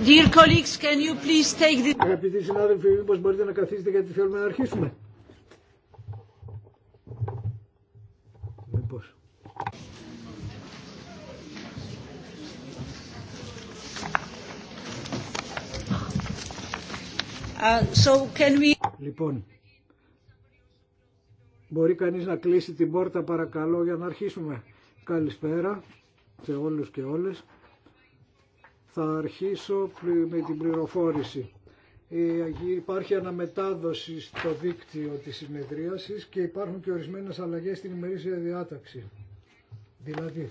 Dear colleagues, can you please take Αγαπητοί συνάδελφοι, μήπως μπορείτε να καθίσετε γιατί θέλουμε να αρχίσουμε. Μήπως. Uh, so can we... Λοιπόν, μπορεί κανείς να κλείσει την πόρτα παρακαλώ για να αρχίσουμε. Καλησπέρα σε όλους και όλες. Θα αρχίσω με την πληροφόρηση. Ε, υπάρχει αναμετάδοση στο δίκτυο της συνεδρίασης και υπάρχουν και ορισμένες αλλαγές στην ημερήσια διάταξη. Δηλαδή,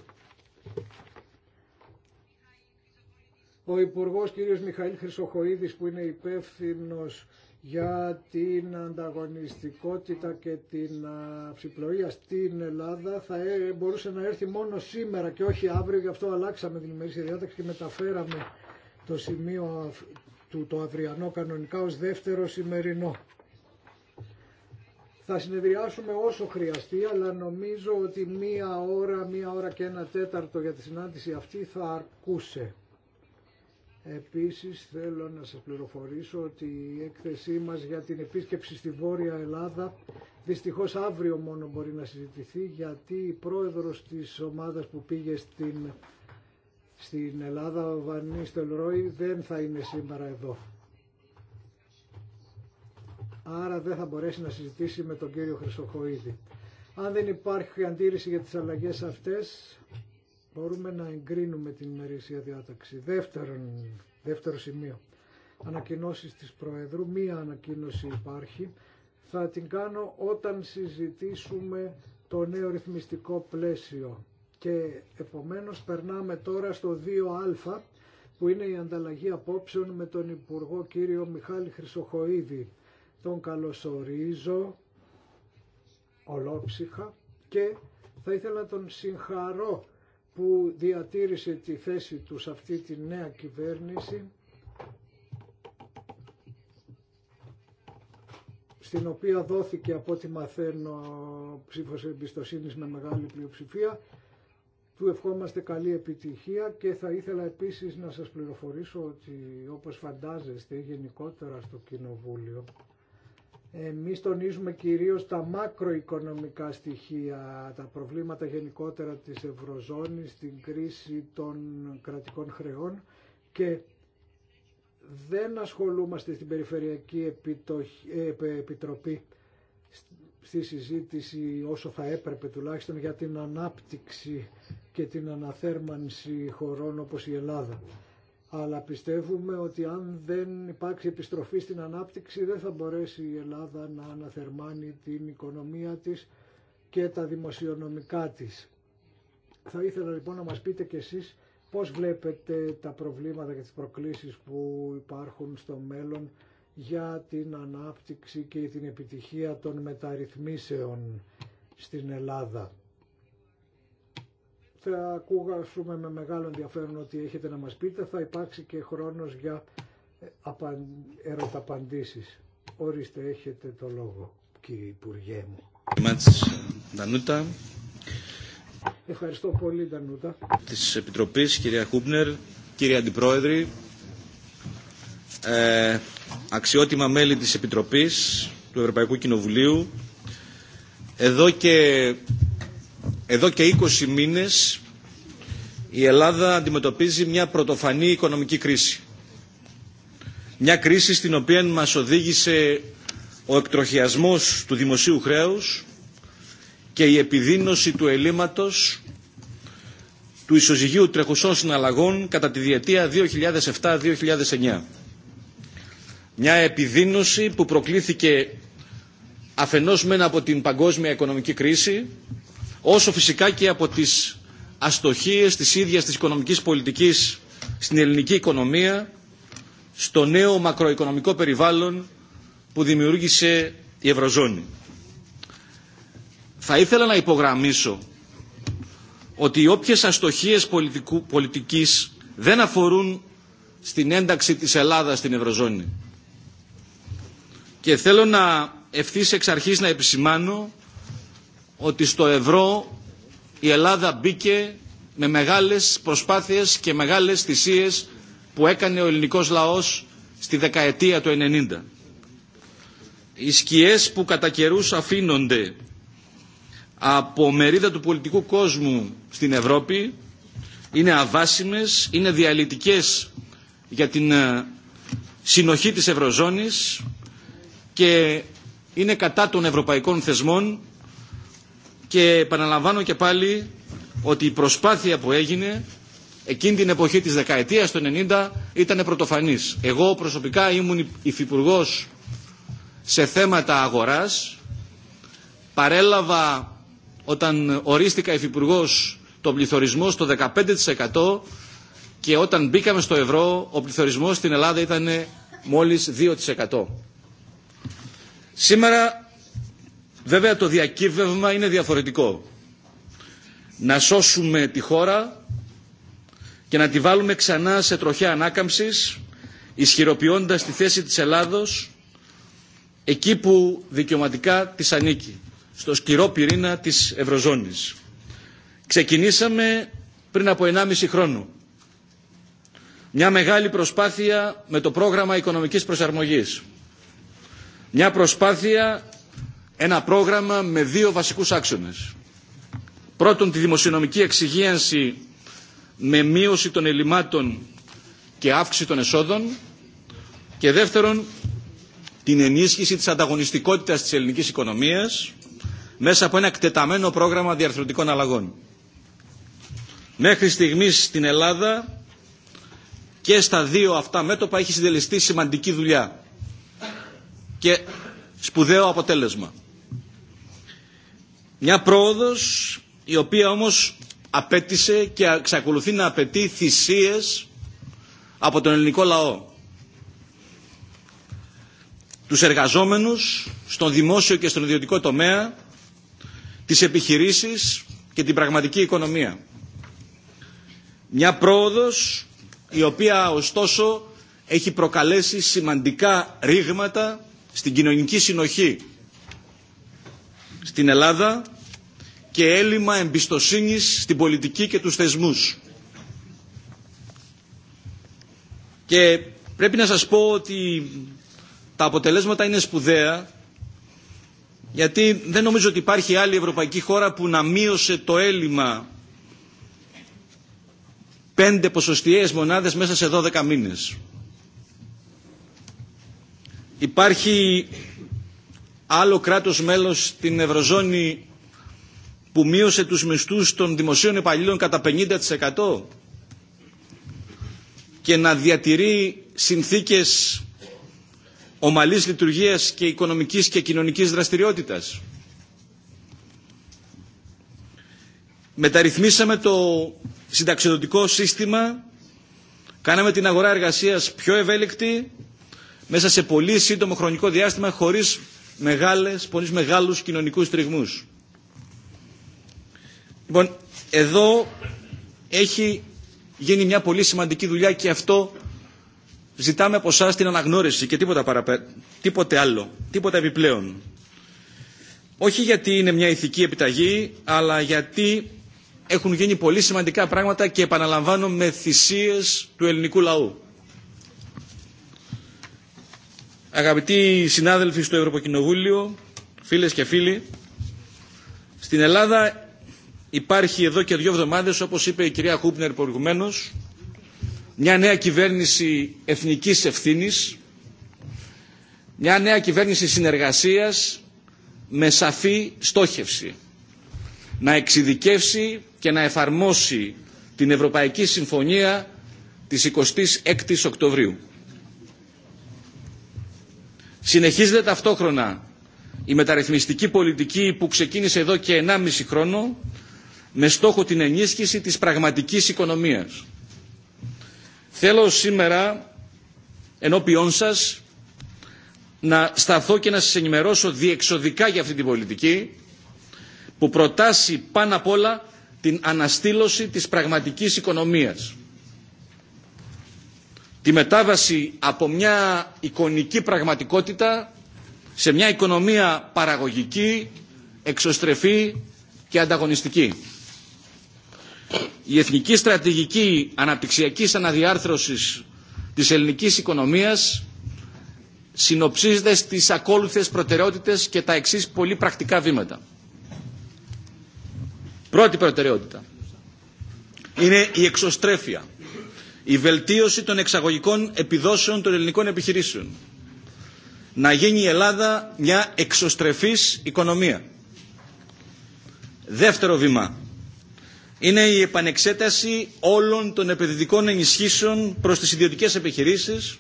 ο Υπουργός κ. Μιχαήλ Χρυσοχοίδης που είναι υπεύθυνος για την ανταγωνιστικότητα και την αυσιπλοεία στην Ελλάδα θα ε, μπορούσε να έρθει μόνο σήμερα και όχι αύριο, γι' αυτό αλλάξαμε την ημερήσια διάταξη και μεταφέραμε το σημείο του το αυριανό κανονικά ως δεύτερο σημερινό. Θα συνεδριάσουμε όσο χρειαστεί, αλλά νομίζω ότι μία ώρα, μία ώρα και ένα τέταρτο για τη συνάντηση αυτή θα αρκούσε. Επίσης θέλω να σας πληροφορήσω ότι η έκθεσή μας για την επίσκεψη στη Βόρεια Ελλάδα δυστυχώς αύριο μόνο μπορεί να συζητηθεί γιατί η πρόεδρος της ομάδας που πήγε στην, στην Ελλάδα, ο Βανίς δεν θα είναι σήμερα εδώ. Άρα δεν θα μπορέσει να συζητήσει με τον κύριο Χρυσοχοίδη. Αν δεν υπάρχει αντίρρηση για τις αλλαγές αυτές, Μπορούμε να εγκρίνουμε την ημερήσια διάταξη. Δεύτερον, δεύτερο σημείο. Ανακοινώσεις της Προεδρού. Μία ανακοίνωση υπάρχει. Θα την κάνω όταν συζητήσουμε το νέο ρυθμιστικό πλαίσιο. Και επομένως περνάμε τώρα στο 2α που είναι η ανταλλαγή απόψεων με τον Υπουργό κύριο Μιχάλη Χρυσοχοίδη. Τον καλωσορίζω ολόψυχα και θα ήθελα τον συγχαρώ που διατήρησε τη θέση του σε αυτή τη νέα κυβέρνηση στην οποία δόθηκε από ό,τι μαθαίνω ψήφος εμπιστοσύνης με μεγάλη πλειοψηφία του ευχόμαστε καλή επιτυχία και θα ήθελα επίσης να σας πληροφορήσω ότι όπως φαντάζεστε γενικότερα στο Κοινοβούλιο εμείς τονίζουμε κυρίως τα μακροοικονομικά στοιχεία, τα προβλήματα γενικότερα της Ευρωζώνης, την κρίση των κρατικών χρεών και δεν ασχολούμαστε στην Περιφερειακή ε, Επιτροπή στη συζήτηση όσο θα έπρεπε τουλάχιστον για την ανάπτυξη και την αναθέρμανση χωρών όπως η Ελλάδα αλλά πιστεύουμε ότι αν δεν υπάρξει επιστροφή στην ανάπτυξη δεν θα μπορέσει η Ελλάδα να αναθερμάνει την οικονομία της και τα δημοσιονομικά της. Θα ήθελα λοιπόν να μας πείτε κι εσείς πώς βλέπετε τα προβλήματα και τις προκλήσεις που υπάρχουν στο μέλλον για την ανάπτυξη και την επιτυχία των μεταρρυθμίσεων στην Ελλάδα θα ακούγαμε με μεγάλο ενδιαφέρον ότι έχετε να μας πείτε. Θα υπάρξει και χρόνος για ε, ερωταπαντήσεις. Ορίστε, έχετε το λόγο, κύριε Υπουργέ μου. Ευχαριστώ πολύ, Δανούτα. Της Επιτροπής, κυρία Χούμπνερ, κύριε Αντιπρόεδρη, ε, αξιότιμα μέλη της Επιτροπής του Ευρωπαϊκού Κοινοβουλίου, εδώ και εδώ και 20 μήνες η Ελλάδα αντιμετωπίζει μια πρωτοφανή οικονομική κρίση. Μια κρίση στην οποία μας οδήγησε ο εκτροχιασμός του δημοσίου χρέους και η επιδείνωση του ελλείμματος του ισοζυγίου τρεχουσών συναλλαγών κατά τη διετία 2007-2009. Μια επιδείνωση που προκλήθηκε αφενός μεν από την παγκόσμια οικονομική κρίση όσο φυσικά και από τις αστοχίες της ίδιας της οικονομικής πολιτικής στην ελληνική οικονομία, στο νέο μακροοικονομικό περιβάλλον που δημιούργησε η Ευρωζώνη. Θα ήθελα να υπογραμμίσω ότι όποιες αστοχίες πολιτικού, πολιτικής δεν αφορούν στην ένταξη της Ελλάδας στην Ευρωζώνη. Και θέλω να ευθύς εξ αρχής να επισημάνω ότι στο ευρώ η Ελλάδα μπήκε με μεγάλες προσπάθειες και μεγάλες θυσίες που έκανε ο ελληνικός λαός στη δεκαετία του 90. Οι σκιές που κατά καιρού αφήνονται από μερίδα του πολιτικού κόσμου στην Ευρώπη είναι αβάσιμες, είναι διαλυτικές για την ε, συνοχή της Ευρωζώνης και είναι κατά των ευρωπαϊκών θεσμών και επαναλαμβάνω και πάλι ότι η προσπάθεια που έγινε εκείνη την εποχή της δεκαετίας του 90 ήταν πρωτοφανής. Εγώ προσωπικά ήμουν υφυπουργό σε θέματα αγοράς. Παρέλαβα όταν ορίστηκα υφυπουργό τον πληθωρισμό στο 15% και όταν μπήκαμε στο ευρώ ο πληθωρισμός στην Ελλάδα ήταν μόλις 2%. Σήμερα Βέβαια το διακύβευμα είναι διαφορετικό. Να σώσουμε τη χώρα και να τη βάλουμε ξανά σε τροχιά ανάκαμψης, ισχυροποιώντας τη θέση της Ελλάδος εκεί που δικαιωματικά της ανήκει, στο σκυρό πυρήνα της Ευρωζώνης. Ξεκινήσαμε πριν από 1,5 χρόνο μια μεγάλη προσπάθεια με το πρόγραμμα οικονομικής προσαρμογής. Μια προσπάθεια ένα πρόγραμμα με δύο βασικούς άξονες. Πρώτον, τη δημοσιονομική εξυγίανση με μείωση των ελλημάτων και αύξηση των εσόδων και δεύτερον, την ενίσχυση της ανταγωνιστικότητας της ελληνικής οικονομίας μέσα από ένα εκτεταμένο πρόγραμμα διαρθρωτικών αλλαγών. Μέχρι στιγμής στην Ελλάδα και στα δύο αυτά μέτωπα έχει συντελεστεί σημαντική δουλειά και σπουδαίο αποτέλεσμα. Μια πρόοδος η οποία όμως απέτησε και εξακολουθεί να απαιτεί θυσίες από τον ελληνικό λαό. Τους εργαζόμενους στον δημόσιο και στον ιδιωτικό τομέα, τις επιχειρήσεις και την πραγματική οικονομία. Μια πρόοδος η οποία ωστόσο έχει προκαλέσει σημαντικά ρήγματα στην κοινωνική συνοχή στην Ελλάδα και έλλειμμα εμπιστοσύνης στην πολιτική και τους θεσμούς. Και πρέπει να σας πω ότι τα αποτελέσματα είναι σπουδαία γιατί δεν νομίζω ότι υπάρχει άλλη ευρωπαϊκή χώρα που να μείωσε το έλλειμμα πέντε ποσοστιαίες μονάδες μέσα σε 12 μήνες. Υπάρχει άλλο κράτος μέλος στην Ευρωζώνη που μείωσε τους μισθούς των δημοσίων υπαλλήλων κατά 50% και να διατηρεί συνθήκες ομαλής λειτουργίας και οικονομικής και κοινωνικής δραστηριότητας. Μεταρρυθμίσαμε το συνταξιδοτικό σύστημα, κάναμε την αγορά εργασίας πιο ευέλικτη, μέσα σε πολύ σύντομο χρονικό διάστημα, χωρίς μεγάλες, πολύ μεγάλους κοινωνικούς τριγμούς. Λοιπόν, εδώ έχει γίνει μια πολύ σημαντική δουλειά και αυτό ζητάμε από εσά την αναγνώριση και τίποτα, παραπέ... τίποτε άλλο, τίποτα επιπλέον. Όχι γιατί είναι μια ηθική επιταγή, αλλά γιατί έχουν γίνει πολύ σημαντικά πράγματα και επαναλαμβάνω με θυσίες του ελληνικού λαού. Αγαπητοί συνάδελφοι στο Ευρωκοινοβούλιο, φίλες και φίλοι, στην Ελλάδα υπάρχει εδώ και δύο εβδομάδες, όπως είπε η κυρία Χούπνερ προηγουμένω, μια νέα κυβέρνηση εθνικής ευθύνης, μια νέα κυβέρνηση συνεργασίας με σαφή στόχευση. Να εξειδικεύσει και να εφαρμόσει την Ευρωπαϊκή Συμφωνία της 26ης Οκτωβρίου. Συνεχίζεται ταυτόχρονα η μεταρρυθμιστική πολιτική που ξεκίνησε εδώ και 1,5 χρόνο με στόχο την ενίσχυση της πραγματικής οικονομίας. Θέλω σήμερα ενώπιόν σας να σταθώ και να σας ενημερώσω διεξοδικά για αυτή την πολιτική που προτάσει πάνω απ' όλα την αναστήλωση της πραγματικής οικονομίας τη μετάβαση από μια εικονική πραγματικότητα σε μια οικονομία παραγωγική, εξωστρεφή και ανταγωνιστική. Η Εθνική Στρατηγική Αναπτυξιακής Αναδιάρθρωσης της ελληνικής οικονομίας συνοψίζεται στις ακόλουθες προτεραιότητες και τα εξής πολύ πρακτικά βήματα. Πρώτη προτεραιότητα είναι η εξωστρέφεια η βελτίωση των εξαγωγικών επιδόσεων των ελληνικών επιχειρήσεων, να γίνει η Ελλάδα μια εξωστρεφής οικονομία. Δεύτερο βήμα είναι η επανεξέταση όλων των επενδυτικών ενισχύσεων προς τις ιδιωτικές επιχειρήσεις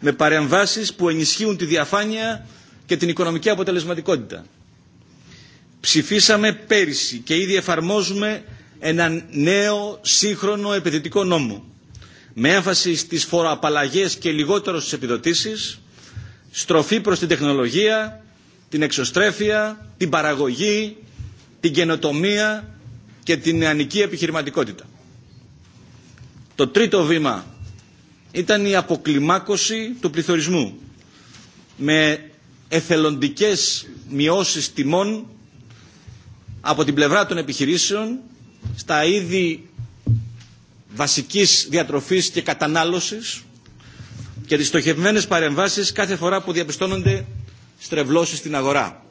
με παρεμβάσεις που ενισχύουν τη διαφάνεια και την οικονομική αποτελεσματικότητα. Ψηφίσαμε πέρυσι και ήδη εφαρμόζουμε έναν νέο σύγχρονο επενδυτικό νόμο με έμφαση στις φοροαπαλλαγές και λιγότερο στις επιδοτήσεις, στροφή προς την τεχνολογία, την εξωστρέφεια, την παραγωγή, την καινοτομία και την νεανική επιχειρηματικότητα. Το τρίτο βήμα ήταν η αποκλιμάκωση του πληθωρισμού με εθελοντικές μειώσεις τιμών από την πλευρά των επιχειρήσεων στα είδη βασικής διατροφής και κατανάλωσης και τις στοχευμένες παρεμβάσεις κάθε φορά που διαπιστώνονται στρεβλώσεις στην αγορά.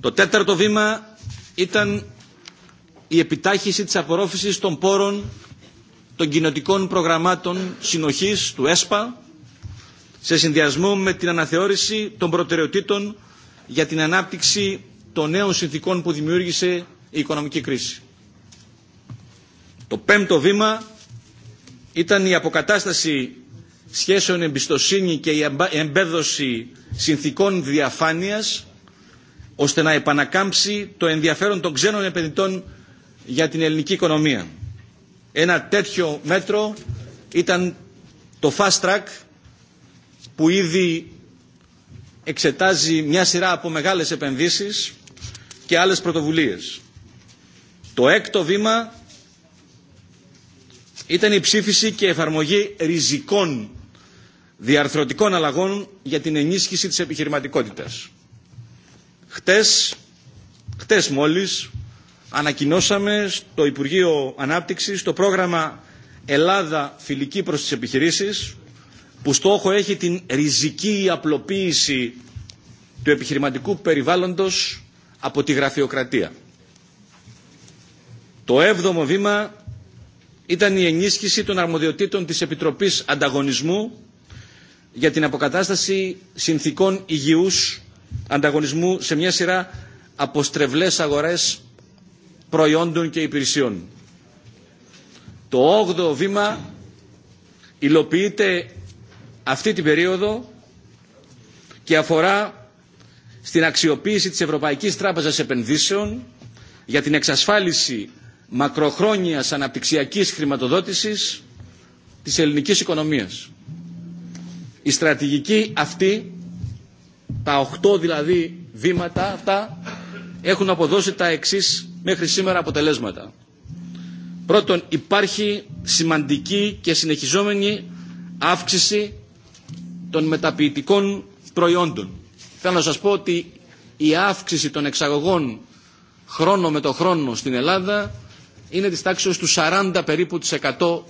Το τέταρτο βήμα ήταν η επιτάχυση της απορρόφησης των πόρων των κοινοτικών προγραμμάτων συνοχής του ΕΣΠΑ σε συνδυασμό με την αναθεώρηση των προτεραιοτήτων για την ανάπτυξη των νέων συνθήκων που δημιούργησε η οικονομική κρίση. Το πέμπτο βήμα ήταν η αποκατάσταση σχέσεων εμπιστοσύνη και η εμπέδωση συνθήκων διαφάνειας ώστε να επανακάμψει το ενδιαφέρον των ξένων επενδυτών για την ελληνική οικονομία. Ένα τέτοιο μέτρο ήταν το fast track που ήδη εξετάζει μια σειρά από μεγάλες επενδύσεις και άλλες πρωτοβουλίες. Το έκτο βήμα ήταν η ψήφιση και εφαρμογή ριζικών διαρθρωτικών αλλαγών για την ενίσχυση της επιχειρηματικότητας. Χτες, χτες μόλις ανακοινώσαμε στο Υπουργείο Ανάπτυξης το πρόγραμμα Ελλάδα φιλική προς τις επιχειρήσεις που στόχο έχει την ριζική απλοποίηση του επιχειρηματικού περιβάλλοντος από τη γραφειοκρατία. Το έβδομο βήμα ήταν η ενίσχυση των αρμοδιοτήτων της Επιτροπής Ανταγωνισμού για την αποκατάσταση συνθήκων υγιούς ανταγωνισμού σε μια σειρά από αγορές προϊόντων και υπηρεσιών. Το 8 βήμα υλοποιείται αυτή την περίοδο και αφορά στην αξιοποίηση της Ευρωπαϊκής Τράπεζας Επενδύσεων για την εξασφάλιση μακροχρόνιας αναπτυξιακής χρηματοδότησης της ελληνικής οικονομίας. Η στρατηγική αυτή, τα οχτώ δηλαδή βήματα αυτά, έχουν αποδώσει τα εξής μέχρι σήμερα αποτελέσματα. Πρώτον, υπάρχει σημαντική και συνεχιζόμενη αύξηση των μεταποιητικών προϊόντων. Θέλω να σας πω ότι η αύξηση των εξαγωγών χρόνο με το χρόνο στην Ελλάδα είναι της τάξης του 40 περίπου της 100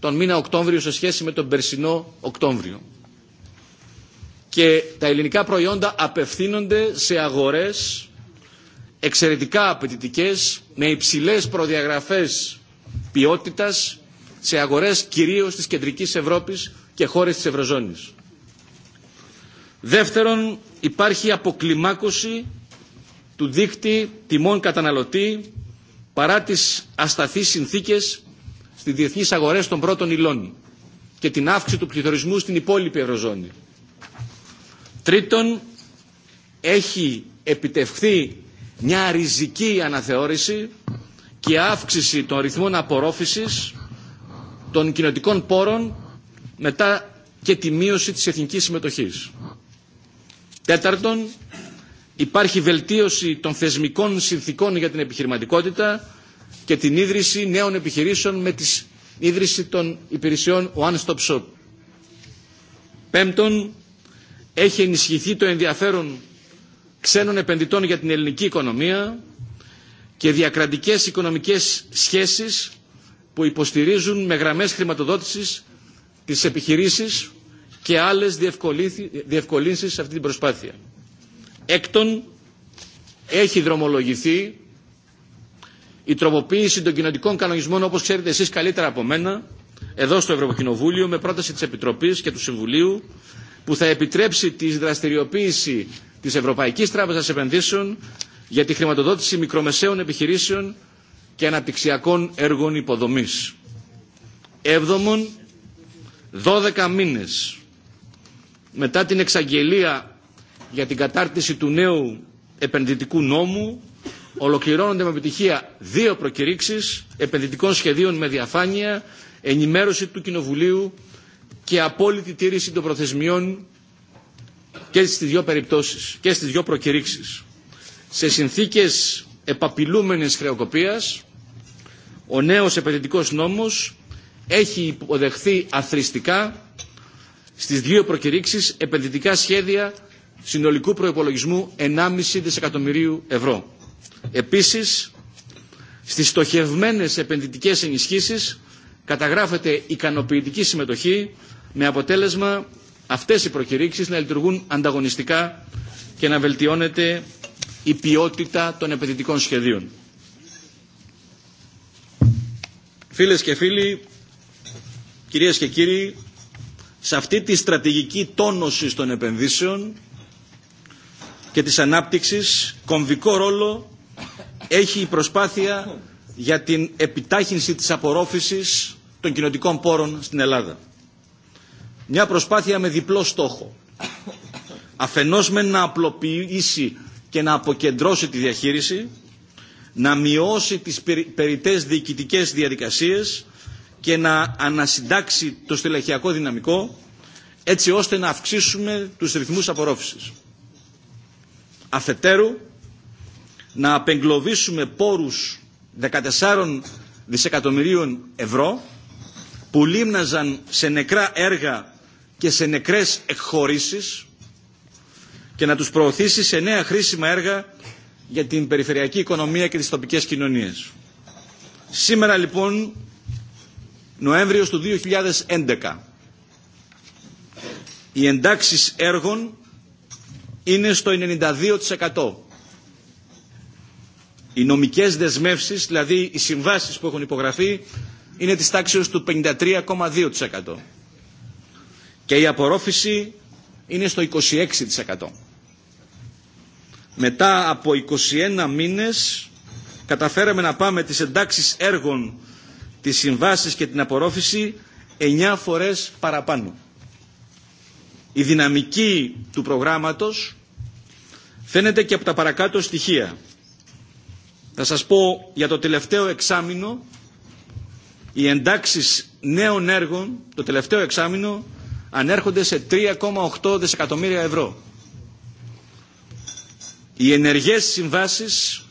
τον μήνα Οκτώβριο σε σχέση με τον περσινό Οκτώβριο. Και τα ελληνικά προϊόντα απευθύνονται σε αγορές εξαιρετικά απαιτητικέ, με υψηλές προδιαγραφές ποιότητας, σε αγορές κυρίως της κεντρικής Ευρώπης και χώρες της Ευρωζώνης. Δεύτερον, υπάρχει αποκλιμάκωση του δίκτυ τιμών καταναλωτή παρά τις ασταθείς συνθήκες στις διεθνείς αγορές των πρώτων υλών και την αύξηση του πληθωρισμού στην υπόλοιπη Ευρωζώνη. Τρίτον, έχει επιτευχθεί μια ριζική αναθεώρηση και αύξηση των ρυθμών απορρόφησης των κοινωτικών πόρων μετά και τη μείωση της εθνικής συμμετοχής. Τέταρτον, Υπάρχει βελτίωση των θεσμικών συνθήκων για την επιχειρηματικότητα και την ίδρυση νέων επιχειρήσεων με την ίδρυση των υπηρεσιών One Stop Shop. Πέμπτον, έχει ενισχυθεί το ενδιαφέρον ξένων επενδυτών για την ελληνική οικονομία και διακρατικές οικονομικές σχέσεις που υποστηρίζουν με γραμμές χρηματοδότησης τις επιχειρήσεις και άλλες διευκολύνσεις σε αυτή την προσπάθεια. Έκτον, έχει δρομολογηθεί η τροποποίηση των κοινοτικών κανονισμών, όπως ξέρετε εσείς καλύτερα από μένα, εδώ στο Ευρωκοινοβούλιο, με πρόταση της Επιτροπής και του Συμβουλίου, που θα επιτρέψει τη δραστηριοποίηση της Ευρωπαϊκής Τράπεζας Επενδύσεων για τη χρηματοδότηση μικρομεσαίων επιχειρήσεων και αναπτυξιακών έργων υποδομής. Έβδομον, 12 μήνες μετά την εξαγγελία για την κατάρτιση του νέου επενδυτικού νόμου ολοκληρώνονται με επιτυχία δύο προκηρύξεις επενδυτικών σχεδίων με διαφάνεια, ενημέρωση του Κοινοβουλίου και απόλυτη τήρηση των προθεσμιών και στις δύο περιπτώσεις και στις δύο προκηρύξεις. Σε συνθήκες επαπειλούμενης χρεοκοπίας, ο νέος επενδυτικός νόμος έχει υποδεχθεί αθρηστικά στις δύο προκηρύξεις επενδυτικά σχέδια συνολικού προϋπολογισμού 1,5 δισεκατομμυρίου ευρώ. Επίσης, στις στοχευμένες επενδυτικές ενισχύσεις καταγράφεται ικανοποιητική συμμετοχή με αποτέλεσμα αυτές οι προκηρύξεις να λειτουργούν ανταγωνιστικά και να βελτιώνεται η ποιότητα των επενδυτικών σχεδίων. Φίλες και φίλοι, κυρίες και κύριοι, σε αυτή τη στρατηγική τόνωση των επενδύσεων και της ανάπτυξης κομβικό ρόλο έχει η προσπάθεια για την επιτάχυνση της απορρόφησης των κοινοτικών πόρων στην Ελλάδα. Μια προσπάθεια με διπλό στόχο. Αφενός με να απλοποιήσει και να αποκεντρώσει τη διαχείριση, να μειώσει τις περιττές διοικητικές διαδικασίες και να ανασυντάξει το στελεχειακό δυναμικό, έτσι ώστε να αυξήσουμε τους ρυθμούς απορρόφησης αφετέρου να απεγκλωβίσουμε πόρους 14 δισεκατομμυρίων ευρώ που λίμναζαν σε νεκρά έργα και σε νεκρές εκχωρήσεις και να τους προωθήσει σε νέα χρήσιμα έργα για την περιφερειακή οικονομία και τις τοπικές κοινωνίες. Σήμερα λοιπόν, Νοέμβριος του 2011, οι εντάξεις έργων είναι στο 92%. Οι νομικές δεσμεύσεις, δηλαδή οι συμβάσεις που έχουν υπογραφεί, είναι της τάξης του 53,2%. Και η απορρόφηση είναι στο 26%. Μετά από 21 μήνες καταφέραμε να πάμε τις εντάξεις έργων, τις συμβάσεις και την απορρόφηση 9 φορές παραπάνω. Η δυναμική του προγράμματος φαίνεται και από τα παρακάτω στοιχεία. Θα σας πω για το τελευταίο εξάμεινο οι εντάξεις νέων έργων το τελευταίο εξάμεινο ανέρχονται σε 3,8 δισεκατομμύρια ευρώ. Οι ενεργές συμβάσεις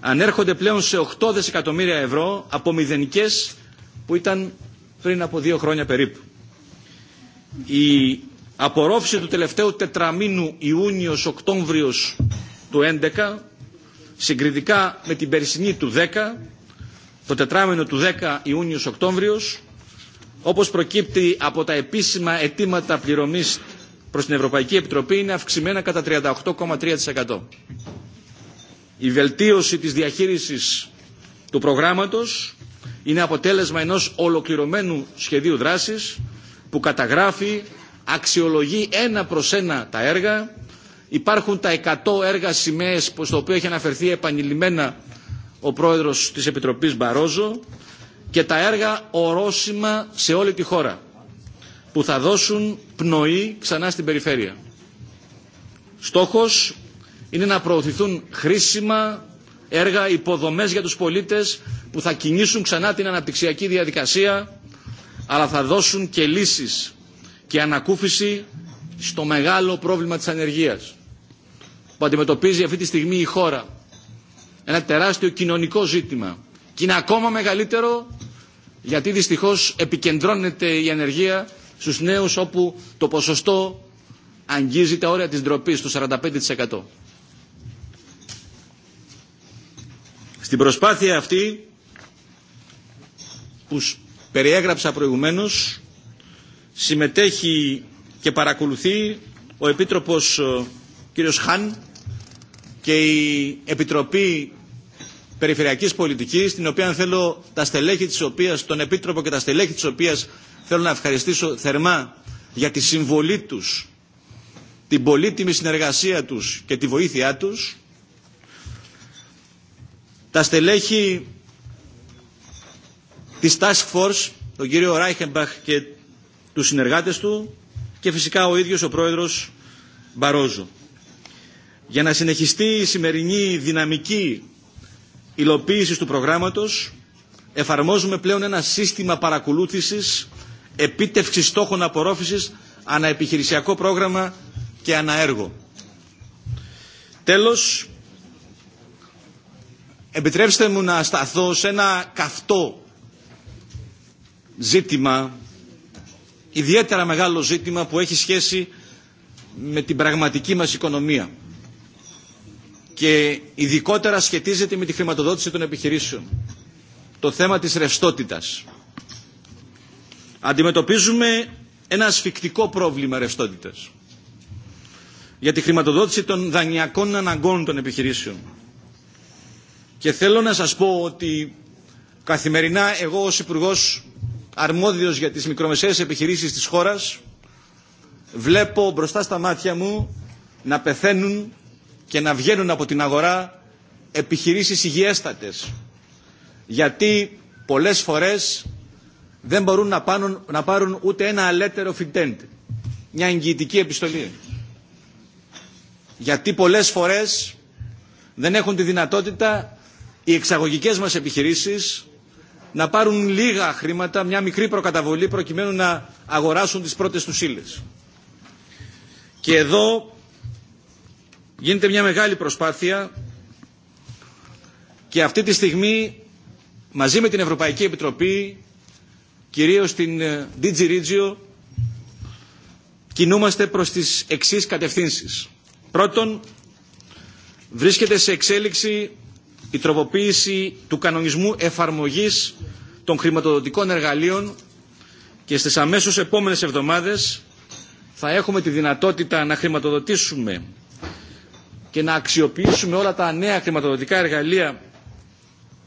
ανέρχονται πλέον σε 8 δισεκατομμύρια ευρώ από μηδενικές που ήταν πριν από δύο χρόνια περίπου η απορρόφηση του τελευταίου τετραμήνου Ιούνιος-Οκτώβριος του 2011 συγκριτικά με την περσινή του 10 το τετράμινο του 10 Ιούνιος-Οκτώβριος όπως προκύπτει από τα επίσημα αιτήματα πληρωμής προς την Ευρωπαϊκή Επιτροπή είναι αυξημένα κατά 38,3%. Η βελτίωση της διαχείρισης του προγράμματος είναι αποτέλεσμα ενός ολοκληρωμένου σχεδίου δράσης που καταγράφει, αξιολογεί ένα προς ένα τα έργα. Υπάρχουν τα 100 έργα σημαίες στο οποίο έχει αναφερθεί επανειλημμένα ο πρόεδρος της Επιτροπής Μπαρόζο και τα έργα ορόσημα σε όλη τη χώρα που θα δώσουν πνοή ξανά στην περιφέρεια. Στόχος είναι να προωθηθούν χρήσιμα έργα υποδομές για τους πολίτες που θα κινήσουν ξανά την αναπτυξιακή διαδικασία αλλά θα δώσουν και λύσεις και ανακούφιση στο μεγάλο πρόβλημα της ανεργίας που αντιμετωπίζει αυτή τη στιγμή η χώρα. Ένα τεράστιο κοινωνικό ζήτημα και είναι ακόμα μεγαλύτερο γιατί δυστυχώς επικεντρώνεται η ανεργία στους νέους όπου το ποσοστό αγγίζει τα όρια της ντροπή του 45%. Στην προσπάθεια αυτή που περιέγραψα προηγουμένως συμμετέχει και παρακολουθεί ο Επίτροπος ε, κύριος Χάν και η Επιτροπή Περιφερειακής Πολιτικής την οποία θέλω τα στελέχη της οποίας, τον Επίτροπο και τα στελέχη της οποίας θέλω να ευχαριστήσω θερμά για τη συμβολή τους την πολύτιμη συνεργασία τους και τη βοήθειά τους τα στελέχη της Task Force, τον κύριο Ράιχεμπαχ και τους συνεργάτες του και φυσικά ο ίδιος ο πρόεδρος Μπαρόζο. Για να συνεχιστεί η σημερινή δυναμική υλοποίηση του προγράμματος, εφαρμόζουμε πλέον ένα σύστημα παρακολούθησης, επίτευξης στόχων απορρόφησης, αναεπιχειρησιακό πρόγραμμα και αναέργο. Τέλος, επιτρέψτε μου να σταθώ σε ένα καυτό ζήτημα, ιδιαίτερα μεγάλο ζήτημα που έχει σχέση με την πραγματική μας οικονομία και ειδικότερα σχετίζεται με τη χρηματοδότηση των επιχειρήσεων. Το θέμα της ρευστότητας. Αντιμετωπίζουμε ένα ασφικτικό πρόβλημα ρευστότητας για τη χρηματοδότηση των δανειακών αναγκών των επιχειρήσεων. Και θέλω να σας πω ότι καθημερινά εγώ ως υπουργό αρμόδιος για τις μικρομεσαίες επιχειρήσεις της χώρας, βλέπω μπροστά στα μάτια μου να πεθαίνουν και να βγαίνουν από την αγορά επιχειρήσεις υγιέστατες. Γιατί πολλές φορές δεν μπορούν να, πάνουν, να πάρουν ούτε ένα αλέτερο φιντέντ, μια εγγυητική επιστολή. Γιατί πολλές φορές δεν έχουν τη δυνατότητα οι εξαγωγικές μας επιχειρήσεις να πάρουν λίγα χρήματα, μια μικρή προκαταβολή προκειμένου να αγοράσουν τις πρώτες τους ύλε. Και εδώ γίνεται μια μεγάλη προσπάθεια και αυτή τη στιγμή μαζί με την Ευρωπαϊκή Επιτροπή κυρίως την ε, DG Regio κινούμαστε προς τις εξής κατευθύνσεις. Πρώτον, βρίσκεται σε εξέλιξη η τροποποίηση του κανονισμού εφαρμογής των χρηματοδοτικών εργαλείων και στις αμέσως επόμενες εβδομάδες θα έχουμε τη δυνατότητα να χρηματοδοτήσουμε και να αξιοποιήσουμε όλα τα νέα χρηματοδοτικά εργαλεία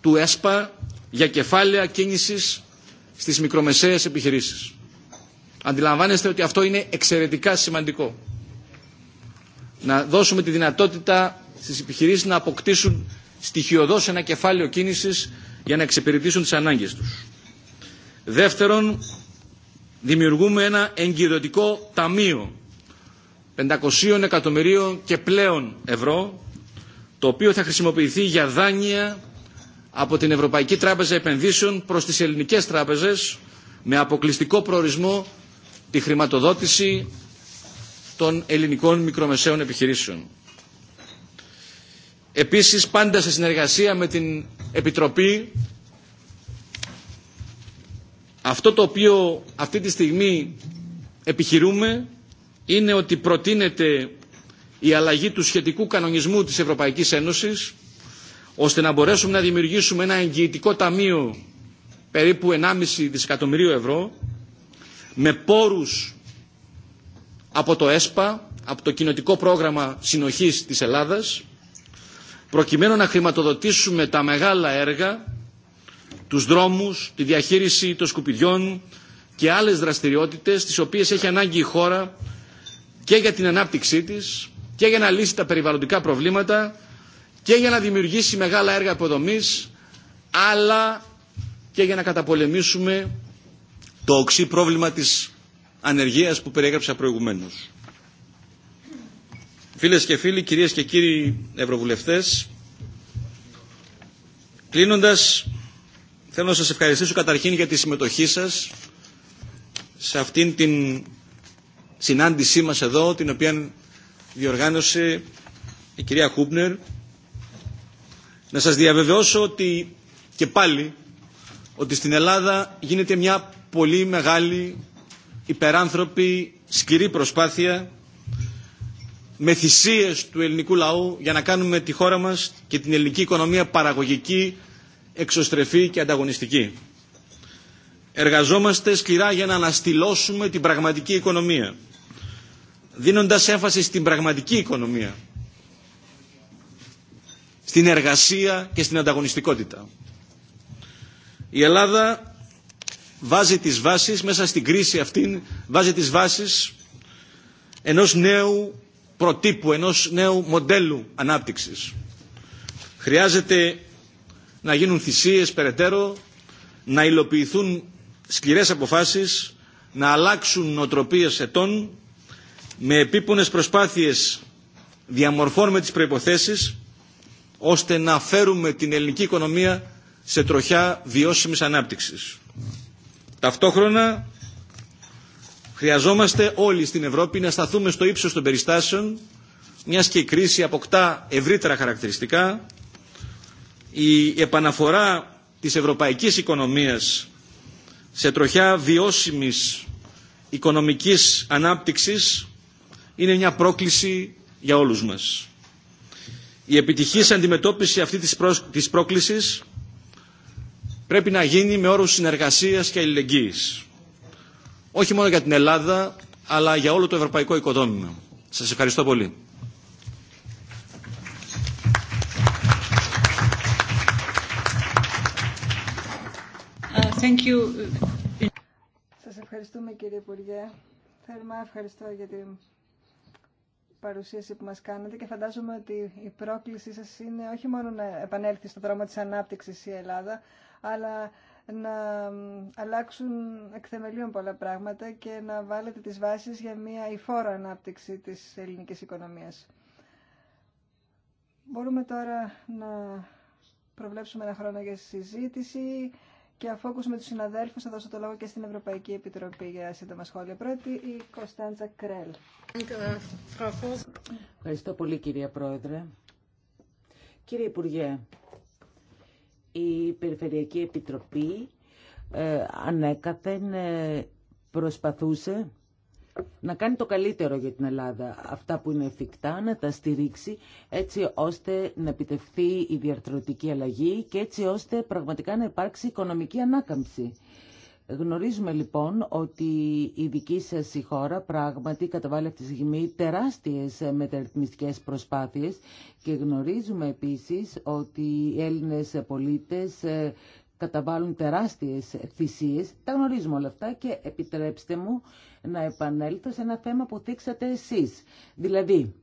του ΕΣΠΑ για κεφάλαια κίνησης στις μικρομεσαίες επιχειρήσεις. Αντιλαμβάνεστε ότι αυτό είναι εξαιρετικά σημαντικό. Να δώσουμε τη δυνατότητα στις επιχειρήσεις να αποκτήσουν στοιχειοδός ένα κεφάλαιο κίνησης για να εξυπηρετήσουν τις ανάγκες τους. Δεύτερον, δημιουργούμε ένα εγκυρωτικό ταμείο 500 εκατομμυρίων και πλέον ευρώ, το οποίο θα χρησιμοποιηθεί για δάνεια από την Ευρωπαϊκή Τράπεζα Επενδύσεων προς τις ελληνικές τράπεζες με αποκλειστικό προορισμό τη χρηματοδότηση των ελληνικών μικρομεσαίων επιχειρήσεων. Επίσης πάντα σε συνεργασία με την Επιτροπή αυτό το οποίο αυτή τη στιγμή επιχειρούμε είναι ότι προτείνεται η αλλαγή του σχετικού κανονισμού της Ευρωπαϊκής Ένωσης ώστε να μπορέσουμε να δημιουργήσουμε ένα εγγυητικό ταμείο περίπου 1,5 δισεκατομμυρίου ευρώ με πόρους από το ΕΣΠΑ, από το Κοινοτικό Πρόγραμμα Συνοχής της Ελλάδας προκειμένου να χρηματοδοτήσουμε τα μεγάλα έργα, τους δρόμους, τη διαχείριση των σκουπιδιών και άλλες δραστηριότητες τις οποίες έχει ανάγκη η χώρα και για την ανάπτυξή της και για να λύσει τα περιβαλλοντικά προβλήματα και για να δημιουργήσει μεγάλα έργα υποδομής αλλά και για να καταπολεμήσουμε το οξύ πρόβλημα της ανεργίας που περιέγραψα προηγουμένως. Φίλες και φίλοι, κυρίες και κύριοι Ευρωβουλευτές, κλείνοντα θέλω να σας ευχαριστήσω καταρχήν για τη συμμετοχή σας σε αυτήν την συνάντησή μας εδώ, την οποία διοργάνωσε η κυρία Χούπνερ. Να σας διαβεβαιώσω ότι και πάλι ότι στην Ελλάδα γίνεται μια πολύ μεγάλη υπεράνθρωπη σκληρή προσπάθεια με θυσίες του ελληνικού λαού για να κάνουμε τη χώρα μας και την ελληνική οικονομία παραγωγική, εξωστρεφή και ανταγωνιστική. Εργαζόμαστε σκληρά για να αναστηλώσουμε την πραγματική οικονομία, δίνοντας έμφαση στην πραγματική οικονομία, στην εργασία και στην ανταγωνιστικότητα. Η Ελλάδα βάζει τις βάσεις, μέσα στην κρίση αυτήν, βάζει τις βάσεις ενός νέου προτύπου, ενός νέου μοντέλου ανάπτυξης. Χρειάζεται να γίνουν θυσίες περαιτέρω, να υλοποιηθούν σκληρές αποφάσεις, να αλλάξουν νοοτροπίες ετών, με επίπονες προσπάθειες διαμορφώνουμε τις προϋποθέσεις, ώστε να φέρουμε την ελληνική οικονομία σε τροχιά βιώσιμης ανάπτυξης. Ταυτόχρονα Χρειαζόμαστε όλοι στην Ευρώπη να σταθούμε στο ύψος των περιστάσεων, μιας και η κρίση αποκτά ευρύτερα χαρακτηριστικά. Η επαναφορά της ευρωπαϊκής οικονομίας σε τροχιά βιώσιμης οικονομικής ανάπτυξης είναι μια πρόκληση για όλους μας. Η επιτυχής αντιμετώπιση αυτή της, πρόκλησης πρέπει να γίνει με όρους συνεργασίας και αλληλεγγύης όχι μόνο για την Ελλάδα, αλλά για όλο το ευρωπαϊκό οικοδόμημα. Σας ευχαριστώ πολύ. Uh, thank Σας ευχαριστούμε κύριε Υπουργέ. Θερμά ευχαριστώ για την παρουσίαση που μας κάνετε και φαντάζομαι ότι η πρόκλησή σας είναι όχι μόνο να επανέλθει στο δρόμο της ανάπτυξης η Ελλάδα, αλλά να αλλάξουν θεμελίων πολλά πράγματα και να βάλετε τις βάσεις για μια υφόρο ανάπτυξη της ελληνικής οικονομίας. Μπορούμε τώρα να προβλέψουμε ένα χρόνο για συζήτηση και αφού με τους συναδέλφους θα δώσω το λόγο και στην Ευρωπαϊκή Επιτροπή για σύντομα σχόλια. Πρώτη η Κωνσταντζα Κρέλ. Ευχαριστώ πολύ κυρία Πρόεδρε. Κύριε Υπουργέ, η Περιφερειακή Επιτροπή ε, ανέκαθεν ε, προσπαθούσε να κάνει το καλύτερο για την Ελλάδα. Αυτά που είναι εφικτά να τα στηρίξει έτσι ώστε να επιτευχθεί η διαρθρωτική αλλαγή και έτσι ώστε πραγματικά να υπάρξει οικονομική ανάκαμψη. Γνωρίζουμε λοιπόν ότι η δική σας η χώρα πράγματι καταβάλει αυτή τη στιγμή τεράστιες μεταρρυθμιστικές προσπάθειες και γνωρίζουμε επίσης ότι οι Έλληνες πολίτες ε, καταβάλουν τεράστιες θυσίες. Τα γνωρίζουμε όλα αυτά και επιτρέψτε μου να επανέλθω σε ένα θέμα που θίξατε εσείς. Δηλαδή,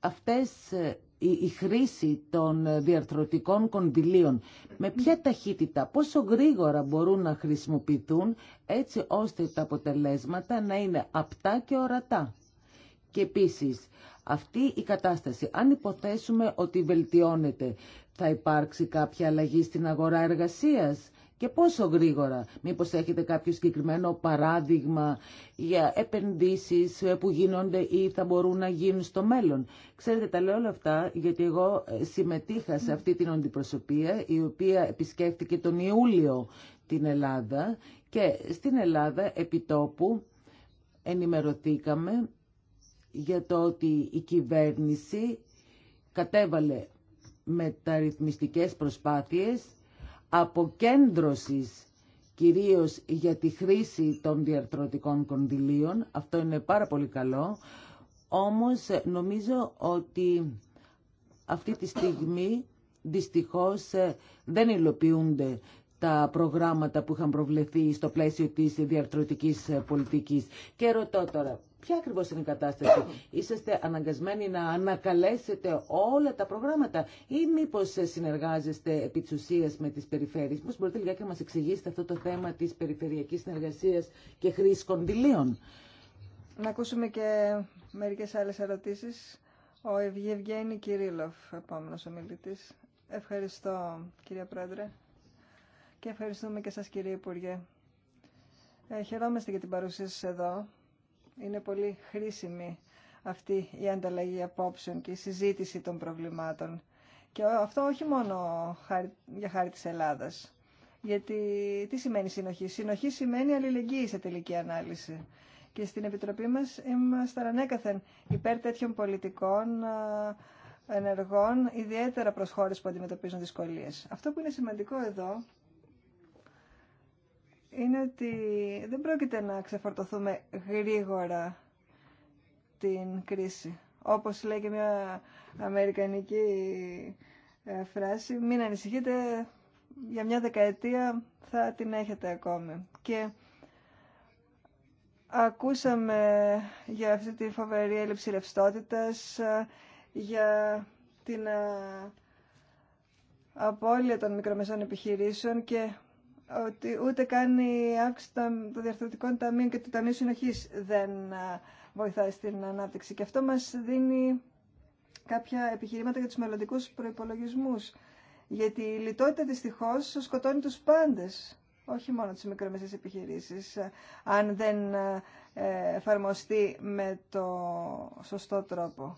αυτές ε, η χρήση των διαρθρωτικών κονδυλίων με ποια ταχύτητα, πόσο γρήγορα μπορούν να χρησιμοποιηθούν έτσι ώστε τα αποτελέσματα να είναι απτά και ορατά. Και επίσης, αυτή η κατάσταση, αν υποθέσουμε ότι βελτιώνεται, θα υπάρξει κάποια αλλαγή στην αγορά εργασίας και πόσο γρήγορα. Μήπως έχετε κάποιο συγκεκριμένο παράδειγμα για επενδύσεις που γίνονται ή θα μπορούν να γίνουν στο μέλλον. Ξέρετε, τα λέω όλα αυτά γιατί εγώ ε, συμμετείχα σε αυτή την αντιπροσωπεία η οποία επισκέφτηκε τον Ιούλιο την Ελλάδα και στην Ελλάδα επιτόπου ενημερωθήκαμε για το ότι η κυβέρνηση κατέβαλε μεταρρυθμιστικές προσπάθειες αποκέντρωσης κυρίως για τη χρήση των διαρθρωτικών κονδυλίων. Αυτό είναι πάρα πολύ καλό. Όμως νομίζω ότι αυτή τη στιγμή δυστυχώς δεν υλοποιούνται τα προγράμματα που είχαν προβλεφθεί στο πλαίσιο της διαρθρωτικής πολιτικής. Και ρωτώ τώρα, Ποια ακριβώ είναι η κατάσταση. Είσαστε αναγκασμένοι να ανακαλέσετε όλα τα προγράμματα ή μήπω συνεργάζεστε επί τη ουσία με τι περιφέρειες. μπορείτε λιγάκι να μα εξηγήσετε αυτό το θέμα τη περιφερειακή συνεργασία και χρήση κονδυλίων. Να ακούσουμε και μερικέ άλλε ερωτήσει. Ο Ευγένη Κυρίλοφ, επόμενο ομιλητή. Ευχαριστώ, κυρία Πρόεδρε. Και ευχαριστούμε και σας, κύριε Υπουργέ. Ε, χαιρόμαστε για την παρουσία σας εδώ είναι πολύ χρήσιμη αυτή η ανταλλαγή απόψεων και η συζήτηση των προβλημάτων. Και αυτό όχι μόνο για χάρη της Ελλάδας. Γιατί τι σημαίνει συνοχή. Συνοχή σημαίνει αλληλεγγύη σε τελική ανάλυση. Και στην Επιτροπή μας είμαστε ανέκαθεν υπέρ τέτοιων πολιτικών ενεργών, ιδιαίτερα προς χώρες που αντιμετωπίζουν δυσκολίες. Αυτό που είναι σημαντικό εδώ είναι ότι δεν πρόκειται να ξεφορτωθούμε γρήγορα την κρίση. Όπως λέει και μια αμερικανική ε, φράση, μην ανησυχείτε, για μια δεκαετία θα την έχετε ακόμη. Και ακούσαμε για αυτή τη φοβερή έλλειψη ρευστότητα, για την ε, απώλεια των μικρομεσών επιχειρήσεων και ότι ούτε κάνει η αύξηση των διαρθρωτικών ταμείων και του Ταμείου Συνοχής δεν βοηθάει στην ανάπτυξη. Και αυτό μας δίνει κάποια επιχειρήματα για τους μελλοντικού προπολογισμού. Γιατί η λιτότητα δυστυχώ σκοτώνει τους πάντες, όχι μόνο τις μικρομεσαίες επιχειρήσεις, αν δεν ε, εφαρμοστεί με το σωστό τρόπο.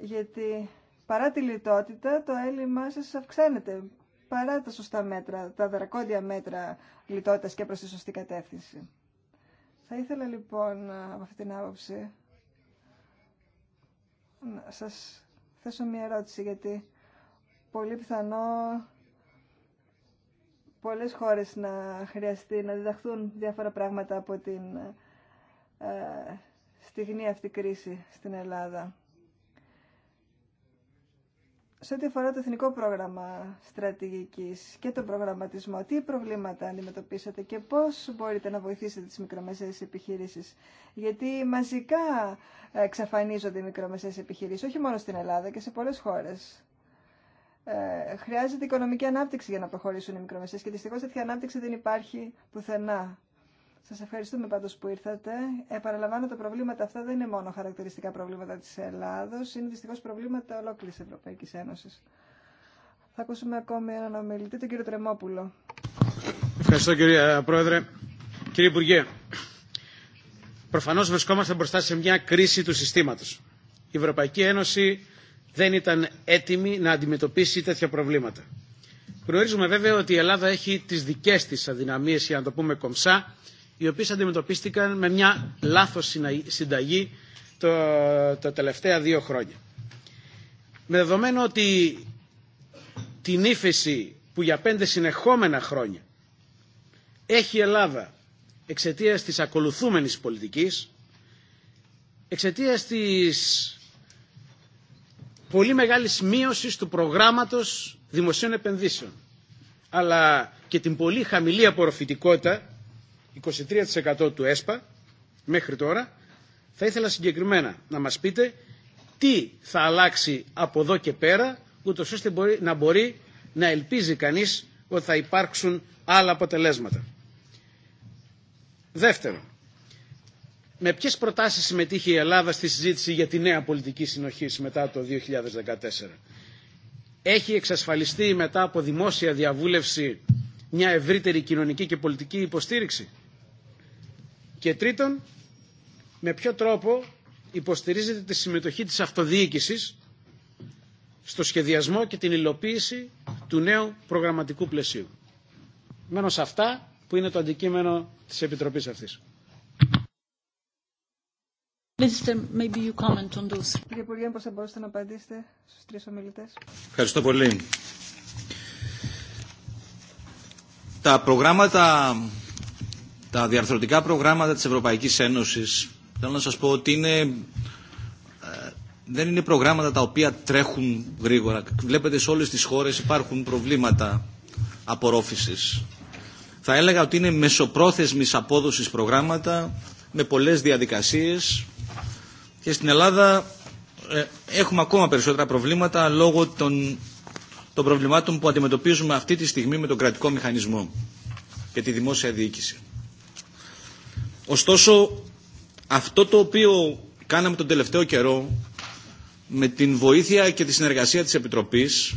Γιατί παρά τη λιτότητα το έλλειμμα σας αυξάνεται παρά τα σωστά μέτρα, τα δρακόντια μέτρα λιτότητας και προς τη σωστή κατεύθυνση. Θα ήθελα λοιπόν από αυτήν την άποψη να σας θέσω μια ερώτηση γιατί πολύ πιθανό πολλές χώρες να χρειαστεί να διδαχθούν διάφορα πράγματα από την ε, στιγμή αυτή κρίση στην Ελλάδα σε ό,τι αφορά το Εθνικό Πρόγραμμα Στρατηγικής και τον προγραμματισμό, τι προβλήματα αντιμετωπίσατε και πώς μπορείτε να βοηθήσετε τις μικρομεσαίες επιχειρήσεις. Γιατί μαζικά εξαφανίζονται οι μικρομεσαίες επιχειρήσεις, όχι μόνο στην Ελλάδα και σε πολλές χώρες. Ε, χρειάζεται οικονομική ανάπτυξη για να προχωρήσουν οι μικρομεσαίες και δυστυχώς τέτοια ανάπτυξη δεν υπάρχει πουθενά. Σας ευχαριστούμε πάντως που ήρθατε. Επαναλαμβάνω, τα προβλήματα αυτά δεν είναι μόνο χαρακτηριστικά προβλήματα της Ελλάδος, είναι δυστυχώς προβλήματα ολόκληρης Ευρωπαϊκής Ένωσης. Θα ακούσουμε ακόμη έναν ομιλητή, τον κύριο Τρεμόπουλο. Ευχαριστώ κύριε Πρόεδρε. Κύριε Υπουργέ, προφανώς βρισκόμαστε μπροστά σε μια κρίση του συστήματος. Η Ευρωπαϊκή Ένωση δεν ήταν έτοιμη να αντιμετωπίσει τέτοια προβλήματα. Γνωρίζουμε βέβαια ότι η Ελλάδα έχει τις δικές της αδυναμίες, για να το πούμε κομψά, οι οποίες αντιμετωπίστηκαν με μια λάθος συνταγή τα το, το τελευταία δύο χρόνια. Με δεδομένο ότι την ύφεση που για πέντε συνεχόμενα χρόνια έχει η Ελλάδα εξαιτίας της ακολουθούμενης πολιτικής, εξαιτίας της πολύ μεγάλης μείωσης του προγράμματος δημοσίων επενδύσεων, αλλά και την πολύ χαμηλή απορροφητικότητα 23% του ΕΣΠΑ μέχρι τώρα, θα ήθελα συγκεκριμένα να μας πείτε τι θα αλλάξει από εδώ και πέρα, ούτως ώστε να μπορεί να ελπίζει κανείς ότι θα υπάρξουν άλλα αποτελέσματα. Δεύτερο, με ποιες προτάσεις συμμετείχε η Ελλάδα στη συζήτηση για τη νέα πολιτική συνοχή μετά το 2014. Έχει εξασφαλιστεί μετά από δημόσια διαβούλευση μια ευρύτερη κοινωνική και πολιτική υποστήριξη. Και τρίτον, με ποιο τρόπο υποστηρίζεται τη συμμετοχή της αυτοδιοίκησης στο σχεδιασμό και την υλοποίηση του νέου προγραμματικού πλαισίου. Μένω σε αυτά που είναι το αντικείμενο της Επιτροπής αυτής. Maybe you comment on πώς θα μπορούσατε να απαντήσετε στους τρεις ομιλητές. Ευχαριστώ πολύ. Τα προγράμματα τα διαρθρωτικά προγράμματα της Ευρωπαϊκής Ένωσης θέλω να σας πω ότι ε, δεν είναι προγράμματα τα οποία τρέχουν γρήγορα. Βλέπετε σε όλες τις χώρες υπάρχουν προβλήματα απορρόφησης. Θα έλεγα ότι είναι μεσοπρόθεσμης απόδοσης προγράμματα με πολλές διαδικασίες και στην Ελλάδα ε, έχουμε ακόμα περισσότερα προβλήματα λόγω των, των προβλημάτων που αντιμετωπίζουμε αυτή τη στιγμή με τον κρατικό μηχανισμό και τη δημόσια διοίκηση. Ωστόσο, αυτό το οποίο κάναμε τον τελευταίο καιρό, με την βοήθεια και τη συνεργασία της Επιτροπής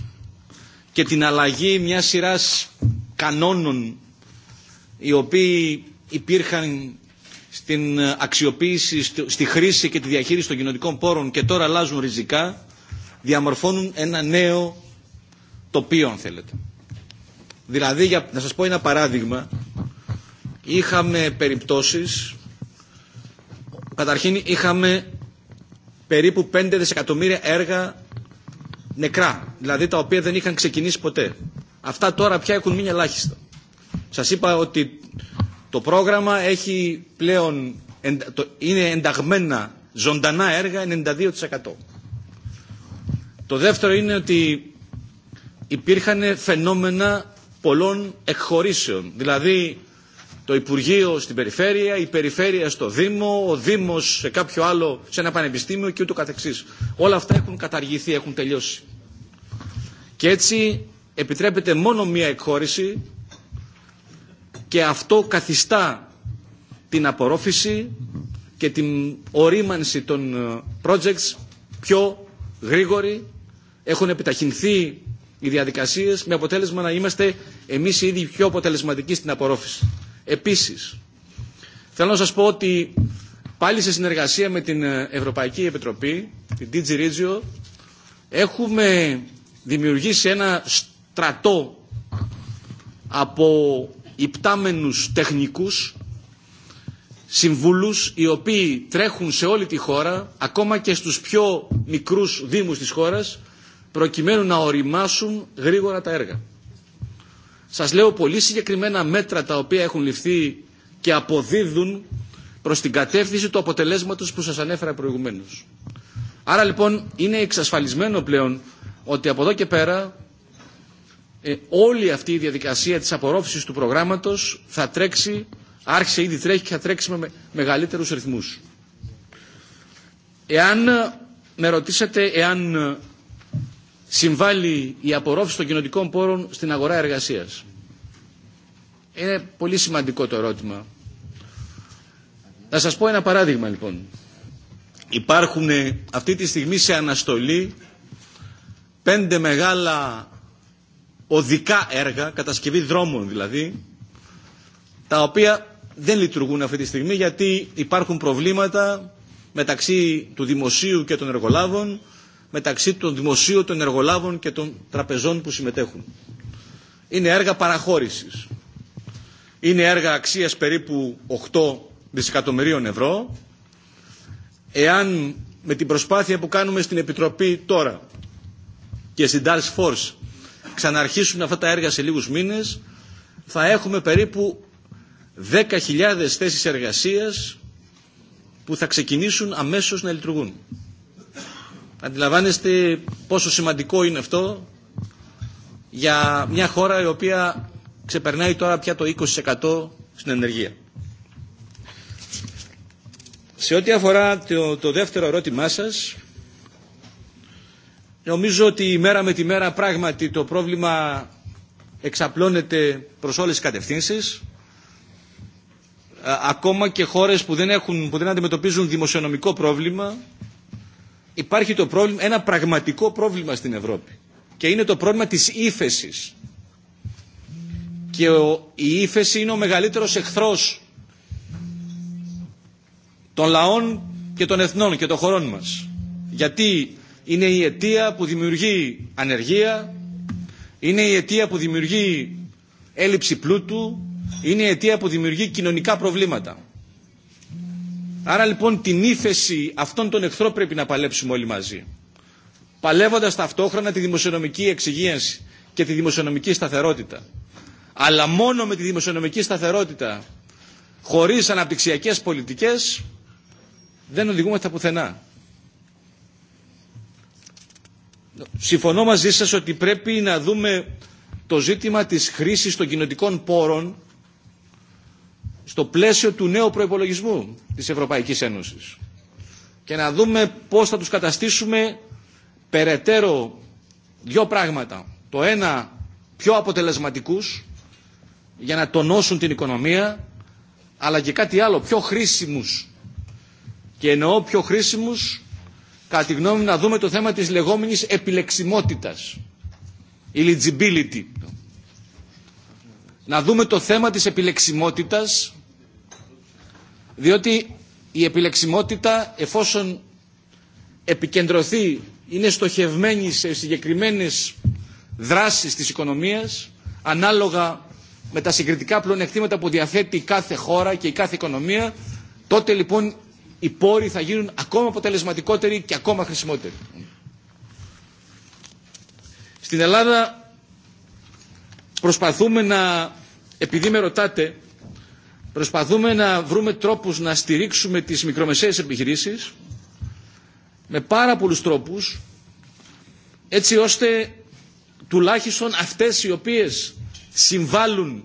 και την αλλαγή μιας σειράς κανόνων οι οποίοι υπήρχαν στην αξιοποίηση, στη χρήση και τη διαχείριση των κοινωνικών πόρων και τώρα αλλάζουν ριζικά, διαμορφώνουν ένα νέο τοπίο, αν θέλετε. Δηλαδή, να σας πω ένα παράδειγμα, είχαμε περιπτώσεις καταρχήν είχαμε περίπου 5 δισεκατομμύρια έργα νεκρά, δηλαδή τα οποία δεν είχαν ξεκινήσει ποτέ. Αυτά τώρα πια έχουν μείνει ελάχιστα. Σας είπα ότι το πρόγραμμα έχει πλέον, είναι ενταγμένα ζωντανά έργα 92%. Το δεύτερο είναι ότι υπήρχαν φαινόμενα πολλών εκχωρήσεων. Δηλαδή το Υπουργείο στην Περιφέρεια, η Περιφέρεια στο Δήμο, ο Δήμος σε κάποιο άλλο, σε ένα πανεπιστήμιο και ούτω καθεξής. Όλα αυτά έχουν καταργηθεί, έχουν τελειώσει. Και έτσι επιτρέπεται μόνο μία εκχώρηση και αυτό καθιστά την απορρόφηση και την ορίμανση των ε, projects πιο γρήγορη. Έχουν επιταχυνθεί οι διαδικασίες με αποτέλεσμα να είμαστε εμείς ήδη πιο αποτελεσματικοί στην απορρόφηση. Επίσης, θέλω να σας πω ότι πάλι σε συνεργασία με την Ευρωπαϊκή Επιτροπή, την DG Regio, έχουμε δημιουργήσει ένα στρατό από υπτάμενους τεχνικούς, συμβούλους οι οποίοι τρέχουν σε όλη τη χώρα, ακόμα και στους πιο μικρούς δήμους της χώρας, προκειμένου να οριμάσουν γρήγορα τα έργα. Σας λέω πολύ συγκεκριμένα μέτρα τα οποία έχουν ληφθεί και αποδίδουν προς την κατεύθυνση του αποτελέσματος που σας ανέφερα προηγουμένως. Άρα λοιπόν είναι εξασφαλισμένο πλέον ότι από εδώ και πέρα ε, όλη αυτή η διαδικασία της απορρόφησης του προγράμματος θα τρέξει, άρχισε ήδη τρέχει και θα τρέξει με μεγαλύτερους ρυθμούς. Εάν ε, με ρωτήσετε εάν ε, συμβάλλει η απορρόφηση των κοινοτικών πόρων στην αγορά εργασίας. Είναι πολύ σημαντικό το ερώτημα. Να σας πω ένα παράδειγμα λοιπόν. Υπάρχουν αυτή τη στιγμή σε αναστολή πέντε μεγάλα οδικά έργα, κατασκευή δρόμων δηλαδή, τα οποία δεν λειτουργούν αυτή τη στιγμή γιατί υπάρχουν προβλήματα μεταξύ του δημοσίου και των εργολάβων μεταξύ των δημοσίων, των εργολάβων και των τραπεζών που συμμετέχουν. Είναι έργα παραχώρησης. Είναι έργα αξίας περίπου 8 δισεκατομμυρίων ευρώ. Εάν με την προσπάθεια που κάνουμε στην Επιτροπή τώρα και στην Task Force ξαναρχίσουν αυτά τα έργα σε λίγους μήνες, θα έχουμε περίπου 10.000 θέσεις εργασίας που θα ξεκινήσουν αμέσως να λειτουργούν. Αντιλαμβάνεστε πόσο σημαντικό είναι αυτό για μια χώρα η οποία ξεπερνάει τώρα πια το 20% στην ενεργεία. Σε ό,τι αφορά το, το δεύτερο ερώτημά σας, νομίζω ότι μέρα με τη μέρα πράγματι το πρόβλημα εξαπλώνεται προς όλες τις κατευθύνσεις. Ακόμα και χώρες που δεν, έχουν, που δεν αντιμετωπίζουν δημοσιονομικό πρόβλημα υπάρχει το πρόβλημα, ένα πραγματικό πρόβλημα στην Ευρώπη. Και είναι το πρόβλημα της ύφεση. Και η ύφεση είναι ο μεγαλύτερος εχθρός των λαών και των εθνών και των χωρών μας. Γιατί είναι η αιτία που δημιουργεί ανεργία, είναι η αιτία που δημιουργεί έλλειψη πλούτου, είναι η αιτία που δημιουργεί κοινωνικά προβλήματα. Άρα λοιπόν την ύφεση αυτών των εχθρών πρέπει να παλέψουμε όλοι μαζί. Παλεύοντας ταυτόχρονα τη δημοσιονομική εξυγίανση και τη δημοσιονομική σταθερότητα. Αλλά μόνο με τη δημοσιονομική σταθερότητα, χωρίς αναπτυξιακές πολιτικές, δεν τα πουθενά. Συμφωνώ μαζί σας ότι πρέπει να δούμε το ζήτημα της χρήσης των κοινωτικών πόρων το πλαίσιο του νέου προϋπολογισμού της Ευρωπαϊκής Ένωσης και να δούμε πώς θα τους καταστήσουμε περαιτέρω δύο πράγματα. Το ένα πιο αποτελεσματικούς για να τονώσουν την οικονομία αλλά και κάτι άλλο πιο χρήσιμους και εννοώ πιο χρήσιμους κατά τη γνώμη να δούμε το θέμα της λεγόμενης επιλεξιμότητας eligibility να δούμε το θέμα της επιλεξιμότητας διότι η επιλεξιμότητα εφόσον επικεντρωθεί, είναι στοχευμένη σε συγκεκριμένες δράσεις της οικονομίας, ανάλογα με τα συγκριτικά πλονεκτήματα που διαθέτει κάθε χώρα και η κάθε οικονομία, τότε λοιπόν οι πόροι θα γίνουν ακόμα αποτελεσματικότεροι και ακόμα χρησιμότεροι. Στην Ελλάδα προσπαθούμε να, επειδή με ρωτάτε, Προσπαθούμε να βρούμε τρόπους να στηρίξουμε τις μικρομεσαίες επιχειρήσεις με πάρα πολλούς τρόπους έτσι ώστε τουλάχιστον αυτές οι οποίες συμβάλλουν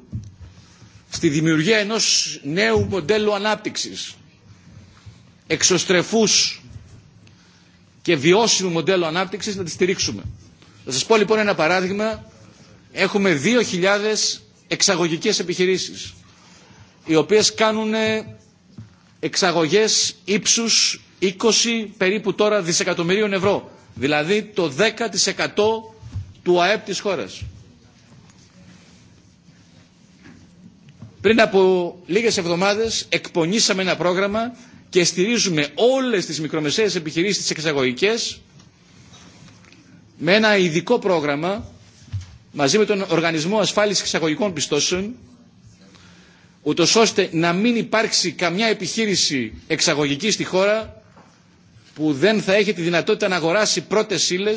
στη δημιουργία ενός νέου μοντέλου ανάπτυξης εξωστρεφούς και βιώσιμου μοντέλου ανάπτυξης να τη στηρίξουμε. Θα σας πω λοιπόν ένα παράδειγμα. Έχουμε 2.000 εξαγωγικές επιχειρήσεις οι οποίες κάνουν εξαγωγές ύψους 20 περίπου τώρα δισεκατομμυρίων ευρώ. Δηλαδή το 10% του ΑΕΠ της χώρας. Πριν από λίγες εβδομάδες εκπονήσαμε ένα πρόγραμμα και στηρίζουμε όλες τις μικρομεσαίες επιχειρήσεις τις εξαγωγικές με ένα ειδικό πρόγραμμα μαζί με τον Οργανισμό Ασφάλισης Εξαγωγικών Πιστώσεων ούτω ώστε να μην υπάρξει καμιά επιχείρηση εξαγωγική στη χώρα που δεν θα έχει τη δυνατότητα να αγοράσει πρώτες ύλε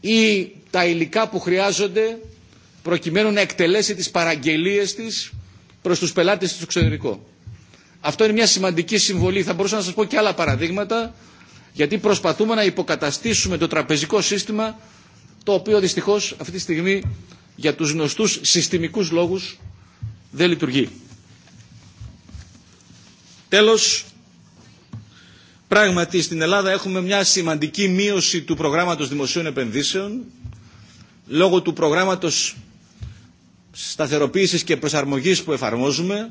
ή τα υλικά που χρειάζονται προκειμένου να εκτελέσει τις παραγγελίες της προς τους πελάτες του εξωτερικό. Αυτό είναι μια σημαντική συμβολή. Θα μπορούσα να σας πω και άλλα παραδείγματα γιατί προσπαθούμε να υποκαταστήσουμε το τραπεζικό σύστημα το οποίο δυστυχώς αυτή τη στιγμή για τους γνωστούς συστημικούς λόγους δεν λειτουργεί. Τέλος, πράγματι στην Ελλάδα έχουμε μια σημαντική μείωση του προγράμματος δημοσίων επενδύσεων λόγω του προγράμματος σταθεροποίησης και προσαρμογής που εφαρμόζουμε.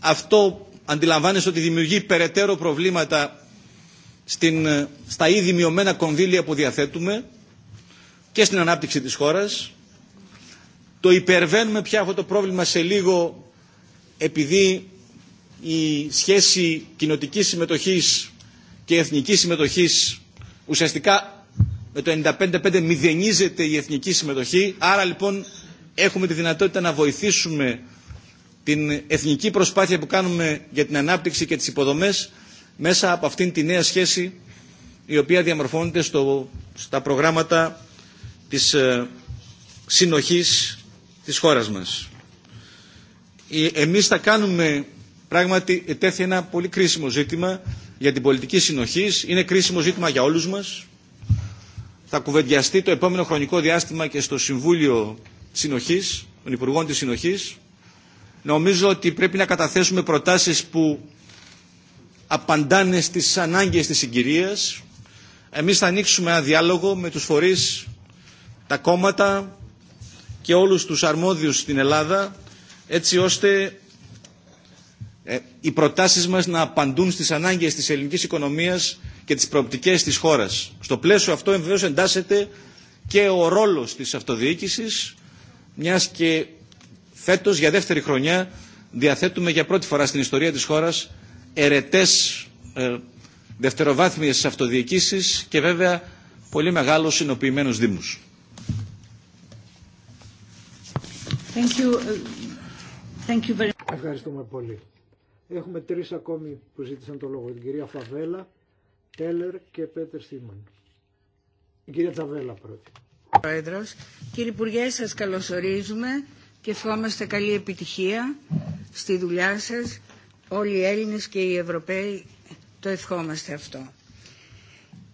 Αυτό αντιλαμβάνεστε ότι δημιουργεί περαιτέρω προβλήματα στην, στα ήδη μειωμένα κονδύλια που διαθέτουμε και στην ανάπτυξη της χώρας το υπερβαίνουμε πια αυτό το πρόβλημα σε λίγο επειδή η σχέση κοινοτική συμμετοχής και εθνικής συμμετοχής ουσιαστικά με το 95-5 μηδενίζεται η εθνική συμμετοχή. Άρα λοιπόν έχουμε τη δυνατότητα να βοηθήσουμε την εθνική προσπάθεια που κάνουμε για την ανάπτυξη και τις υποδομές μέσα από αυτήν τη νέα σχέση η οποία διαμορφώνεται στο, στα προγράμματα της ε, συνοχής της χώρας μας. Ε, εμείς θα κάνουμε πράγματι ετέθη ένα πολύ κρίσιμο ζήτημα για την πολιτική συνοχή. Είναι κρίσιμο ζήτημα για όλους μας. Θα κουβεντιαστεί το επόμενο χρονικό διάστημα και στο Συμβούλιο Συνοχής, των Υπουργών της Συνοχής. Νομίζω ότι πρέπει να καταθέσουμε προτάσεις που απαντάνε στις ανάγκες της συγκυρίας. Εμείς θα ανοίξουμε ένα διάλογο με τους φορείς, τα κόμματα, και όλους τους αρμόδιους στην Ελλάδα έτσι ώστε ε, οι προτάσεις μας να απαντούν στις ανάγκες της ελληνικής οικονομίας και τις προοπτικές της χώρας. Στο πλαίσιο αυτό βεβαίως εντάσσεται και ο ρόλος της αυτοδιοίκησης μιας και φέτος για δεύτερη χρονιά διαθέτουμε για πρώτη φορά στην ιστορία της χώρας ερετές ε, δευτεροβάθμιες και βέβαια πολύ μεγάλο συνοποιημένους δήμους. Uh, Ευχαριστούμε πολύ. Έχουμε τρεις ακόμη που ζήτησαν το λόγο. Την κυρία Φαβέλα, Τέλερ και Πέτερ Σίμαν. Η κυρία Φαβέλα πρώτη. Πρόεδρος, κύριε Υπουργέ, σας καλωσορίζουμε και ευχόμαστε καλή επιτυχία στη δουλειά σας. Όλοι οι Έλληνες και οι Ευρωπαίοι το ευχόμαστε αυτό.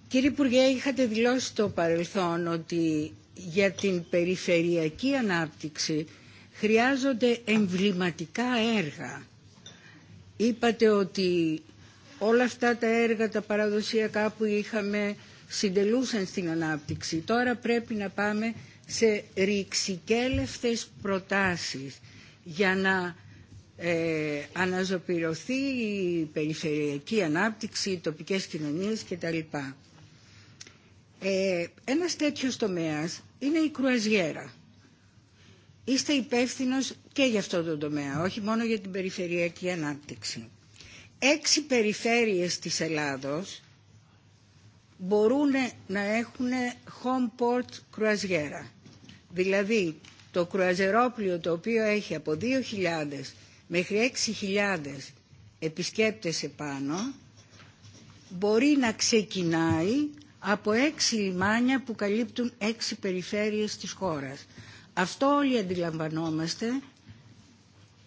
Κύριε Υπουργέ, είχατε δηλώσει το παρελθόν ότι για την περιφερειακή ανάπτυξη χρειάζονται εμβληματικά έργα. Είπατε ότι όλα αυτά τα έργα, τα παραδοσιακά που είχαμε, συντελούσαν στην ανάπτυξη. Τώρα πρέπει να πάμε σε ρηξικέλευτες προτάσεις για να ε, αναζωπηρωθεί η περιφερειακή ανάπτυξη, οι τοπικές κοινωνίες κτλ. Ε, ένας τέτοιος τομέας είναι η κρουαζιέρα είστε υπεύθυνο και για αυτό το τομέα, όχι μόνο για την περιφερειακή ανάπτυξη. Έξι περιφέρειες της Ελλάδος μπορούν να έχουν home port κρουαζιέρα. Δηλαδή το κρουαζερόπλιο το οποίο έχει από 2.000 μέχρι 6.000 επισκέπτες επάνω μπορεί να ξεκινάει από έξι λιμάνια που καλύπτουν έξι περιφέρειες της χώρας. Αυτό όλοι αντιλαμβανόμαστε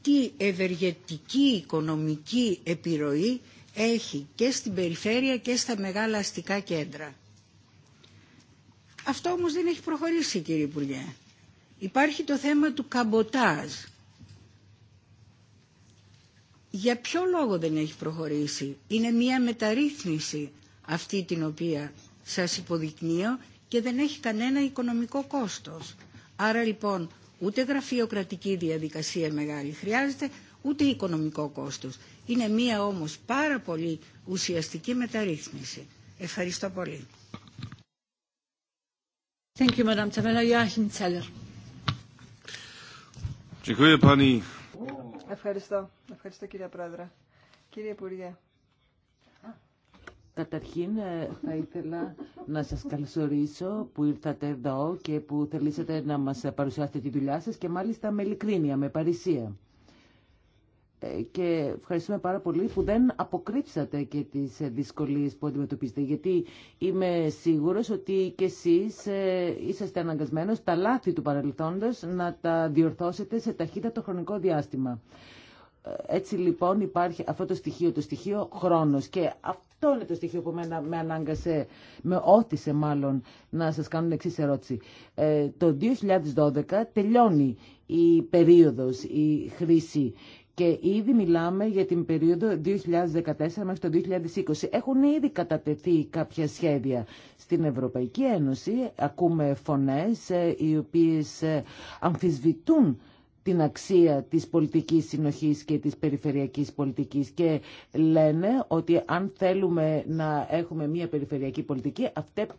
τι ευεργετική οικονομική επιρροή έχει και στην περιφέρεια και στα μεγάλα αστικά κέντρα. Αυτό όμως δεν έχει προχωρήσει κύριε Υπουργέ. Υπάρχει το θέμα του καμποτάζ. Για ποιο λόγο δεν έχει προχωρήσει. Είναι μια μεταρρύθμιση αυτή την οποία σας υποδεικνύω και δεν έχει κανένα οικονομικό κόστος. Άρα λοιπόν ούτε γραφειοκρατική διαδικασία μεγάλη χρειάζεται, ούτε οικονομικό κόστος. Είναι μία όμως πάρα πολύ ουσιαστική μεταρρύθμιση. Ευχαριστώ πολύ. Ευχαριστώ. Ευχαριστώ, κύριε Πρόεδρε. Κύριε Υπουργέ, Καταρχήν ε, θα ήθελα να σας καλωσορίσω που ήρθατε εδώ και που θελήσατε να μας παρουσιάσετε τη δουλειά σας και μάλιστα με ειλικρίνεια, με παρησία. Ε, και ευχαριστούμε πάρα πολύ που δεν αποκρύψατε και τις ε, δυσκολίες που αντιμετωπίζετε γιατί είμαι σίγουρος ότι και εσείς είσαστε αναγκασμένος τα λάθη του παρελθόντος να τα διορθώσετε σε ταχύτατο χρονικό διάστημα. Έτσι λοιπόν υπάρχει αυτό το στοιχείο, το στοιχείο χρόνος και αυτό αυτό είναι το στοιχείο που με ανάγκασε, με ότισε μάλλον να σας κάνω εξή ερώτηση. Ε, το 2012 τελειώνει η περίοδος, η χρήση και ήδη μιλάμε για την περίοδο 2014 μέχρι το 2020. Έχουν ήδη κατατεθεί κάποια σχέδια στην Ευρωπαϊκή Ένωση. Ακούμε φωνές ε, οι οποίες ε, αμφισβητούν την αξία της πολιτικής συνοχής και της περιφερειακής πολιτικής και λένε ότι αν θέλουμε να έχουμε μια περιφερειακή πολιτική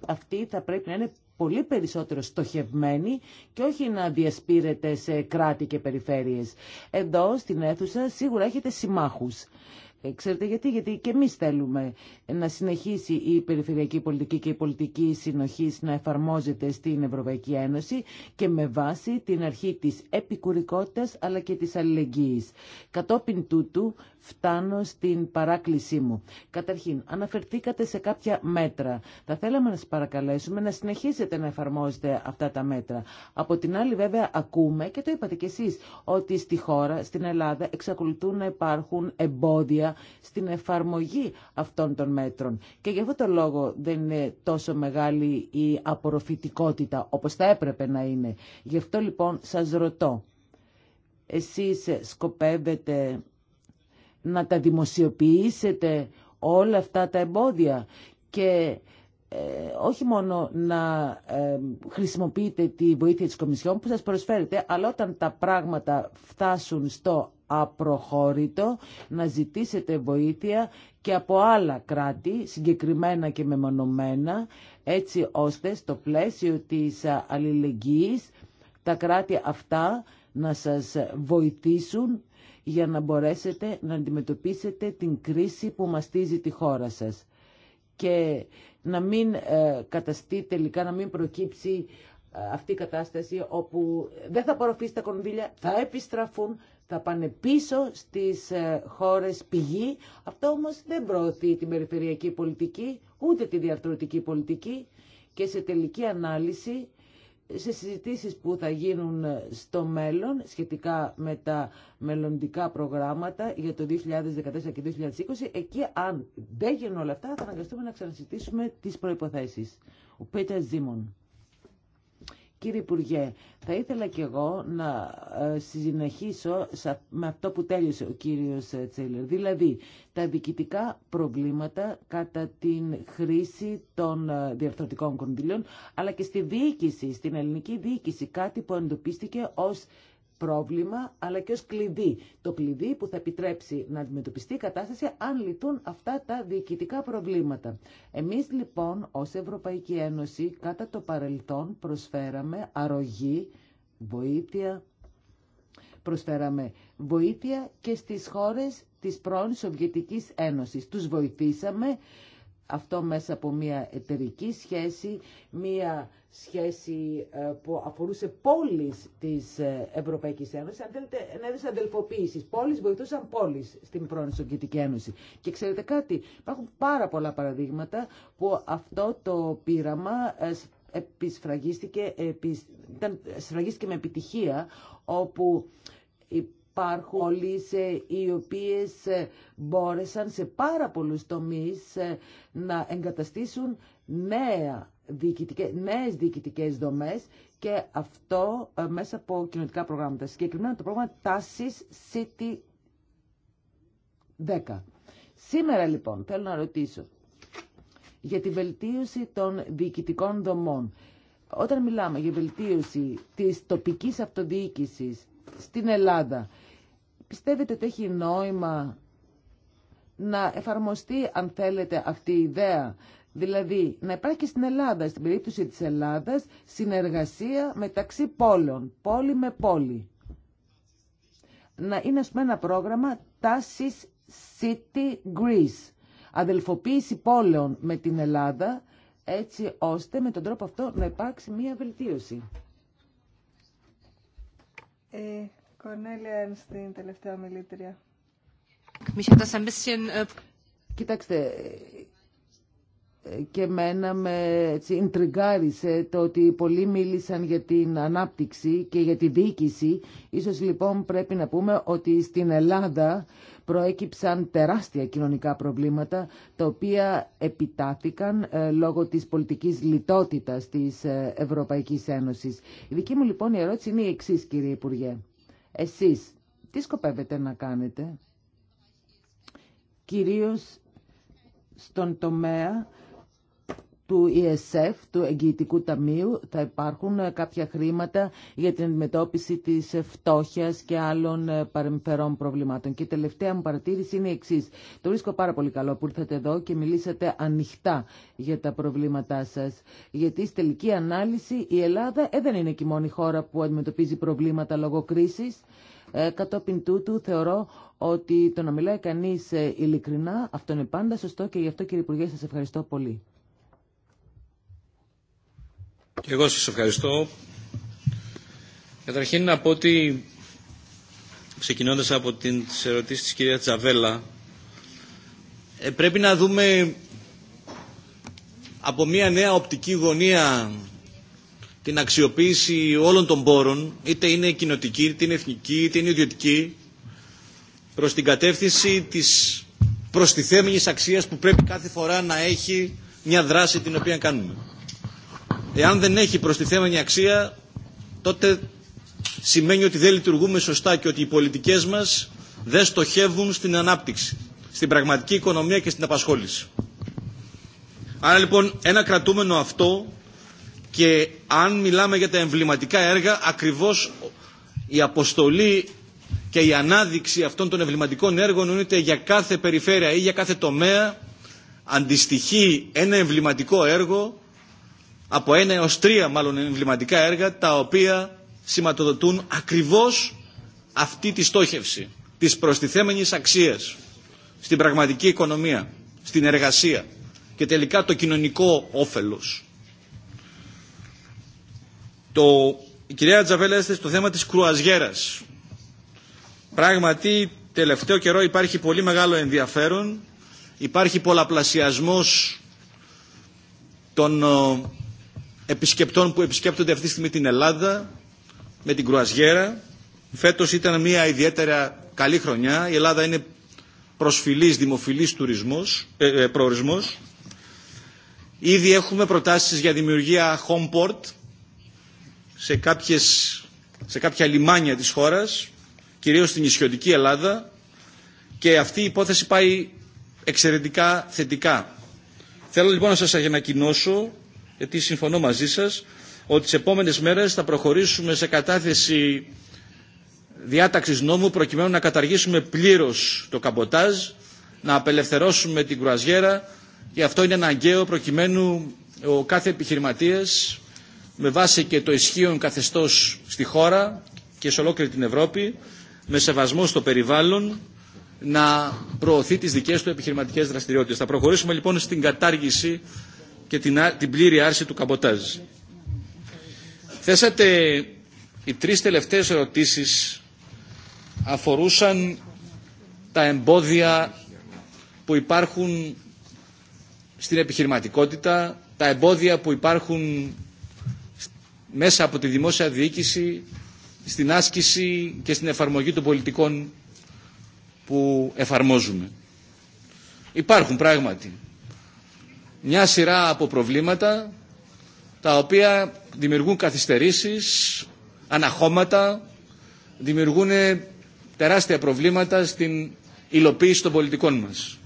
αυτή θα πρέπει να είναι πολύ περισσότερο στοχευμένη και όχι να διασπείρεται σε κράτη και περιφέρειες. Εδώ στην αίθουσα σίγουρα έχετε συμμάχους. Ε, ξέρετε γιατί, γιατί και εμεί θέλουμε να συνεχίσει η περιφερειακή πολιτική και η πολιτική συνοχή να εφαρμόζεται στην Ευρωπαϊκή Ένωση και με βάση την αρχή τη επικουρικότητα, αλλά και τη αλληλεγγύη. Κατόπιν τούτου φτάνω στην παράκλησή μου. Καταρχήν, αναφερθήκατε σε κάποια μέτρα. Θα θέλαμε να σας παρακαλέσουμε να συνεχίσετε να εφαρμόζετε αυτά τα μέτρα. Από την άλλη βέβαια ακούμε και το είπατε κι εσείς ότι στη χώρα, στην Ελλάδα εξακολουθούν να υπάρχουν εμπόδια στην εφαρμογή αυτών των μέτρων. Και γι' αυτό το λόγο δεν είναι τόσο μεγάλη η απορροφητικότητα όπως θα έπρεπε να είναι. Γι' αυτό λοιπόν σας ρωτώ, εσείς σκοπεύετε να τα δημοσιοποιήσετε όλα αυτά τα εμπόδια και ε, όχι μόνο να ε, χρησιμοποιείτε τη βοήθεια της Κομισιόν που σας προσφέρετε, αλλά όταν τα πράγματα φτάσουν στο απροχώρητο, να ζητήσετε βοήθεια και από άλλα κράτη, συγκεκριμένα και μεμονωμένα, έτσι ώστε στο πλαίσιο της αλληλεγγύης τα κράτη αυτά να σας βοηθήσουν για να μπορέσετε να αντιμετωπίσετε την κρίση που μαστίζει τη χώρα σας και να μην ε, καταστεί τελικά, να μην προκύψει ε, αυτή η κατάσταση όπου δεν θα απορροφήσει τα κονδύλια, θα επιστραφούν, θα πάνε πίσω στις ε, χώρες πηγή. Αυτό όμως δεν προωθεί την περιφερειακή πολιτική, ούτε τη διαρθρωτική πολιτική και σε τελική ανάλυση σε συζητήσεις που θα γίνουν στο μέλλον σχετικά με τα μελλοντικά προγράμματα για το 2014 και 2020. Εκεί αν δεν γίνουν όλα αυτά θα αναγκαστούμε να ξανασυζητήσουμε τις προϋποθέσεις. Ο Πέτερ Ζήμων. Κύριε Υπουργέ, θα ήθελα κι εγώ να ε, συνεχίσω με αυτό που τέλειωσε ο κύριος ε, Τσέλερ, δηλαδή τα διοικητικά προβλήματα κατά την χρήση των ε, διαρθρωτικών κονδυλίων, αλλά και στη διοίκηση, στην ελληνική διοίκηση, κάτι που εντοπίστηκε ως πρόβλημα αλλά και ως κλειδί. Το κλειδί που θα επιτρέψει να αντιμετωπιστεί η κατάσταση αν λυθούν αυτά τα διοικητικά προβλήματα. Εμείς λοιπόν ως Ευρωπαϊκή Ένωση κατά το παρελθόν προσφέραμε αρρωγή, βοήθεια, προσφέραμε βοήθεια και στις χώρες της πρώην Σοβιετικής Ένωσης. Τους βοηθήσαμε αυτό μέσα από μια εταιρική σχέση, μια σχέση ε, που αφορούσε πόλεις της ε, Ευρωπαϊκής Ένωσης, αν θέλετε, ένα είδος αδελφοποίησης. Πόλεις βοηθούσαν πόλεις στην πρώην Σοβιετική Ένωση. Και ξέρετε κάτι, υπάρχουν πάρα πολλά παραδείγματα που αυτό το πείραμα ε, επισφραγίστηκε, επισ... σφραγίστηκε με επιτυχία, όπου υπάρχουν πολλοί ε, οι οποίες ε, μπόρεσαν σε πάρα πολλούς τομείς ε, να εγκαταστήσουν νέα διοικητικές, νέες διοικητικές δομές και αυτό μέσα από κοινωνικά προγράμματα. Συγκεκριμένα το πρόγραμμα Τάσης City 10. Σήμερα λοιπόν θέλω να ρωτήσω για τη βελτίωση των διοικητικών δομών. Όταν μιλάμε για βελτίωση της τοπικής αυτοδιοίκησης στην Ελλάδα, Πιστεύετε ότι έχει νόημα να εφαρμοστεί, αν θέλετε, αυτή η ιδέα. Δηλαδή, να υπάρχει στην Ελλάδα, στην περίπτωση της Ελλάδας, συνεργασία μεταξύ πόλεων, πόλη με πόλη. Να είναι, ας πούμε, ένα πρόγραμμα τάσης City Greece. Αδελφοποίηση πόλεων με την Ελλάδα, έτσι ώστε με τον τρόπο αυτό να υπάρξει μία βελτίωση. Ε, Κορνέλια Ένστιν, τελευταία μιλήτρια. Ε, ε, Κοιτάξτε, ε, και εμένα με έτσι, το ότι πολλοί μίλησαν για την ανάπτυξη και για τη διοίκηση. Ίσως λοιπόν πρέπει να πούμε ότι στην Ελλάδα προέκυψαν τεράστια κοινωνικά προβλήματα τα οποία επιτάθηκαν λόγω της πολιτικής λιτότητας της Ευρωπαϊκής Ένωσης. Η δική μου λοιπόν η ερώτηση είναι η εξής κύριε Υπουργέ. Εσείς τι σκοπεύετε να κάνετε, κυρίως στον τομέα του ESF, του Εγγυητικού Ταμείου, θα υπάρχουν ε, κάποια χρήματα για την αντιμετώπιση της ε, φτώχειας και άλλων ε, παρεμφερών προβλημάτων. Και η τελευταία μου παρατήρηση είναι η εξή. Το βρίσκω πάρα πολύ καλό που ήρθατε εδώ και μιλήσατε ανοιχτά για τα προβλήματά σας. Γιατί στη τελική ανάλυση η Ελλάδα δεν είναι και η μόνη χώρα που αντιμετωπίζει προβλήματα λόγω κρίσης. κατόπιν τούτου θεωρώ ότι το να μιλάει κανείς ειλικρινά αυτό είναι πάντα σωστό και γι' αυτό κύριε Υπουργέ σας ευχαριστώ πολύ. Και εγώ σας ευχαριστώ. Καταρχήν να πω ότι ξεκινώντας από την ερωτήσει της κυρία Τζαβέλα ε, πρέπει να δούμε από μια νέα οπτική γωνία την αξιοποίηση όλων των πόρων, είτε είναι κοινοτική, είτε είναι εθνική, είτε είναι ιδιωτική, προς την κατεύθυνση της προστιθέμενης αξίας που πρέπει κάθε φορά να έχει μια δράση την οποία κάνουμε. Εάν δεν έχει προστιθέμενη αξία, τότε σημαίνει ότι δεν λειτουργούμε σωστά και ότι οι πολιτικές μας δεν στοχεύουν στην ανάπτυξη, στην πραγματική οικονομία και στην απασχόληση. Άρα λοιπόν ένα κρατούμενο αυτό και αν μιλάμε για τα εμβληματικά έργα, ακριβώς η αποστολή και η ανάδειξη αυτών των εμβληματικών έργων είναι για κάθε περιφέρεια ή για κάθε τομέα αντιστοιχεί ένα εμβληματικό έργο από ένα έως τρία μάλλον εμβληματικά έργα τα οποία σηματοδοτούν ακριβώς αυτή τη στόχευση της προστιθέμενης αξίας στην πραγματική οικονομία, στην εργασία και τελικά το κοινωνικό όφελος. Το... Η κυρία Τζαβέλα έστε στο θέμα της κρουαζιέρας. Πράγματι, τελευταίο καιρό υπάρχει πολύ μεγάλο ενδιαφέρον, υπάρχει πολλαπλασιασμός των ε, επισκεπτών που επισκέπτονται αυτή τη στιγμή την Ελλάδα με την κρουαζιέρα. Φέτος ήταν μια ιδιαίτερα καλή χρονιά. Η Ελλάδα είναι προσφυλής, δημοφιλής τουρισμός, ε, ε, προορισμός. Ήδη έχουμε προτάσεις για δημιουργία homeport σε, κάποιες, σε κάποια λιμάνια της χώρας, κυρίως στην νησιωτική Ελλάδα και αυτή η υπόθεση πάει εξαιρετικά θετικά. Θέλω λοιπόν να σας ανακοινώσω γιατί συμφωνώ μαζί σας ότι τις επόμενες μέρες θα προχωρήσουμε σε κατάθεση διάταξης νόμου προκειμένου να καταργήσουμε πλήρως το καμποτάζ, να απελευθερώσουμε την κρουαζιέρα και αυτό είναι αναγκαίο προκειμένου ο κάθε επιχειρηματίας με βάση και το ισχύον καθεστώς στη χώρα και σε ολόκληρη την Ευρώπη με σεβασμό στο περιβάλλον να προωθεί τις δικές του επιχειρηματικές δραστηριότητες. Θα προχωρήσουμε λοιπόν στην κατάργηση και την πλήρη άρση του καμποτάζ. Θέσατε οι τρεις τελευταίες ερωτήσεις αφορούσαν τα εμπόδια που υπάρχουν στην επιχειρηματικότητα, τα εμπόδια που υπάρχουν μέσα από τη δημόσια διοίκηση, στην άσκηση και στην εφαρμογή των πολιτικών που εφαρμόζουμε. Υπάρχουν πράγματι μια σειρά από προβλήματα τα οποία δημιουργούν καθυστερήσεις, αναχώματα, δημιουργούν τεράστια προβλήματα στην υλοποίηση των πολιτικών μας.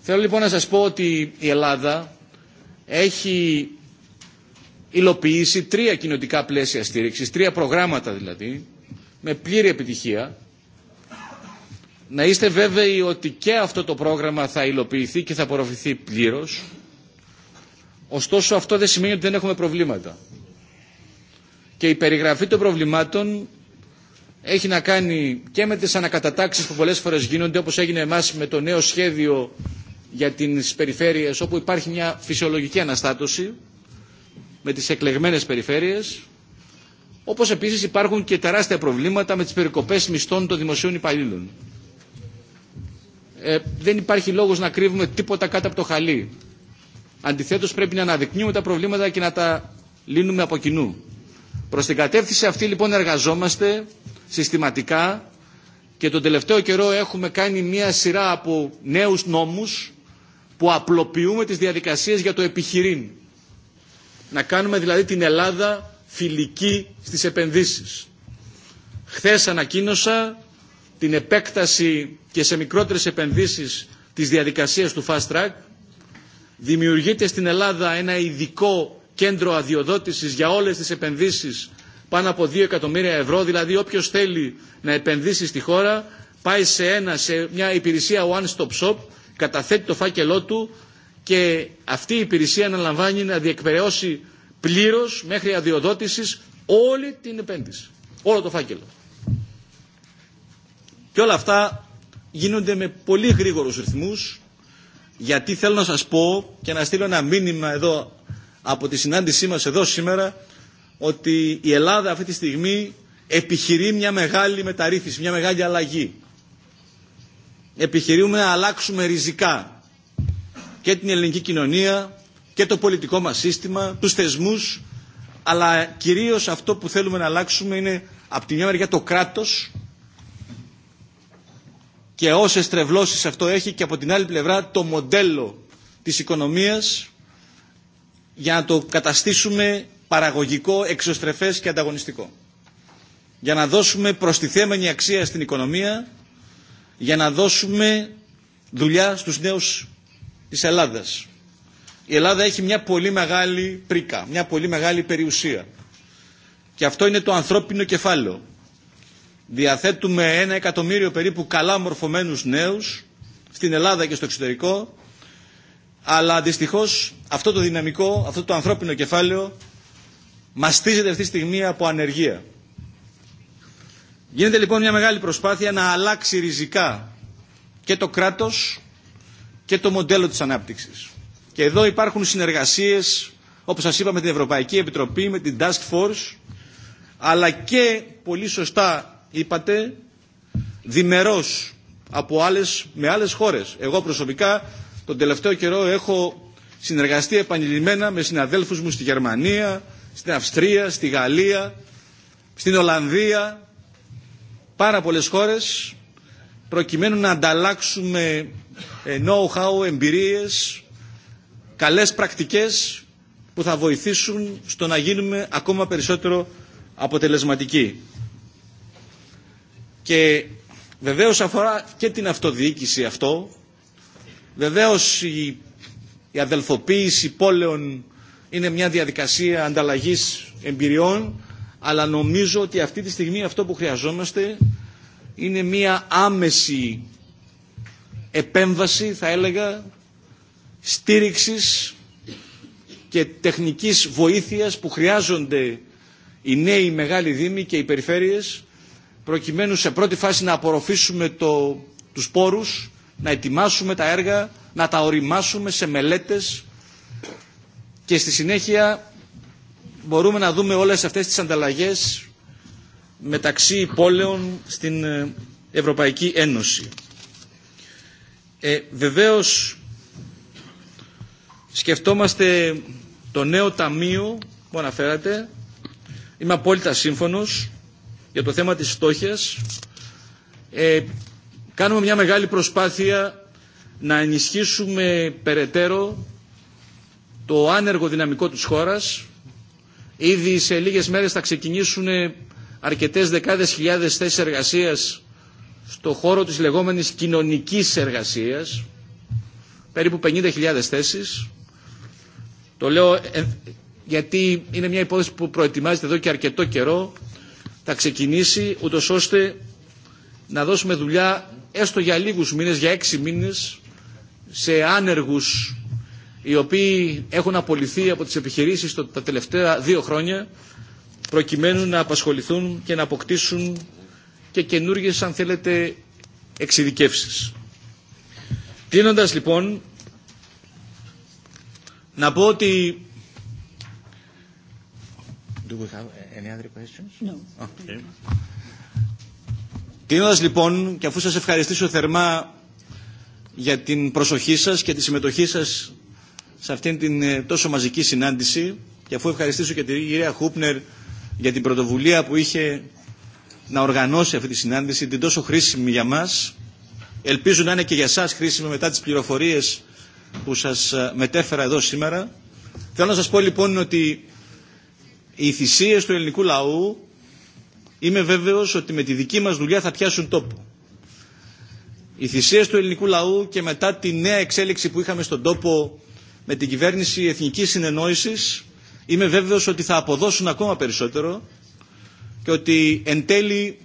Θέλω λοιπόν να σας πω ότι η Ελλάδα έχει υλοποιήσει τρία κοινωτικά πλαίσια στήριξης, τρία προγράμματα δηλαδή, με πλήρη επιτυχία να είστε βέβαιοι ότι και αυτό το πρόγραμμα θα υλοποιηθεί και θα απορροφηθεί πλήρως. Ωστόσο αυτό δεν σημαίνει ότι δεν έχουμε προβλήματα. Και η περιγραφή των προβλημάτων έχει να κάνει και με τις ανακατατάξεις που πολλές φορές γίνονται όπως έγινε εμάς με το νέο σχέδιο για τις περιφέρειες όπου υπάρχει μια φυσιολογική αναστάτωση με τις εκλεγμένες περιφέρειες όπως επίσης υπάρχουν και τεράστια προβλήματα με τις περικοπές μισθών των δημοσίων υπαλλήλων. Ε, δεν υπάρχει λόγος να κρύβουμε τίποτα κάτω από το χαλί. Αντιθέτως πρέπει να αναδεικνύουμε τα προβλήματα και να τα λύνουμε από κοινού. Προς την κατεύθυνση αυτή λοιπόν εργαζόμαστε συστηματικά και τον τελευταίο καιρό έχουμε κάνει μια σειρά από νέους νόμους που απλοποιούμε τις διαδικασίες για το επιχειρήν. Να κάνουμε δηλαδή την Ελλάδα φιλική στις επενδύσεις. Χθες ανακοίνωσα την επέκταση και σε μικρότερες επενδύσεις της διαδικασίας του Fast Track. Δημιουργείται στην Ελλάδα ένα ειδικό κέντρο αδειοδότησης για όλες τις επενδύσεις πάνω από 2 εκατομμύρια ευρώ, δηλαδή όποιος θέλει να επενδύσει στη χώρα πάει σε, ένα, σε μια υπηρεσία one-stop shop, καταθέτει το φάκελό του και αυτή η υπηρεσία αναλαμβάνει να διεκπαιρεώσει πλήρως μέχρι αδειοδότησης όλη την επένδυση, όλο το φάκελο. Και όλα αυτά γίνονται με πολύ γρήγορους ρυθμούς, γιατί θέλω να σας πω και να στείλω ένα μήνυμα εδώ από τη συνάντησή μας εδώ σήμερα, ότι η Ελλάδα αυτή τη στιγμή επιχειρεί μια μεγάλη μεταρρύθμιση, μια μεγάλη αλλαγή. Επιχειρούμε να αλλάξουμε ριζικά και την ελληνική κοινωνία και το πολιτικό μας σύστημα, τους θεσμούς, αλλά κυρίως αυτό που θέλουμε να αλλάξουμε είναι από τη μια μεριά το κράτος και όσες τρευλώσεις αυτό έχει και από την άλλη πλευρά το μοντέλο της οικονομίας για να το καταστήσουμε παραγωγικό, εξωστρεφές και ανταγωνιστικό. Για να δώσουμε προστιθέμενη αξία στην οικονομία, για να δώσουμε δουλειά στους νέους της Ελλάδας. Η Ελλάδα έχει μια πολύ μεγάλη πρίκα, μια πολύ μεγάλη περιουσία. Και αυτό είναι το ανθρώπινο κεφάλαιο διαθέτουμε ένα εκατομμύριο περίπου καλά μορφωμένους νέους στην Ελλάδα και στο εξωτερικό αλλά δυστυχώς αυτό το δυναμικό, αυτό το ανθρώπινο κεφάλαιο μαστίζεται αυτή τη στιγμή από ανεργία. Γίνεται λοιπόν μια μεγάλη προσπάθεια να αλλάξει ριζικά και το κράτος και το μοντέλο της ανάπτυξης. Και εδώ υπάρχουν συνεργασίες, όπως σας είπα, με την Ευρωπαϊκή Επιτροπή, με την Task Force, αλλά και πολύ σωστά είπατε, διμερός από άλλες, με άλλες χώρες. Εγώ προσωπικά τον τελευταίο καιρό έχω συνεργαστεί επανειλημμένα με συναδέλφους μου στη Γερμανία, στην Αυστρία, στη Γαλλία, στην Ολλανδία, πάρα πολλές χώρες, προκειμένου να ανταλλάξουμε know-how, εμπειρίες, καλές πρακτικές που θα βοηθήσουν στο να γίνουμε ακόμα περισσότερο αποτελεσματικοί. Και βεβαίως αφορά και την αυτοδιοίκηση αυτό. Βεβαίως η, αδελφοποίηση πόλεων είναι μια διαδικασία ανταλλαγής εμπειριών, αλλά νομίζω ότι αυτή τη στιγμή αυτό που χρειαζόμαστε είναι μια άμεση επέμβαση, θα έλεγα, στήριξης και τεχνικής βοήθειας που χρειάζονται οι νέοι μεγάλοι δήμοι και οι περιφέρειες προκειμένου σε πρώτη φάση να απορροφήσουμε το, τους πόρους, να ετοιμάσουμε τα έργα, να τα οριμάσουμε σε μελέτες και στη συνέχεια μπορούμε να δούμε όλες αυτές τις ανταλλαγές μεταξύ πόλεων στην ε, Ευρωπαϊκή Ένωση. Ε, βεβαίως σκεφτόμαστε το νέο ταμείο που αναφέρατε. Είμαι απόλυτα σύμφωνος για το θέμα της φτώχειας ε, κάνουμε μια μεγάλη προσπάθεια να ενισχύσουμε περαιτέρω το άνεργο δυναμικό της χώρας. Ήδη σε λίγες μέρες θα ξεκινήσουν αρκετές δεκάδες χιλιάδες θέσεις εργασίας στο χώρο της λεγόμενης κοινωνικής εργασίας, περίπου 50.000 θέσεις. Το λέω ε, γιατί είναι μια υπόθεση που προετοιμάζεται εδώ και αρκετό καιρό θα ξεκινήσει ούτω ώστε να δώσουμε δουλειά έστω για λίγους μήνες, για έξι μήνες σε άνεργους οι οποίοι έχουν απολυθεί από τις επιχειρήσεις τα τελευταία δύο χρόνια προκειμένου να απασχοληθούν και να αποκτήσουν και καινούργιες αν θέλετε εξειδικεύσεις. Κλείνοντας λοιπόν να πω ότι Do we have any other questions? No. Okay. λοιπόν και αφού σας ευχαριστήσω θερμά για την προσοχή σας και τη συμμετοχή σας σε αυτήν την ε, τόσο μαζική συνάντηση και αφού ευχαριστήσω και την κυρία Χούπνερ για την πρωτοβουλία που είχε να οργανώσει αυτή τη συνάντηση, την τόσο χρήσιμη για μας. Ελπίζω να είναι και για σας χρήσιμη μετά τις πληροφορίες που σας ε, μετέφερα εδώ σήμερα. Θέλω να σας πω λοιπόν ότι οι θυσίε του ελληνικού λαού είμαι βέβαιος ότι με τη δική μας δουλειά θα πιάσουν τόπο. Οι θυσίε του ελληνικού λαού και μετά τη νέα εξέλιξη που είχαμε στον τόπο με την κυβέρνηση εθνικής συνεννόησης είμαι βέβαιος ότι θα αποδώσουν ακόμα περισσότερο και ότι εν τέλει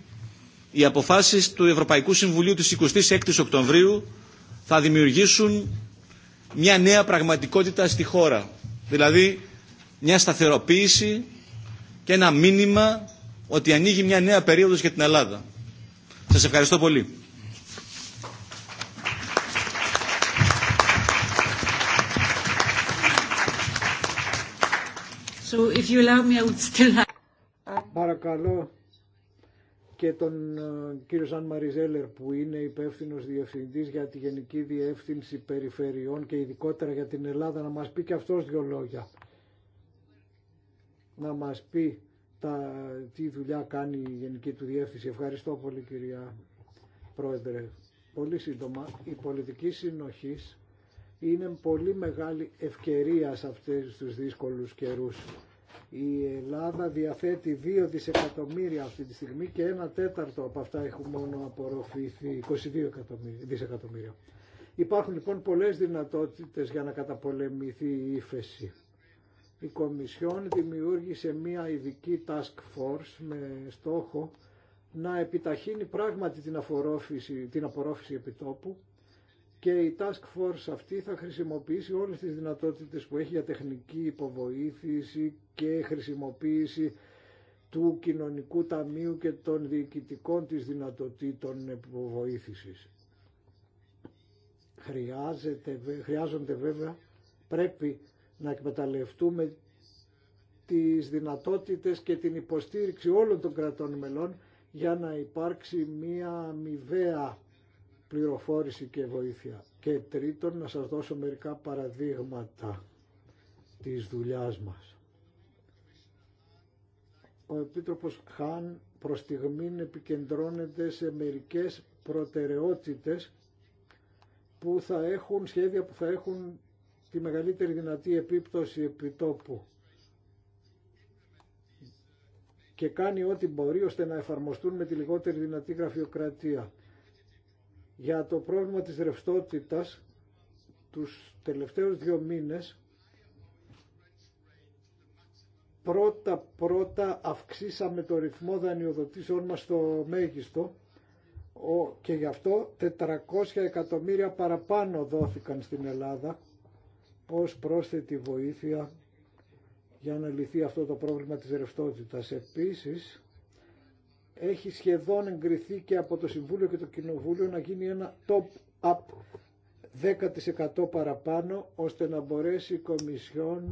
οι αποφάσεις του Ευρωπαϊκού Συμβουλίου της 26ης Οκτωβρίου θα δημιουργήσουν μια νέα πραγματικότητα στη χώρα. Δηλαδή μια σταθεροποίηση, και ένα μήνυμα ότι ανοίγει μια νέα περίοδος για την Ελλάδα. Σας ευχαριστώ πολύ. So if Παρακαλώ και τον ε, κύριο Σαν Μαριζέλερ που είναι υπεύθυνος διευθυντής για τη Γενική Διεύθυνση Περιφερειών και ειδικότερα για την Ελλάδα να μας πει και αυτός δύο λόγια να μας πει τα, τι δουλειά κάνει η Γενική του Διεύθυνση. Ευχαριστώ πολύ κυρία Πρόεδρε. Πολύ σύντομα, η πολιτική συνοχής είναι πολύ μεγάλη ευκαιρία σε αυτές τους δύσκολους καιρούς. Η Ελλάδα διαθέτει 2 δισεκατομμύρια αυτή τη στιγμή και ένα τέταρτο από αυτά έχουν μόνο απορροφηθεί, 22 δισεκατομμύρια. Υπάρχουν λοιπόν πολλές δυνατότητες για να καταπολεμηθεί η ύφεση η Κομισιόν δημιούργησε μία ειδική task force με στόχο να επιταχύνει πράγματι την, αφορόφηση, την απορρόφηση επιτόπου και η task force αυτή θα χρησιμοποιήσει όλες τις δυνατότητες που έχει για τεχνική υποβοήθηση και χρησιμοποίηση του κοινωνικού ταμείου και των διοικητικών της δυνατοτήτων υποβοήθησης. χρειάζονται βέβαια, πρέπει να εκμεταλλευτούμε τις δυνατότητες και την υποστήριξη όλων των κρατών μελών για να υπάρξει μία αμοιβαία πληροφόρηση και βοήθεια. Και τρίτον, να σας δώσω μερικά παραδείγματα της δουλειάς μας. Ο Επίτροπος Χάν προς στιγμήν επικεντρώνεται σε μερικές προτεραιότητες που θα έχουν σχέδια που θα έχουν τη μεγαλύτερη δυνατή επίπτωση επιτόπου και κάνει ό,τι μπορεί ώστε να εφαρμοστούν με τη λιγότερη δυνατή γραφειοκρατία. Για το πρόβλημα της ρευστότητας, τους τελευταίους δύο μήνες, πρώτα πρώτα αυξήσαμε το ρυθμό δανειοδοτήσεων μας στο μέγιστο και γι' αυτό 400 εκατομμύρια παραπάνω δόθηκαν στην Ελλάδα ως πρόσθετη βοήθεια για να λυθεί αυτό το πρόβλημα της ρευστότητας. Επίσης, έχει σχεδόν εγκριθεί και από το Συμβούλιο και το Κοινοβούλιο να γίνει ένα top-up 10% παραπάνω, ώστε να μπορέσει η Κομισιόν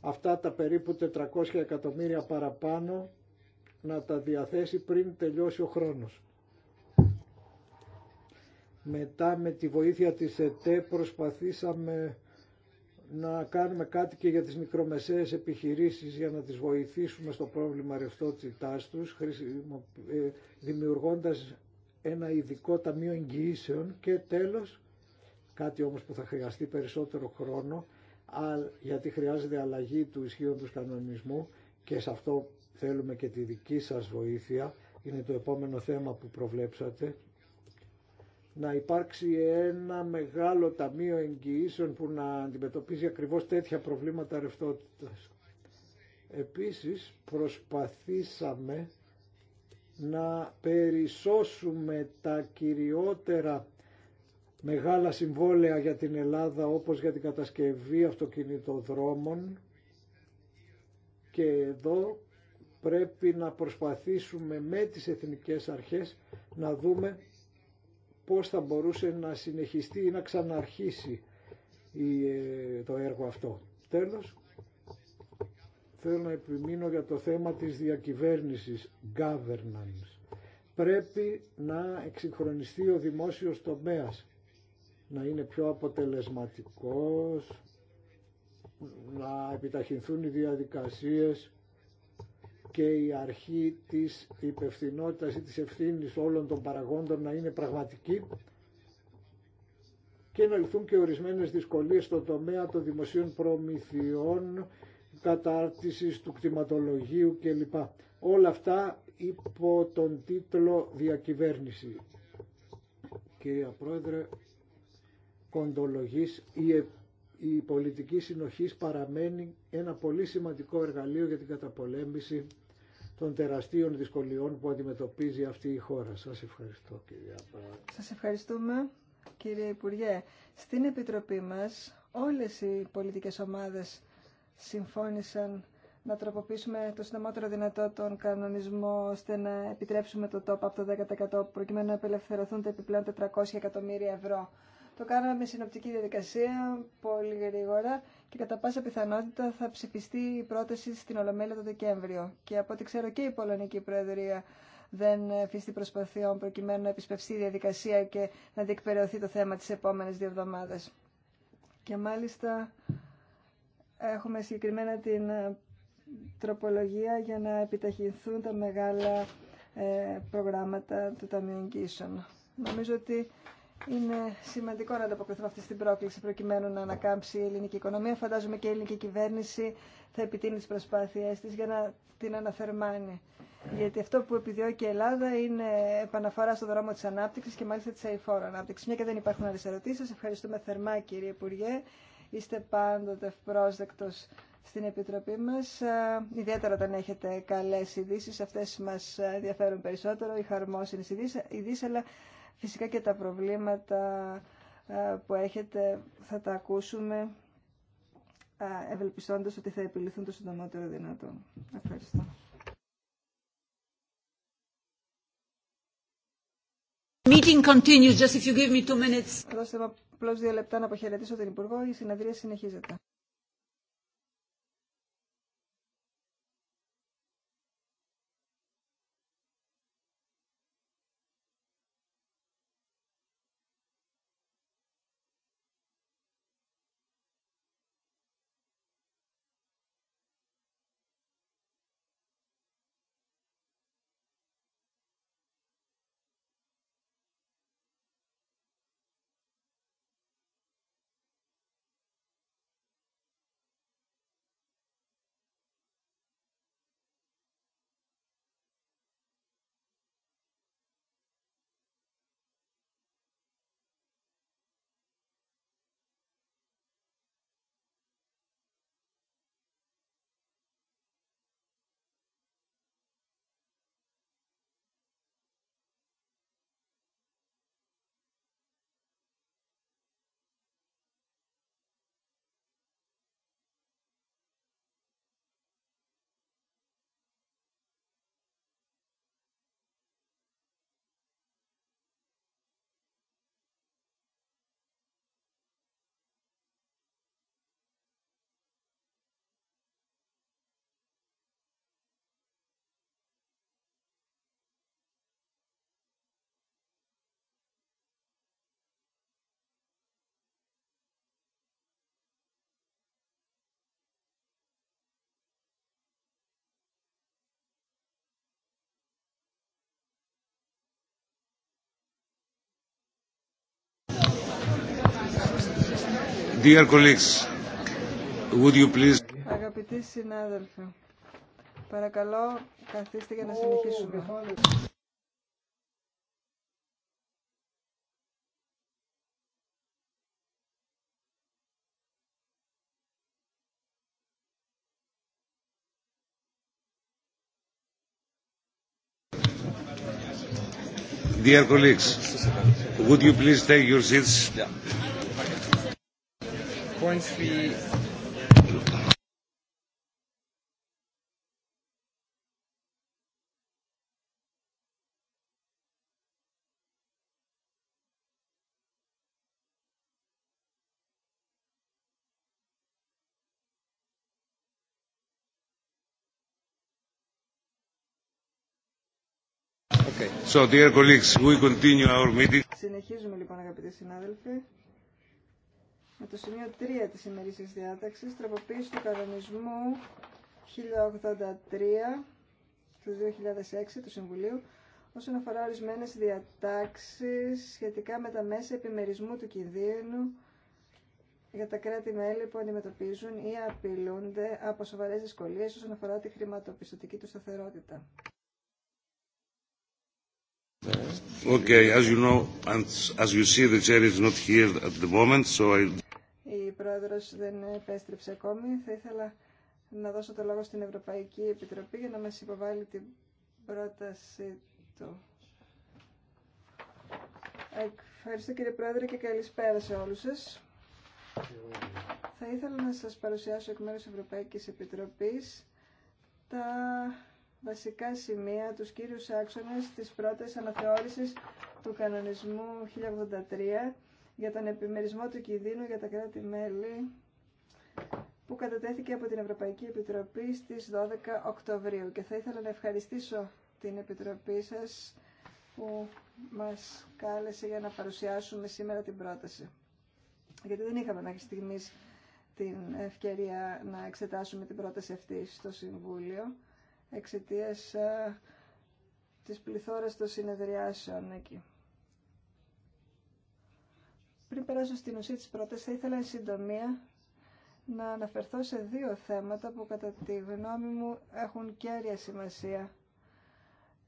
αυτά τα περίπου 400 εκατομμύρια παραπάνω να τα διαθέσει πριν τελειώσει ο χρόνος. Μετά με τη βοήθεια της ΕΤΕ προσπαθήσαμε να κάνουμε κάτι και για τις μικρομεσαίες επιχειρήσεις για να τις βοηθήσουμε στο πρόβλημα ρευστότητάς τους ε, δημιουργώντας ένα ειδικό ταμείο εγγυήσεων και τέλος κάτι όμως που θα χρειαστεί περισσότερο χρόνο γιατί χρειάζεται αλλαγή του ισχύοντος κανονισμού και σε αυτό θέλουμε και τη δική σας βοήθεια είναι το επόμενο θέμα που προβλέψατε να υπάρξει ένα μεγάλο ταμείο εγγυήσεων που να αντιμετωπίζει ακριβώς τέτοια προβλήματα ρευτότητα. Επίσης προσπαθήσαμε να περισσώσουμε τα κυριότερα μεγάλα συμβόλαια για την Ελλάδα όπως για την κατασκευή αυτοκινητοδρόμων και εδώ πρέπει να προσπαθήσουμε με τις εθνικές αρχές να δούμε πώς θα μπορούσε να συνεχιστεί ή να ξαναρχίσει ε, το έργο αυτό. Τέλος, θέλω να επιμείνω για το θέμα της διακυβέρνησης, governance. Πρέπει να εξυγχρονιστεί ο δημόσιος τομέας, να είναι πιο αποτελεσματικός, να επιταχυνθούν οι διαδικασίες, και η αρχή της υπευθυνότητας ή της ευθύνης όλων των παραγόντων να είναι πραγματική και να λυθούν και ορισμένες δυσκολίες στο τομέα των δημοσίων προμηθειών, κατάρτισης του κτηματολογίου κλπ. Όλα αυτά υπό τον τίτλο διακυβέρνηση. Κυρία Πρόεδρε, κοντολογής η η πολιτική συνοχή παραμένει ένα πολύ σημαντικό εργαλείο για την καταπολέμηση των τεραστίων δυσκολιών που αντιμετωπίζει αυτή η χώρα. Σας ευχαριστώ κυρία Σας ευχαριστούμε κύριε Υπουργέ. Στην Επιτροπή μας όλες οι πολιτικές ομάδες συμφώνησαν να τροποποιήσουμε το συντομότερο δυνατό τον κανονισμό ώστε να επιτρέψουμε το τόπο από το 10% προκειμένου να απελευθερωθούν τα επιπλέον 400 εκατομμύρια ευρώ το κάναμε με συνοπτική διαδικασία, πολύ γρήγορα και κατά πάσα πιθανότητα θα ψηφιστεί η πρόταση στην Ολομέλεια το Δεκέμβριο. Και από ό,τι ξέρω και η Πολωνική Προεδρία δεν φύστη προσπαθειών προκειμένου να επισπευστεί η διαδικασία και να διεκπαιρεωθεί το θέμα τις επόμενες δύο εβδομάδες. Και μάλιστα έχουμε συγκεκριμένα την ε, τροπολογία για να επιταχυνθούν τα μεγάλα ε, προγράμματα του Ταμείου Νομίζω ότι είναι σημαντικό να ανταποκριθούμε αυτή στην πρόκληση προκειμένου να ανακάμψει η ελληνική οικονομία. Φαντάζομαι και η ελληνική κυβέρνηση θα επιτείνει τι προσπάθειέ τη για να την αναθερμάνει. Γιατί αυτό που επιδιώκει η Ελλάδα είναι επαναφορά στον δρόμο τη ανάπτυξη και μάλιστα τη αηφόρου ανάπτυξη. Μια και δεν υπάρχουν άλλε ερωτήσει, ευχαριστούμε θερμά κύριε Υπουργέ. Είστε πάντοτε ευπρόσδεκτο στην Επιτροπή μα. Ε, ιδιαίτερα όταν έχετε καλέ ειδήσει, Αυτέ μα ενδιαφέρουν περισσότερο, οι ειδήσει, αλλά Φυσικά και τα προβλήματα ε, που έχετε θα τα ακούσουμε ε, ευελπιστώντας ότι θα επιληθούν το συντομότερο δυνατό. Ευχαριστώ. Meeting continues just if you give me two minutes. Δώστε απλώς δύο λεπτά να αποχαιρετήσω τον Υπουργό. Η συνεδρία συνεχίζεται. Dear colleagues, would you please... Αγαπητοί συνάδελφοι, παρακαλώ καθίστε για να συνεχίσουμε. Dear colleagues, would you please take your seats? Yeah points Συνεχίζουμε λοιπόν αγαπητοί συνάδελφοι με το σημείο 3 της ημερήσιας διάταξης, τροποποίηση του κανονισμού 1083 του 2006 του Συμβουλίου όσον αφορά ορισμένε διατάξεις σχετικά με τα μέσα επιμερισμού του κινδύνου για τα κράτη-μέλη που αντιμετωπίζουν ή απειλούνται από σοβαρές δυσκολίες όσον αφορά τη χρηματοπιστωτική του σταθερότητα. Okay, as you Η πρόεδρος δεν επέστρεψε ακόμη. Θα ήθελα να δώσω το λόγο στην Ευρωπαϊκή Επιτροπή για να μας υποβάλει την πρόταση του. Ευχαριστώ κύριε Πρόεδρε και καλησπέρα σε όλους σας. Θα ήθελα να σας παρουσιάσω εκ μέρους της Ευρωπαϊκής Επιτροπής τα βασικά σημεία, τους κύριους άξονες της πρώτης αναθεώρησης του κανονισμού 1083 για τον επιμερισμό του κινδύνου για τα κράτη-μέλη που κατατέθηκε από την Ευρωπαϊκή Επιτροπή στις 12 Οκτωβρίου. Και θα ήθελα να ευχαριστήσω την Επιτροπή σας που μας κάλεσε για να παρουσιάσουμε σήμερα την πρόταση. Γιατί δεν είχαμε μέχρι στιγμής την ευκαιρία να εξετάσουμε την πρόταση αυτή στο Συμβούλιο. Εξαιτία ε, της πληθώρας των συνεδριάσεων εκεί. Πριν περάσω στην ουσία της πρότασης, θα ήθελα εν συντομία να αναφερθώ σε δύο θέματα που κατά τη γνώμη μου έχουν κέρια σημασία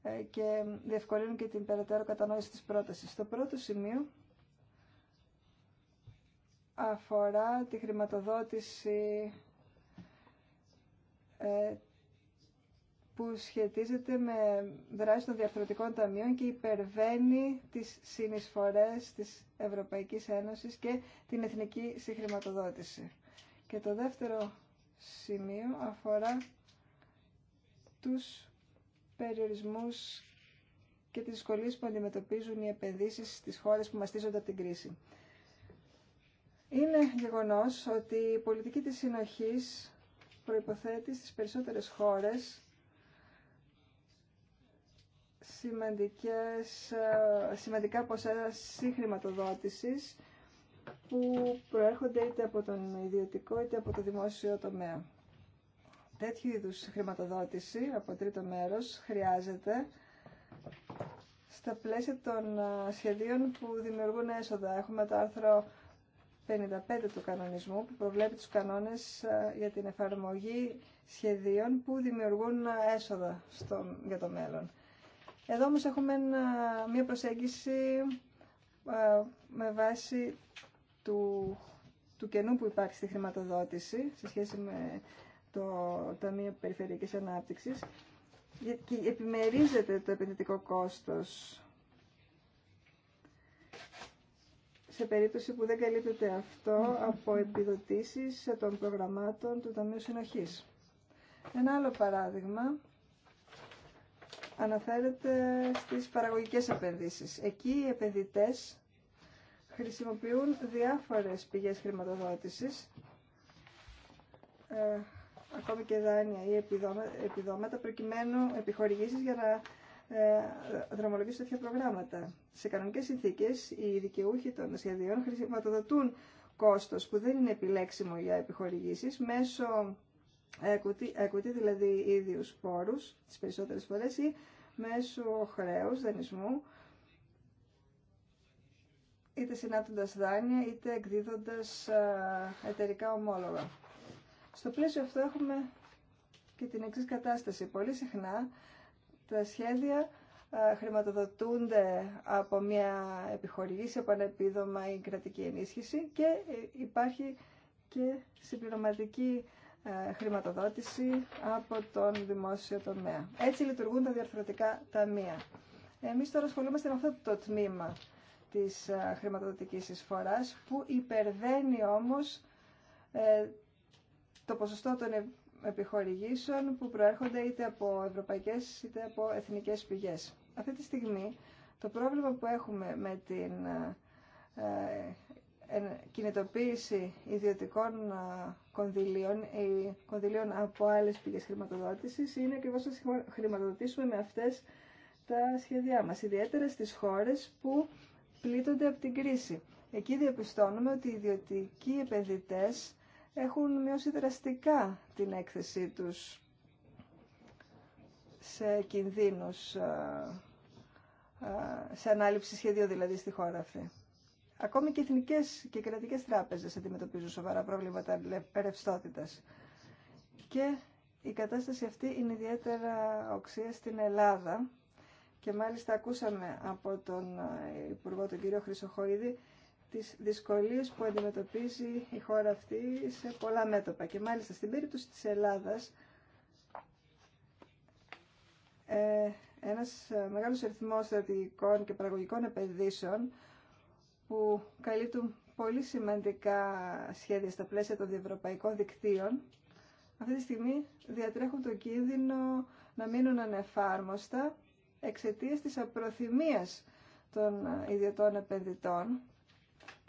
ε, και διευκολύνουν και την περαιτέρω κατανόηση της πρότασης. Το πρώτο σημείο αφορά τη χρηματοδότηση ε, που σχετίζεται με δράση των διαρθρωτικών ταμείων και υπερβαίνει τις συνεισφορές της Ευρωπαϊκής Ένωσης και την εθνική συγχρηματοδότηση. Και το δεύτερο σημείο αφορά τους περιορισμούς και τις δυσκολίες που αντιμετωπίζουν οι επενδύσεις στις χώρες που μαστίζονται από την κρίση. Είναι γεγονός ότι η πολιτική της συνοχής προϋποθέτει στις περισσότερες χώρες σημαντικές, ε, σημαντικά ποσά συγχρηματοδότησης που προέρχονται είτε από τον ιδιωτικό είτε από το δημόσιο τομέα. Τέτοιου είδους χρηματοδότηση από τρίτο μέρος χρειάζεται στα πλαίσια των ε, σχεδίων που δημιουργούν έσοδα. Έχουμε το άρθρο 55 του κανονισμού που προβλέπει τους κανόνες ε, για την εφαρμογή σχεδίων που δημιουργούν έσοδα για το μέλλον. Εδώ όμως έχουμε μια προσέγγιση ε, με βάση του, του κενού που υπάρχει στη χρηματοδότηση σε σχέση με το Ταμείο Περιφερειακής Ανάπτυξης και επιμερίζεται το επενδυτικό κόστος σε περίπτωση που δεν καλύπτεται αυτό από επιδοτήσεις των προγραμμάτων του Ταμείου Συνοχής. Ένα άλλο παράδειγμα αναφέρεται στις παραγωγικές επενδύσεις. Εκεί οι επενδυτές χρησιμοποιούν διάφορες πηγές χρηματοδότησης, ε, ακόμη και δάνεια ή επιδόματα, επιδόματα προκειμένου επιχορηγήσεις για να ε, δρομολογήσουν τέτοια προγράμματα. Σε κανονικές συνθήκες, οι δικαιούχοι των σχεδίων χρηματοδοτούν κόστος που δεν είναι επιλέξιμο για επιχορηγήσεις μέσω equity, equity δηλαδή ίδιους πόρους τις περισσότερες φορές ή μέσω χρέους, δανεισμού, είτε συνάπτοντας δάνεια είτε εκδίδοντας εταιρικά ομόλογα. Στο πλαίσιο αυτό έχουμε και την εξή κατάσταση. Πολύ συχνά τα σχέδια χρηματοδοτούνται από μια επιχορηγήση, από ένα επίδομα ή κρατική ενίσχυση και ε, υπάρχει και συμπληρωματική ε, χρηματοδότηση από τον δημόσιο τομέα. Έτσι λειτουργούν τα διαρθρωτικά ταμεία. Εμείς τώρα ασχολούμαστε με αυτό το τμήμα της ε, χρηματοδοτικής εισφοράς που υπερβαίνει όμως ε, το ποσοστό των επιχορηγήσεων που προέρχονται είτε από ευρωπαϊκές είτε από εθνικές πηγές. Αυτή τη στιγμή το πρόβλημα που έχουμε με την κινητοποίηση ιδιωτικών κονδυλίων, ε, κονδυλίων από άλλες πηγές χρηματοδότησης είναι ακριβώ να χρηματοδοτήσουμε με αυτές τα σχέδιά μας, ιδιαίτερα στις χώρες που πλήττονται από την κρίση. Εκεί διαπιστώνουμε ότι οι ιδιωτικοί επενδυτές έχουν μειώσει δραστικά την έκθεσή τους σε κινδύνους, σε ανάληψη σχεδίου δηλαδή στη χώρα αυτή. Ακόμη και εθνικέ και κρατικέ τράπεζε αντιμετωπίζουν σοβαρά προβλήματα ρευστότητα. Και η κατάσταση αυτή είναι ιδιαίτερα οξία στην Ελλάδα. Και μάλιστα ακούσαμε από τον Υπουργό, τον κύριο Χρυσοχοίδη, τις δυσκολίες που αντιμετωπίζει η χώρα αυτή σε πολλά μέτωπα. Και μάλιστα στην περίπτωση της Ελλάδας, ε, ένας μεγάλος αριθμός στρατηγικών και παραγωγικών επενδύσεων που καλύπτουν πολύ σημαντικά σχέδια στα πλαίσια των διευρωπαϊκών δικτύων, αυτή τη στιγμή διατρέχουν το κίνδυνο να μείνουν ανεφάρμοστα εξαιτίας της απροθυμίας των ιδιωτών επενδυτών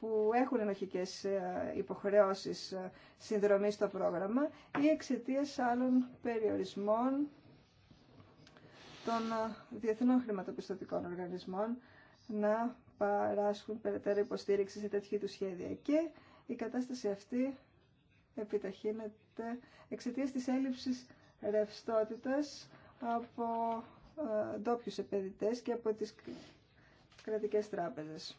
που έχουν ενοχικές ε, υποχρεώσεις ε, συνδρομής στο πρόγραμμα ή εξαιτία άλλων περιορισμών των ε, διεθνών χρηματοπιστωτικών οργανισμών να παράσχουν περαιτέρω υποστήριξη σε τέτοιου του σχέδια. Και η κατάσταση αυτή επιταχύνεται εξαιτία της έλλειψη ρευστότητα από ε, ντόπιου επενδυτέ και από τις κρατικές τράπεζες.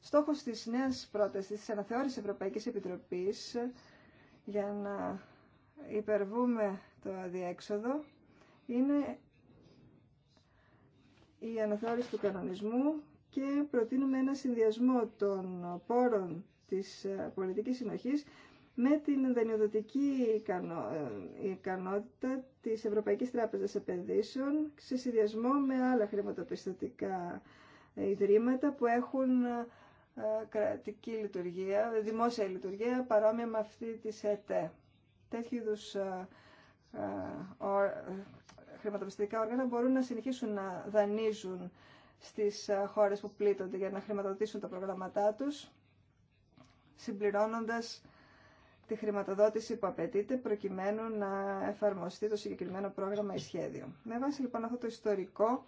Στόχος της νέας πρότασης της αναθεώρησης Ευρωπαϊκής Επιτροπής για να υπερβούμε το αδιέξοδο είναι η αναθεώρηση του κανονισμού και προτείνουμε ένα συνδυασμό των πόρων της ε, πολιτικής συνοχής με την δανειοδοτική ε, ικανότητα της Ευρωπαϊκής Τράπεζας Επενδύσεων σε συνδυασμό με άλλα χρηματοπιστωτικά ε, ιδρύματα που έχουν κρατική λειτουργία, δημόσια λειτουργία παρόμοια με αυτή της ΕΤΕ. Τέτοιου χρηματοπιστωτικά όργανα μπορούν να συνεχίσουν να δανείζουν στις ε, χώρες που πλήττονται για να χρηματοδοτήσουν τα προγραμματά τους, συμπληρώνοντας τη χρηματοδότηση που απαιτείται προκειμένου να εφαρμοστεί το συγκεκριμένο πρόγραμμα ή σχέδιο. Με βάση λοιπόν αυτό το ιστορικό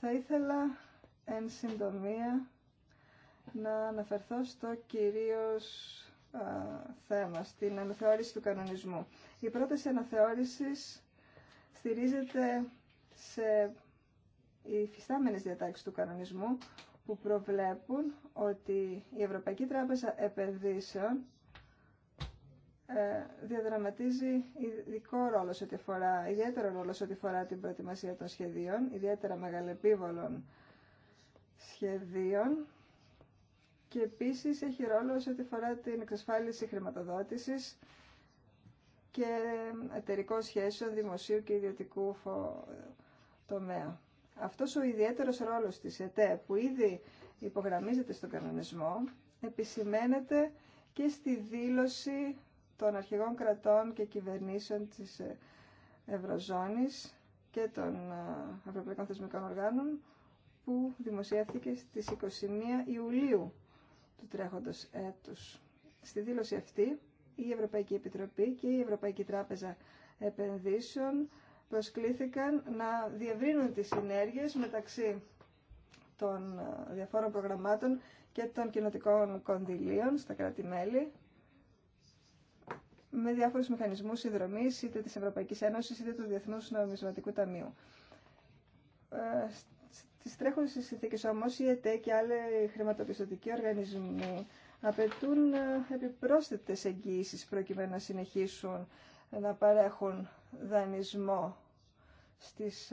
θα ήθελα εν συντομία να αναφερθώ στο κυρίως ε, θέμα, στην αναθεώρηση του κανονισμού. Η πρόταση αναθεώρησης στηρίζεται σε υφιστάμενες διατάξεις του κανονισμού που προβλέπουν ότι η Ευρωπαϊκή Τράπεζα Επενδύσεων ε, διαδραματίζει ειδικό ρόλο σε ό,τι αφορά, ιδιαίτερο ρόλο σε ό,τι αφορά την προετοιμασία των σχεδίων, ιδιαίτερα μεγαλεπίβολων σχεδίων και επίσης έχει ρόλο σε ό,τι αφορά την εξασφάλιση χρηματοδότησης και εταιρικών σχέσεων δημοσίου και ιδιωτικού τομέα. Αυτός ο ιδιαίτερος ρόλος της ΕΤΕ που ήδη υπογραμμίζεται στον κανονισμό επισημαίνεται και στη δήλωση των αρχηγών κρατών και κυβερνήσεων της ε, Ευρωζώνης και των ε, Ευρωπαϊκών Θεσμικών Οργάνων που δημοσιεύθηκε στις 21 Ιουλίου του τρέχοντος έτους. Στη δήλωση αυτή η Ευρωπαϊκή Επιτροπή και η Ευρωπαϊκή Τράπεζα Επενδύσεων προσκλήθηκαν να διευρύνουν τις συνέργειες μεταξύ των ε, διαφόρων προγραμμάτων και των κοινοτικών κονδυλίων στα κράτη-μέλη με διάφορους μηχανισμούς συνδρομής είτε της Ευρωπαϊκής Ένωσης είτε του Διεθνούς Νομισματικού Ταμείου. Ε, Στι τρέχουσε συνθήκε όμω, η ΕΤΕ και άλλοι χρηματοπιστωτικοί οργανισμοί απαιτούν ε, επιπρόσθετες εγγύησεις προκειμένου να συνεχίσουν να παρέχουν δανεισμό στις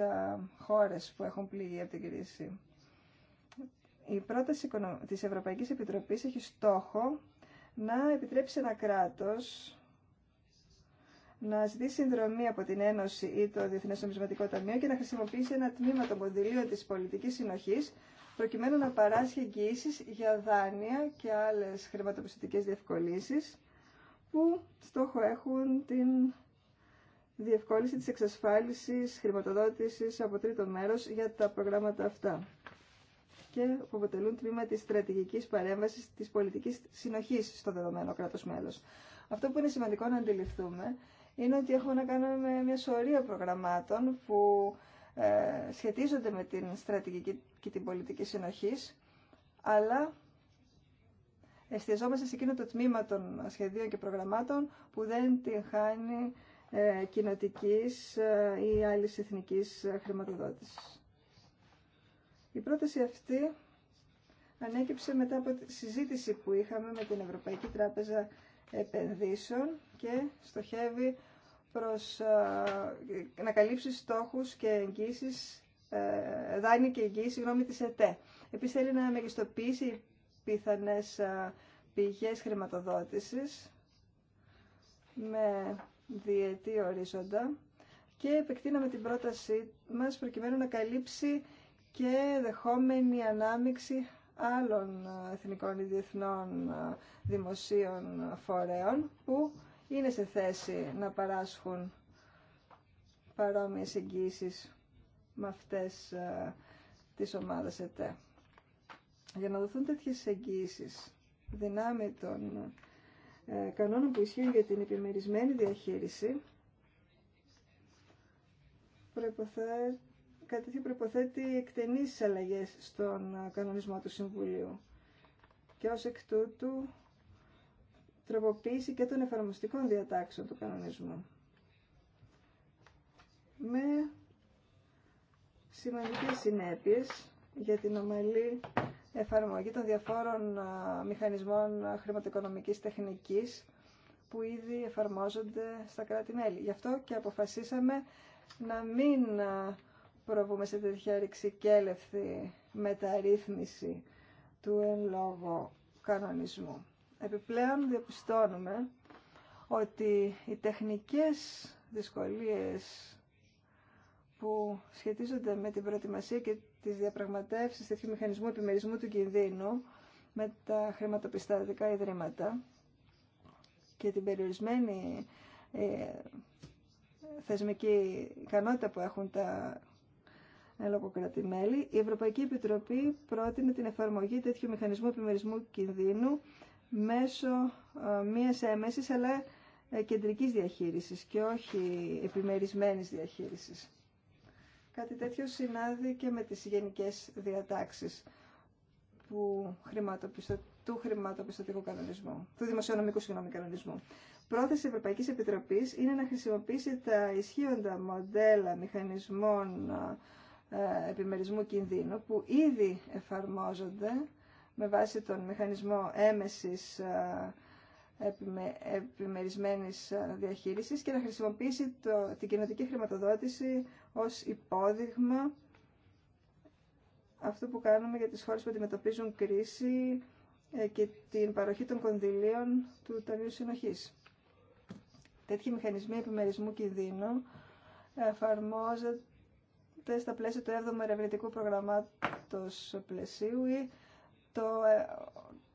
χώρες που έχουν πληγεί από την κρίση. Η πρόταση της Ευρωπαϊκής Επιτροπής έχει στόχο να επιτρέψει ένα κράτος να ζητήσει συνδρομή από την Ένωση ή το Διεθνές Νομισματικό Ταμείο και να χρησιμοποιήσει ένα τμήμα των κονδυλίων της πολιτικής συνοχής προκειμένου να παράσχει εγγυήσει για δάνεια και άλλες χρηματοπιστωτικές διευκολύνσεις που στόχο έχουν την διευκόλυνση της εξασφάλισης χρηματοδότησης από τρίτο μέρος για τα προγράμματα αυτά και που αποτελούν τμήμα της στρατηγικής παρέμβασης της πολιτικής συνοχής στο δεδομένο κράτος μέλος. Αυτό που είναι σημαντικό να αντιληφθούμε είναι ότι έχουμε να κάνουμε μια σωρία προγραμμάτων που ε, σχετίζονται με την στρατηγική την πολιτική συνοχής, αλλά εστιαζόμαστε σε εκείνο το τμήμα των σχεδίων και προγραμμάτων που δεν την χάνει ε, ε Η πρόταση αυτή ανέκυψε μετά από τη συζήτηση που είχαμε με την Ευρωπαϊκή Τράπεζα Επενδύσεων και στοχεύει προς ε, να καλύψει στόχους και εγγύσεις ε, δάνει και εγγύη, συγγνώμη, της ΕΤΕ. Επίσης θέλει να μεγιστοποιήσει πιθανές ε, πηγές χρηματοδότησης με διετή ορίζοντα και επεκτείναμε την πρότασή μας προκειμένου να καλύψει και δεχόμενη ανάμειξη άλλων εθνικών ή διεθνών ε, δημοσίων φορέων που είναι σε θέση να παράσχουν παρόμοιες εγγύησεις με αυτές ε, της ομάδας ΕΤΕ. Για να δοθούν τέτοιες εγγύησεις δυνάμει των ε, κανόνων που ισχύουν για την επιμερισμένη διαχείριση, προϋποθέτει κάτι τέτοιο προποθέτει εκτενείς αλλαγές στον ε, κανονισμό του Συμβουλίου. Και ως εκ τούτου τροποποίηση και των εφαρμοστικών διατάξεων του κανονισμού. Με σημαντικές συνέπειες για την ομαλή εφαρμογή των διαφόρων μηχανισμών χρηματοοικονομικής τεχνικής που ήδη εφαρμόζονται στα κράτη-μέλη. Γι' αυτό και αποφασίσαμε να μην προβούμε σε τέτοια ρηξικέλευθη μεταρρύθμιση του εν λόγω κανονισμού. Επιπλέον διαπιστώνουμε ότι οι τεχνικές δυσκολίες που σχετίζονται με την προετοιμασία και τις διαπραγματεύσεις τέτοιου μηχανισμού επιμερισμού του κινδύνου με τα χρηματοπιστωτικά ιδρύματα και την περιορισμένη ε, θεσμική ικανότητα που έχουν τα μέλη, η Ευρωπαϊκή Επιτροπή πρότεινε την εφαρμογή τέτοιου μηχανισμού επιμερισμού κινδύνου μέσω ε, μίας έμεσης αλλά ε, κεντρικής διαχείρισης και όχι επιμερισμένης διαχείρισης. Κάτι τέτοιο συνάδει και με τις γενικές διατάξεις που χρηματοπιστω... του χρηματοπιστωτικού κανονισμού, του δημοσιονομικού συγγνώμη κανονισμού. Πρόθεση Ευρωπαϊκής Επιτροπής είναι να χρησιμοποιήσει τα ισχύοντα μοντέλα μηχανισμών ε, επιμερισμού κινδύνου που ήδη εφαρμόζονται με βάση τον μηχανισμό έμεσης ε, επιμε, επιμερισμένης διαχείρισης και να χρησιμοποιήσει το, την κοινωτική χρηματοδότηση ως υπόδειγμα αυτό που κάνουμε για τις χώρες που αντιμετωπίζουν κρίση ε, και την παροχή των κονδυλίων του Ταμείου Συνοχής. Τέτοιοι μηχανισμοί επιμερισμού κινδύνου εφαρμόζονται στα πλαίσια του 7ου ερευνητικού προγραμμάτος πλαισίου ή το ε,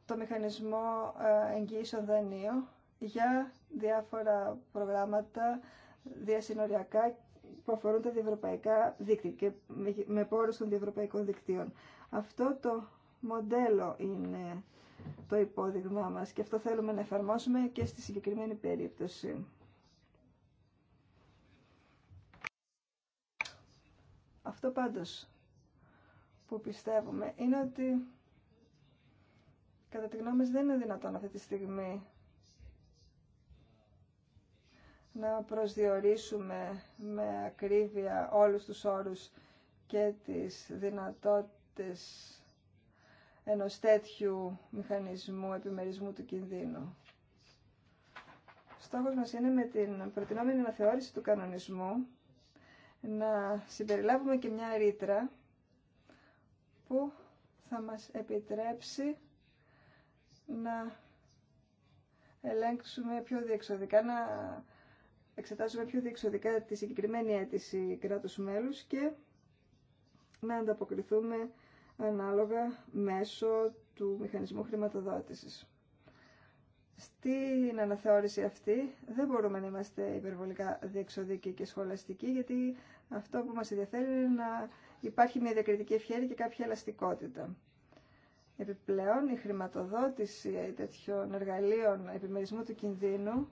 το μηχανισμό ε, εγγύησεων δανείων για διάφορα προγράμματα διασυνοριακά που αφορούν τα διευρωπαϊκά δίκτυα και με πόρους των διευρωπαϊκών δικτύων. Αυτό το μοντέλο είναι το υπόδειγμά μας και αυτό θέλουμε να εφαρμόσουμε και στη συγκεκριμένη περίπτωση. Αυτό πάντως που πιστεύουμε είναι ότι Κατά τη γνώμη δεν είναι δυνατόν αυτή τη στιγμή να προσδιορίσουμε με ακρίβεια όλους τους όρους και τις δυνατότητες ενός τέτοιου μηχανισμού επιμερισμού του κινδύνου. Στόχος μας είναι με την προτινόμενη αναθεώρηση του κανονισμού να συμπεριλάβουμε και μια ρήτρα που θα μας επιτρέψει να ελέγξουμε πιο διεξοδικά, να εξετάσουμε πιο διεξοδικά τη συγκεκριμένη αίτηση κράτους μέλους και να ανταποκριθούμε ανάλογα μέσω του μηχανισμού χρηματοδότησης. Στην αναθεώρηση αυτή δεν μπορούμε να είμαστε υπερβολικά διεξοδικοί και σχολαστικοί, γιατί αυτό που μας ενδιαφέρει είναι να υπάρχει μια διακριτική ευχαίρεια και κάποια ελαστικότητα. Επιπλέον, η χρηματοδότηση τέτοιων εργαλείων επιμερισμού του κινδύνου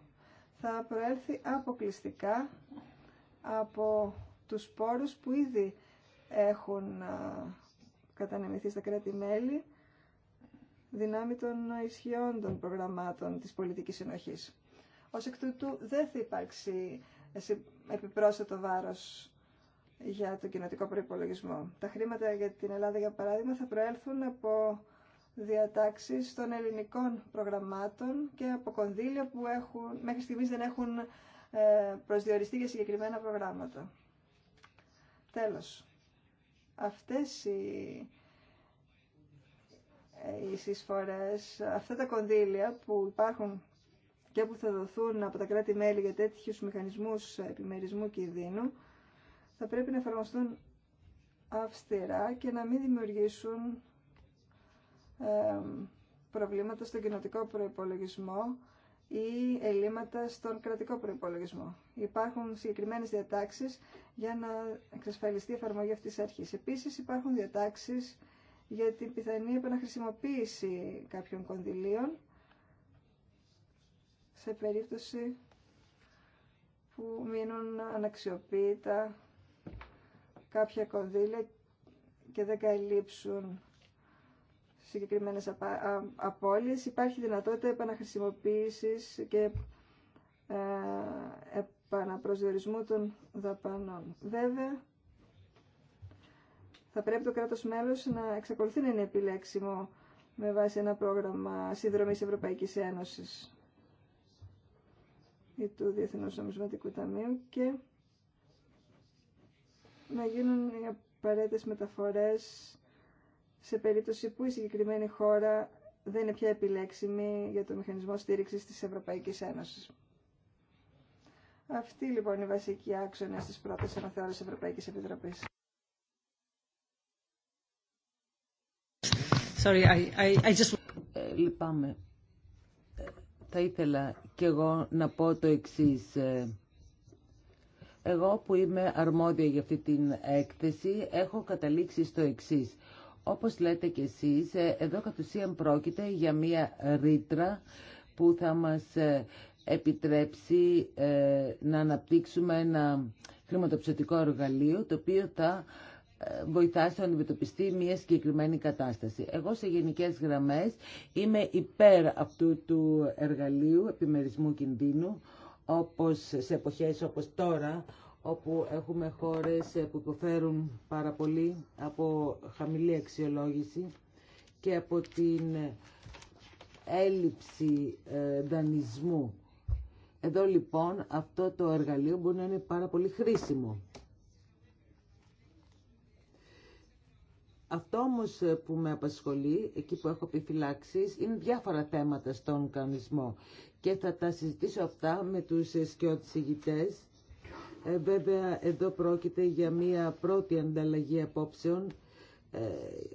θα προέλθει αποκλειστικά από τους πόρους που ήδη έχουν κατανεμηθεί στα κράτη-μέλη δυνάμει των ισχυών των προγραμμάτων της πολιτικής συνοχής. Ως εκ τούτου δεν θα υπάρξει επιπρόσθετο βάρος για τον κοινοτικό προϋπολογισμό. Τα χρήματα για την Ελλάδα, για παράδειγμα, θα προέλθουν από διατάξεις των ελληνικών προγραμμάτων και από κονδύλια που έχουν, μέχρι στιγμής δεν έχουν ε, προσδιοριστεί για συγκεκριμένα προγράμματα. Τέλος, αυτές οι, ε, οι συσφορές, αυτά τα κονδύλια που υπάρχουν και που θα δοθούν από τα κράτη-μέλη για τέτοιους μηχανισμούς επιμερισμού κινδύνου, θα πρέπει να εφαρμοστούν αυστηρά και να μην δημιουργήσουν προβλήματα στον κοινοτικό προϋπολογισμό ή ελλείμματα στον κρατικό προϋπολογισμό. Υπάρχουν συγκεκριμένες διατάξεις για να εξασφαλιστεί η εφαρμογή αυτής της αρχής. Επίσης υπάρχουν διατάξεις για την πιθανή επαναχρησιμοποίηση κάποιων κονδυλίων σε περίπτωση που μείνουν αναξιοποίητα κάποια κονδύλια και δεν καλύψουν συγκεκριμένες απώλειες, υπάρχει δυνατότητα επαναχρησιμοποίησης και ε, επαναπροσδιορισμού των δαπανών. Βέβαια, θα πρέπει το κράτος μέλος να εξακολουθεί να είναι επιλέξιμο με βάση ένα πρόγραμμα συνδρομής Ευρωπαϊκής Ένωσης ή του Διεθνούς Νομισματικού Ταμείου και να γίνουν οι απαραίτητες μεταφορές σε περίπτωση που η συγκεκριμένη χώρα δεν είναι πια επιλέξιμη για το μηχανισμό στήριξης της Ευρωπαϊκής Ένωσης. Αυτή λοιπόν είναι η βασική άξονα της πρώτες αναθεώρησης Ευρωπαϊκής Επιτροπής. Sorry, I, I, I just... ε, λυπάμαι. Ε, θα ήθελα κι εγώ να πω το εξής. Ε, εγώ που είμαι αρμόδια για αυτή την έκθεση έχω καταλήξει στο εξής όπως λέτε και εσείς, ε, εδώ κατ' ουσίαν πρόκειται για μία ρήτρα που θα μας ε, επιτρέψει ε, να αναπτύξουμε ένα χρηματοψηφιακό εργαλείο το οποίο θα βοηθάσει να αντιμετωπιστεί μια συγκεκριμένη κατάσταση. Εγώ σε γενικές γραμμές είμαι υπέρ αυτού του εργαλείου επιμερισμού κινδύνου όπως σε εποχές όπως τώρα όπου έχουμε χώρες που υποφέρουν πάρα πολύ από χαμηλή αξιολόγηση και από την έλλειψη ε, δανεισμού. Εδώ λοιπόν αυτό το εργαλείο μπορεί να είναι πάρα πολύ χρήσιμο. Αυτό όμως που με απασχολεί, εκεί που έχω επιφυλάξει, είναι διάφορα θέματα στον κανονισμό και θα τα συζητήσω αυτά με τους σκιώτες ηγητές ε, βέβαια εδώ πρόκειται για μία πρώτη ανταλλαγή απόψεων. Ε,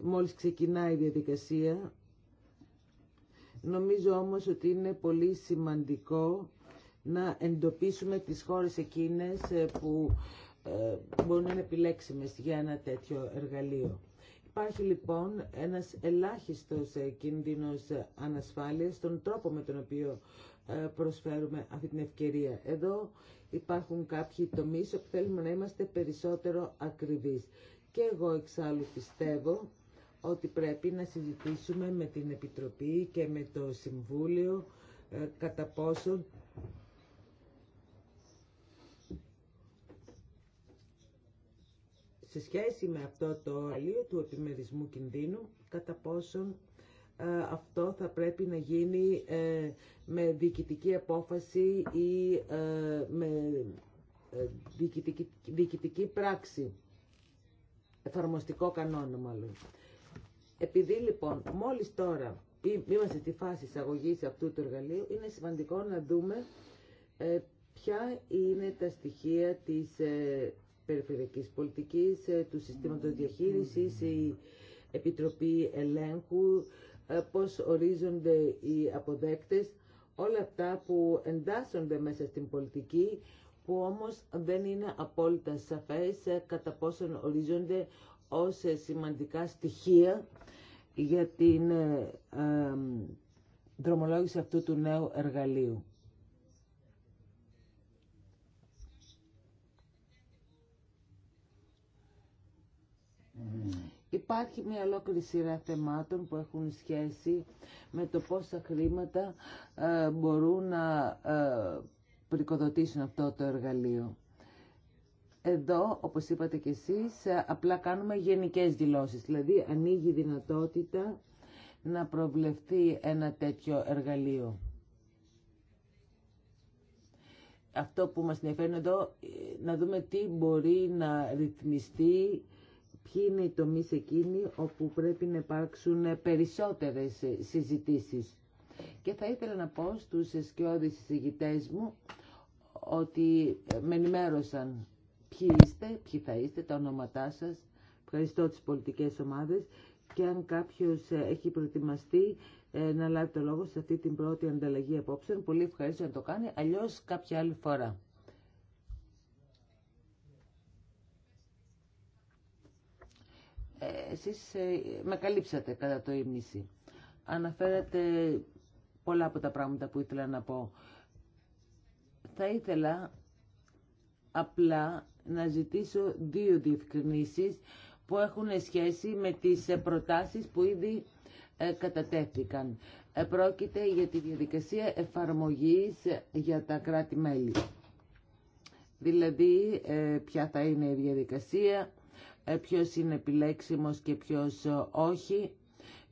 μόλις ξεκινάει η διαδικασία. Νομίζω όμως ότι είναι πολύ σημαντικό να εντοπίσουμε τις χώρες εκείνες ε, που ε, μπορούν να είναι επιλέξιμες για ένα τέτοιο εργαλείο. Υπάρχει λοιπόν ένας ελάχιστος ε, κίνδυνος ε, ανασφάλειας στον τρόπο με τον οποίο ε, προσφέρουμε αυτή την ευκαιρία. Εδώ υπάρχουν κάποιοι τομείς όπου θέλουμε να είμαστε περισσότερο ακριβείς. Και εγώ εξάλλου πιστεύω ότι πρέπει να συζητήσουμε με την Επιτροπή και με το Συμβούλιο κατά πόσον σε σχέση με αυτό το εργαλείο του επιμερισμού κινδύνου, κατά πόσον ε, αυτό θα πρέπει να γίνει ε, με διοικητική απόφαση ή ε, με διοικητική, διοικητική πράξη, εφαρμοστικό κανόνα μάλλον. Επειδή λοιπόν μόλις τώρα είμαστε στη φάση εισαγωγής αυτού του εργαλείου, είναι σημαντικό να δούμε ποια είναι τα στοιχεία της περιφερειακής πολιτικής, ε, του συστήματος διαχείρισης, η Επιτροπή Ελέγχου, ε, πώς ορίζονται οι αποδέκτες, όλα αυτά που εντάσσονται μέσα στην πολιτική, που όμως δεν είναι απόλυτα σαφές ε, κατά πόσον ορίζονται ως σημαντικά στοιχεία για την δρομολόγηση αυτού του νέου εργαλείου. Υπάρχει μια ολόκληρη σειρά θεμάτων που έχουν σχέση με το πόσα χρήματα ε, μπορούν να ε, πρικοδοτήσουν αυτό το εργαλείο. Εδώ, όπως είπατε και εσείς, ε, απλά κάνουμε γενικές δηλώσεις. Δηλαδή, ανοίγει δυνατότητα να προβλεφθεί ένα τέτοιο εργαλείο. Αυτό που μας ενδιαφέρει εδώ, να δούμε τι μπορεί να ρυθμιστεί ποιοι είναι οι τομείς εκείνοι όπου πρέπει να υπάρξουν περισσότερες συζητήσεις. Και θα ήθελα να πω στους εσκιώδεις συζητητές μου ότι με ενημέρωσαν ποιοι είστε, ποιοι θα είστε, τα ονόματά σας. Ευχαριστώ τις πολιτικές ομάδες και αν κάποιος έχει προετοιμαστεί ε, να λάβει το λόγο σε αυτή την πρώτη ανταλλαγή απόψεων, πολύ ευχαριστώ να το κάνει, αλλιώς κάποια άλλη φορά. Ε, εσείς ε, με καλύψατε κατά το ίμιση. Αναφέρατε πολλά από τα πράγματα που ήθελα να πω. Θα ήθελα απλά να ζητήσω δύο διευκρινήσεις που έχουν σχέση με τις προτάσεις που ήδη ε, κατατέθηκαν. Πρόκειται για τη διαδικασία εφαρμογής για τα κράτη-μέλη. Δηλαδή, ποια θα είναι η διαδικασία, ε, ποιος είναι επιλέξιμος και ποιος ε, όχι.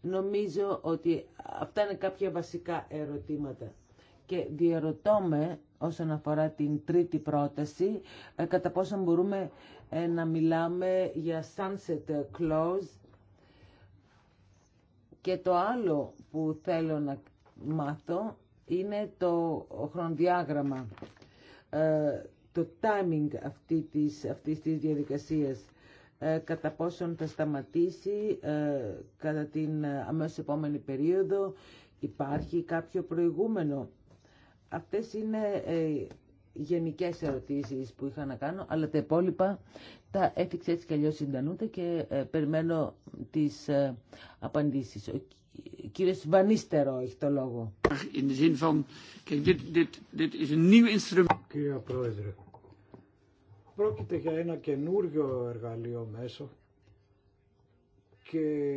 Νομίζω ότι αυτά είναι κάποια βασικά ερωτήματα. Και διαρωτώ με, όσον αφορά την τρίτη πρόταση, ε, κατά πόσο μπορούμε να μιλάμε για sunset clause. Και το άλλο που θέλω να μάθω είναι το χρονοδιάγραμμα, το timing αυτή της, αυτής της διαδικασίας. Ε, κατά πόσον θα σταματήσει ε, κατά την ε, αμέσως επόμενη περίοδο, υπάρχει κάποιο προηγούμενο. Αυτές είναι γενικές ερωτήσεις που είχα να κάνω, αλλά τα υπόλοιπα τα έφυξε έτσι κι αλλιώς συντανούτα και περιμένω τις απαντήσεις. Ο κύριος Βανίστερο έχει το λόγο. Κύριε Πρόεδρε, Πρόκειται για ένα καινούριο εργαλείο μέσο και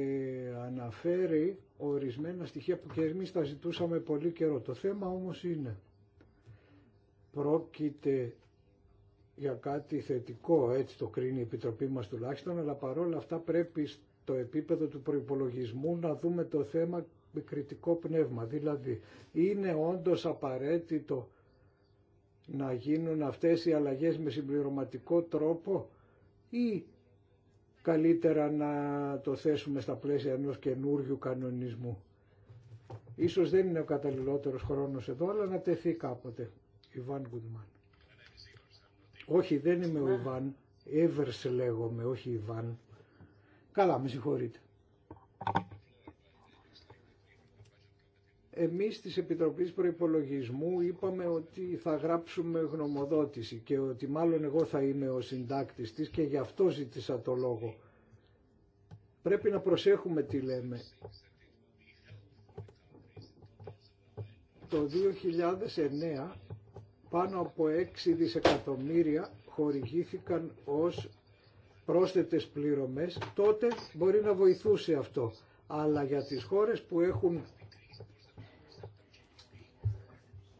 αναφέρει ορισμένα στοιχεία που και εμείς τα ζητούσαμε πολύ καιρό. Το θέμα όμως είναι πρόκειται για κάτι θετικό, έτσι το κρίνει η Επιτροπή μας τουλάχιστον, αλλά παρόλα αυτά πρέπει στο επίπεδο του προϋπολογισμού να δούμε το θέμα με κριτικό πνεύμα. Δηλαδή, είναι όντως απαραίτητο να γίνουν αυτές οι αλλαγές με συμπληρωματικό τρόπο ή καλύτερα να το θέσουμε στα πλαίσια ενός καινούριου κανονισμού. Ίσως δεν είναι ο καταλληλότερος χρόνος εδώ, αλλά να τεθεί κάποτε. Ιβάν Γκουτμάν. Όχι, δεν είμαι ο ναι. Ιβάν. Εύερς λέγομαι, όχι Ιβάν. Καλά, με συγχωρείτε εμείς της Επιτροπής Προϋπολογισμού είπαμε ότι θα γράψουμε γνωμοδότηση και ότι μάλλον εγώ θα είμαι ο συντάκτης της και γι' αυτό ζήτησα το λόγο. Πρέπει να προσέχουμε τι λέμε. Το 2009 πάνω από 6 δισεκατομμύρια χορηγήθηκαν ως πρόσθετες πληρωμές, τότε μπορεί να βοηθούσε αυτό. Αλλά για τις χώρες που έχουν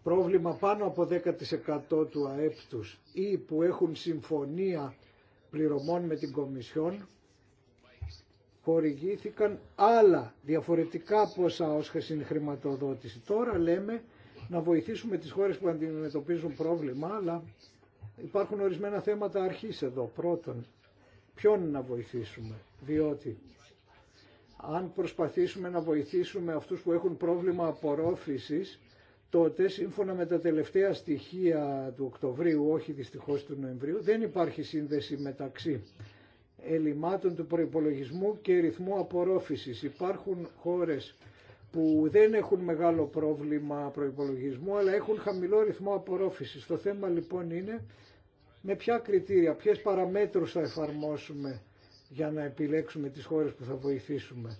πρόβλημα πάνω από 10% του ΑΕΠ τους ή που έχουν συμφωνία πληρωμών με την Κομισιόν χορηγήθηκαν άλλα διαφορετικά ποσά ως χρηματοδότηση. Τώρα λέμε να βοηθήσουμε τις χώρες που αντιμετωπίζουν πρόβλημα, αλλά υπάρχουν ορισμένα θέματα αρχής εδώ. Πρώτον, ποιον να βοηθήσουμε, διότι αν προσπαθήσουμε να βοηθήσουμε αυτούς που έχουν πρόβλημα απορρόφησης, τότε σύμφωνα με τα τελευταία στοιχεία του Οκτωβρίου, όχι δυστυχώς του Νοεμβρίου, δεν υπάρχει σύνδεση μεταξύ ελλημάτων του προϋπολογισμού και ρυθμού απορρόφησης. Υπάρχουν χώρες που δεν έχουν μεγάλο πρόβλημα προϋπολογισμού, αλλά έχουν χαμηλό ρυθμό απορρόφησης. Το θέμα λοιπόν είναι με ποια κριτήρια, ποιες παραμέτρους θα εφαρμόσουμε για να επιλέξουμε τις χώρες που θα βοηθήσουμε.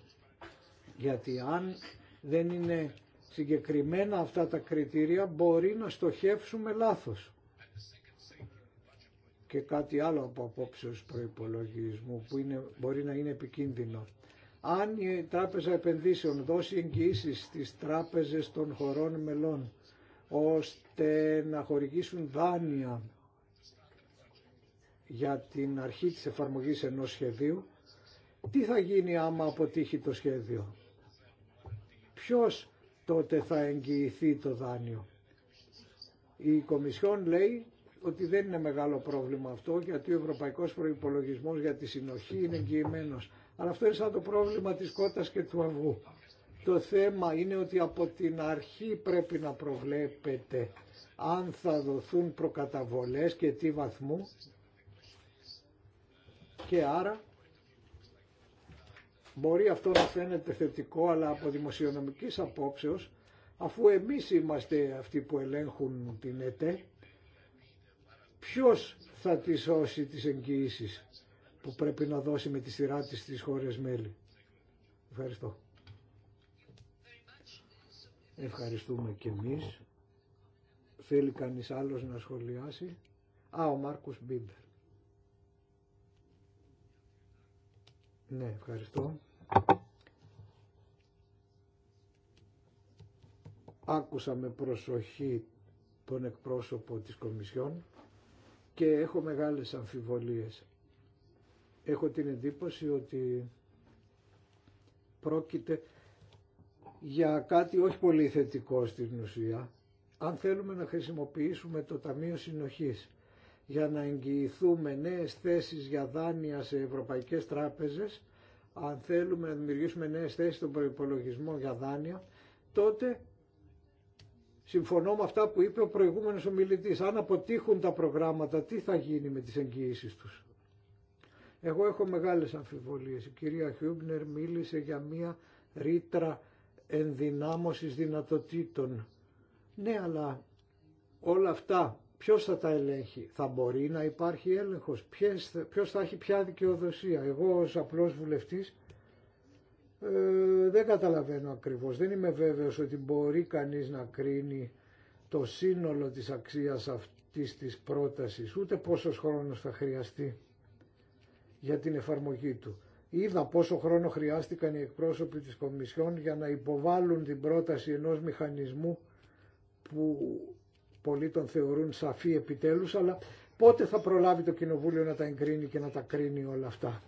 Γιατί αν δεν είναι συγκεκριμένα αυτά τα κριτήρια μπορεί να στοχεύσουμε λάθος. Και κάτι άλλο από απόψεως προϋπολογισμού που μπορεί να είναι επικίνδυνο. Αν η Τράπεζα Επενδύσεων δώσει εγγυήσεις στις τράπεζες των χωρών μελών ώστε να χορηγήσουν δάνεια για την αρχή της εφαρμογής ενός σχεδίου, τι θα γίνει άμα αποτύχει το σχέδιο. Ποιος τότε θα εγγυηθεί το δάνειο. Η Κομισιόν λέει ότι δεν είναι μεγάλο πρόβλημα αυτό γιατί ο ευρωπαϊκός προϋπολογισμός για τη συνοχή είναι εγγυημένος. Αλλά αυτό είναι σαν το πρόβλημα της κότας και του αυγού. Το θέμα είναι ότι από την αρχή πρέπει να προβλέπετε αν θα δοθούν προκαταβολές και τι βαθμού και άρα Μπορεί αυτό να φαίνεται θετικό, αλλά από δημοσιονομικής απόψεως, αφού εμείς είμαστε αυτοί που ελέγχουν την ΕΤΕ, ποιος θα τη σώσει τις εγγυήσει που πρέπει να δώσει με τη σειρά της στις χώρες μέλη. Ευχαριστώ. Ευχαριστούμε και εμείς. Θέλει κανείς άλλος να σχολιάσει. Α, ο Μάρκος Μπίμπερ. Ναι, ευχαριστώ. Άκουσα με προσοχή τον εκπρόσωπο της Κομισιόν και έχω μεγάλες αμφιβολίες. Έχω την εντύπωση ότι πρόκειται για κάτι όχι πολύ θετικό στην ουσία. Αν θέλουμε να χρησιμοποιήσουμε το Ταμείο Συνοχής για να εγγυηθούμε νέες θέσεις για δάνεια σε ευρωπαϊκές τράπεζες, αν θέλουμε να δημιουργήσουμε νέες θέσεις στον προϋπολογισμό για δάνεια, τότε συμφωνώ με αυτά που είπε ο προηγούμενος ομιλητής. Αν αποτύχουν τα προγράμματα, τι θα γίνει με τις εγγυήσεις τους. Εγώ έχω μεγάλες αμφιβολίες. Η κυρία Χιούμπνερ μίλησε για μία ρήτρα ενδυνάμωσης δυνατοτήτων. Ναι, αλλά όλα αυτά Ποιος θα τα ελέγχει, θα μπορεί να υπάρχει έλεγχος, ποιος θα, έχει ποια δικαιοδοσία. Εγώ ως απλός βουλευτής ε, δεν καταλαβαίνω ακριβώς, δεν είμαι βέβαιος ότι μπορεί κανείς να κρίνει το σύνολο της αξίας αυτής της πρότασης, ούτε πόσο χρόνος θα χρειαστεί για την εφαρμογή του. Είδα πόσο χρόνο χρειάστηκαν οι εκπρόσωποι της Κομισιόν για να υποβάλουν την πρόταση ενός μηχανισμού που πολλοί τον θεωρούν σαφή επιτέλους, αλλά πότε θα προλάβει το Κοινοβούλιο να τα εγκρίνει και να τα κρίνει όλα αυτά.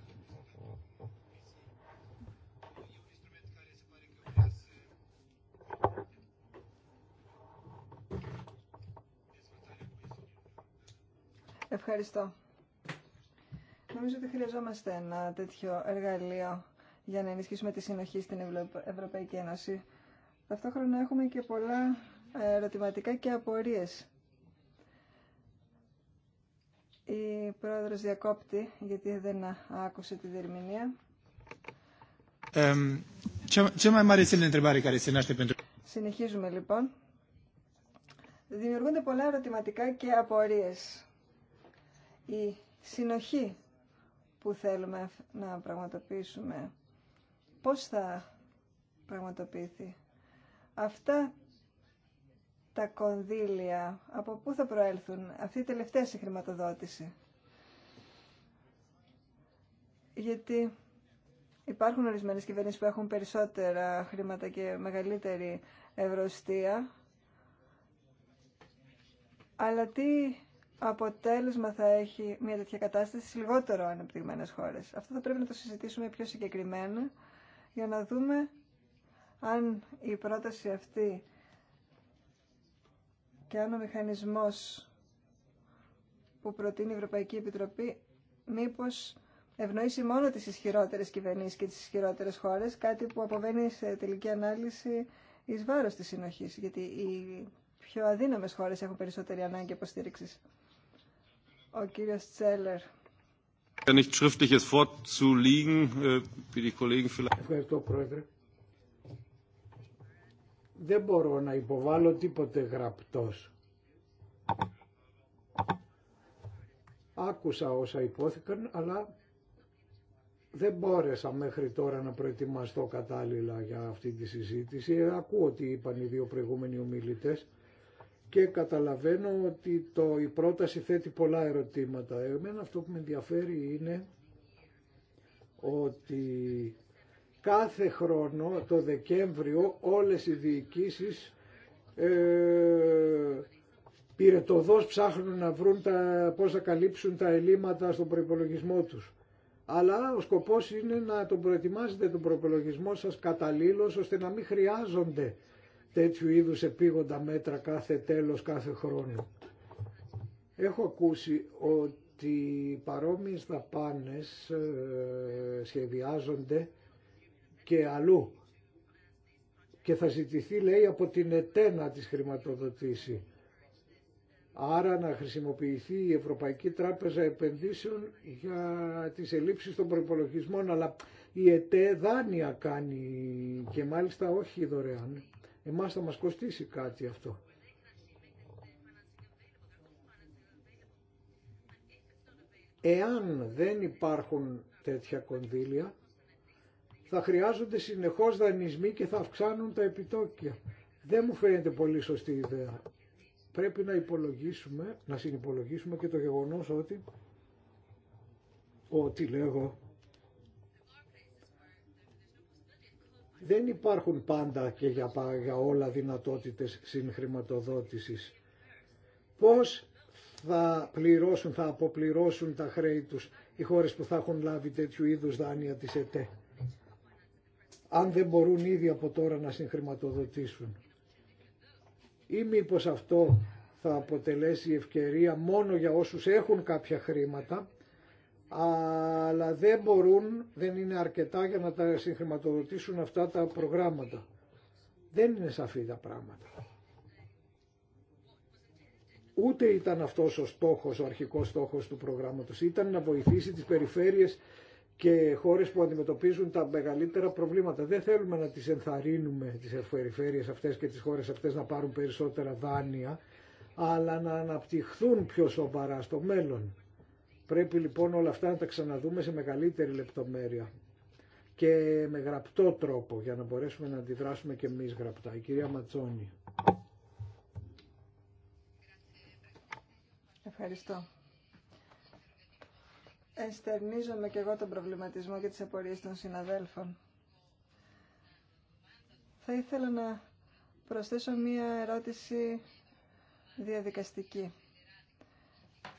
Ευχαριστώ. Νομίζω ότι χρειαζόμαστε ένα τέτοιο εργαλείο για να ενισχύσουμε τη συνοχή στην Ευρωπαϊκή Ένωση. Ταυτόχρονα έχουμε και πολλά ερωτηματικά και απορίες. Η πρόεδρος διακόπτη, γιατί δεν άκουσε τη διερμηνία. Συνεχίζουμε λοιπόν. Δημιουργούνται πολλά ερωτηματικά και απορίες. Η συνοχή που θέλουμε να πραγματοποιήσουμε, πώς θα πραγματοποιηθεί. Αυτά τα κονδύλια, από πού θα προέλθουν, αυτή η τελευταία συγχρηματοδότηση. Γιατί υπάρχουν ορισμένες κυβερνήσεις που έχουν περισσότερα χρήματα και μεγαλύτερη ευρωστία, αλλά τι αποτέλεσμα θα έχει μια τέτοια κατάσταση στις λιγότερο ανεπτυγμένες χώρες. Αυτό θα εχει μια τετοια κατασταση σε λιγοτερο ανεπτυγμενες χωρες αυτο θα πρεπει να το συζητήσουμε πιο συγκεκριμένα για να δούμε αν η πρόταση αυτή και αν ο μηχανισμός που προτείνει η Ευρωπαϊκή Επιτροπή μήπως ευνοήσει μόνο τις ισχυρότερες κυβερνήσεις και τις ισχυρότερες χώρες, κάτι που αποβαίνει σε τελική ανάλυση εις βάρος της συνοχής, γιατί οι πιο αδύναμες χώρες έχουν περισσότερη ανάγκη υποστήριξη. Ο κύριος Τσέλερ. Äh, Ευχαριστώ, Πρόεδρε δεν μπορώ να υποβάλω τίποτε γραπτός. Άκουσα όσα υπόθηκαν, αλλά δεν μπόρεσα μέχρι τώρα να προετοιμαστώ κατάλληλα για αυτή τη συζήτηση. Ακούω ότι είπαν οι δύο προηγούμενοι ομιλητές και καταλαβαίνω ότι το, η πρόταση θέτει πολλά ερωτήματα. Εμένα αυτό που με ενδιαφέρει είναι ότι Κάθε χρόνο το Δεκέμβριο όλες οι διοικήσεις ε, πυρετοδός ψάχνουν να βρουν τα, πώς θα καλύψουν τα ελλείμματα στον προπολογισμό τους. Αλλά ο σκοπός είναι να τον προετοιμάζετε τον προπολογισμό σας καταλήλως ώστε να μην χρειάζονται τέτοιου είδους επίγοντα μέτρα κάθε τέλος, κάθε χρόνο. Έχω ακούσει ότι παρόμοιες δαπάνες ε, σχεδιάζονται και αλλού. Και θα ζητηθεί λέει από την Ετένα της χρηματοδοτήσει. Άρα να χρησιμοποιηθεί η Ευρωπαϊκή Τράπεζα Επενδύσεων για τις ελλείψεις των προϋπολογισμών, αλλά η ΕΤΕ δάνεια κάνει και μάλιστα όχι δωρεάν. Εμάς θα μας κοστίσει κάτι αυτό. Εάν δεν υπάρχουν τέτοια κονδύλια, θα χρειάζονται συνεχώς δανεισμοί και θα αυξάνουν τα επιτόκια. Δεν μου φαίνεται πολύ σωστή ιδέα. Πρέπει να υπολογίσουμε, να συνυπολογίσουμε και το γεγονός ότι ότι λέγω δεν υπάρχουν πάντα και για, όλα δυνατότητες συγχρηματοδότησης. Πώς θα πληρώσουν, θα αποπληρώσουν τα χρέη τους οι χώρες που θα έχουν λάβει τέτοιου είδους δάνεια της ΕΤΕ αν δεν μπορούν ήδη από τώρα να συγχρηματοδοτήσουν. Ή μήπω αυτό θα αποτελέσει ευκαιρία μόνο για όσους έχουν κάποια χρήματα, αλλά δεν μπορούν, δεν είναι αρκετά για να τα συγχρηματοδοτήσουν αυτά τα προγράμματα. Δεν είναι σαφή τα πράγματα. Ούτε ήταν αυτός ο στόχος, ο αρχικός στόχος του προγράμματος. Ήταν να βοηθήσει τις περιφέρειες και χώρες που αντιμετωπίζουν τα μεγαλύτερα προβλήματα. Δεν θέλουμε να τις ενθαρρύνουμε τις περιφέρειες αυτές και τις χώρες αυτές να πάρουν περισσότερα δάνεια, αλλά να αναπτυχθούν πιο σοβαρά στο μέλλον. Πρέπει λοιπόν όλα αυτά να τα ξαναδούμε σε μεγαλύτερη λεπτομέρεια και με γραπτό τρόπο για να μπορέσουμε να αντιδράσουμε και εμείς γραπτά. Η κυρία Ματσόνη. Ευχαριστώ. Εστερνίζομαι και εγώ τον προβληματισμό και τις απορίες των συναδέλφων. Θα ήθελα να προσθέσω μία ερώτηση διαδικαστική.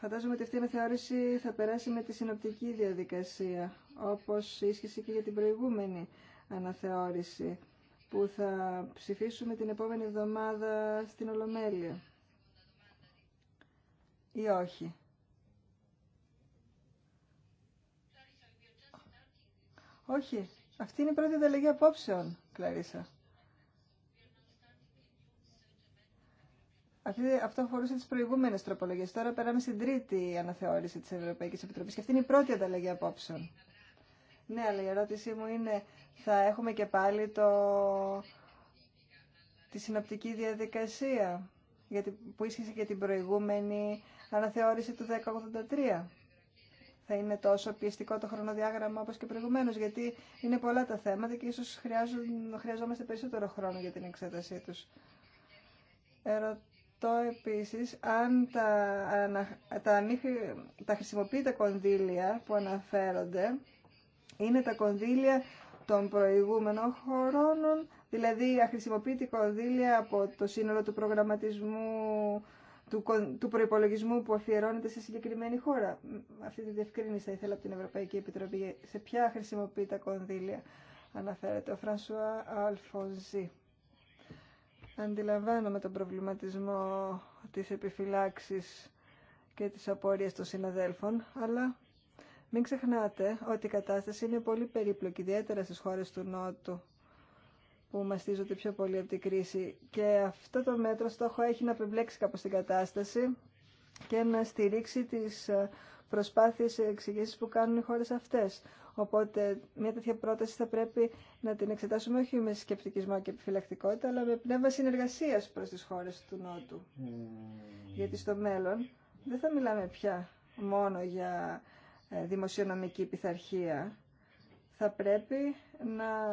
Φαντάζομαι ότι αυτή η αναθεώρηση θα περάσει με τη συνοπτική διαδικασία, όπως ίσχυσε και για την προηγούμενη αναθεώρηση, που θα ψηφίσουμε την επόμενη εβδομάδα στην Ολομέλεια. Ή όχι. Όχι. Αυτή είναι η πρώτη ανταλλαγή απόψεων, Κλαρίσα. Αυτό αφορούσε τι προηγούμενε τροπολογίε. Τώρα περάμε στην τρίτη αναθεώρηση τη Ευρωπαϊκή Επιτροπή και αυτή είναι η πρώτη ανταλλαγή απόψεων. Ναι, αλλά η ερώτησή μου είναι, θα έχουμε και πάλι το... τη συνοπτική διαδικασία γιατί... που ίσχυσε και την προηγούμενη αναθεώρηση του 1983 θα είναι τόσο πιεστικό το χρονοδιάγραμμα όπως και προηγουμένως, γιατί είναι πολλά τα θέματα και ίσως χρειαζόμαστε περισσότερο χρόνο για την εξέτασή τους. Ερωτώ επίσης αν τα, τα, τα κονδύλια που αναφέρονται είναι τα κονδύλια των προηγούμενων χρόνων, δηλαδή αχρησιμοποιητή κονδύλια από το σύνολο του προγραμματισμού του, του προϋπολογισμού που αφιερώνεται σε συγκεκριμένη χώρα. Αυτή τη διευκρίνηση θα ήθελα από την Ευρωπαϊκή Επιτροπή. Σε ποια χρησιμοποιεί τα κονδύλια, αναφέρεται ο Φρανσουά Αλφονζή. Αντιλαμβάνομαι τον προβληματισμό της επιφυλάξης και της απορίες των συναδέλφων, αλλά μην ξεχνάτε ότι η κατάσταση είναι πολύ περίπλοκη, ιδιαίτερα στις χώρες του Νότου που μαστίζονται πιο πολύ από την κρίση. Και αυτό το μέτρο στόχο έχει να επιβλέξει κάπως την κατάσταση και να στηρίξει τις ε, προσπάθειες εξηγήσεις που κάνουν οι χώρες αυτές. Οπότε μια τέτοια πρόταση θα πρέπει να την εξετάσουμε όχι με σκεπτικισμό και επιφυλακτικότητα, αλλά με πνεύμα συνεργασίας προς τις χώρες του Νότου. Mm. Γιατί στο μέλλον δεν θα μιλάμε πια μόνο για ε, δημοσιονομική πειθαρχία. Θα πρέπει να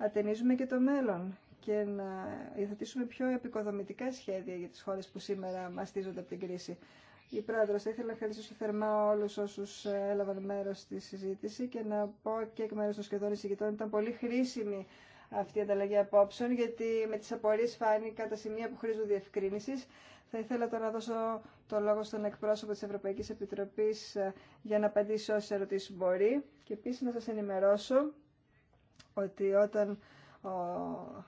ατενίζουμε και το μέλλον και να υιοθετήσουμε πιο επικοδομητικά σχέδια για τις χώρες που σήμερα μαστίζονται από την κρίση. Η Πρόεδρος, θα ήθελα να ευχαριστήσω θερμά όλους όσους έλαβαν μέρος στη συζήτηση και να πω και εκ μέρους των σχεδόν εισηγητών ήταν πολύ χρήσιμη αυτή η ανταλλαγή απόψεων, γιατί με τις απορίες φάνηκα τα σημεία που χρήζουν διευκρίνησης. Θα ήθελα τώρα να δώσω το λόγο στον εκπρόσωπο της Ευρωπαϊκής Επιτροπής ε, για να απαντήσει όσες ερωτήσεις μπορεί και επίσης να σας ενημερώσω ότι όταν ο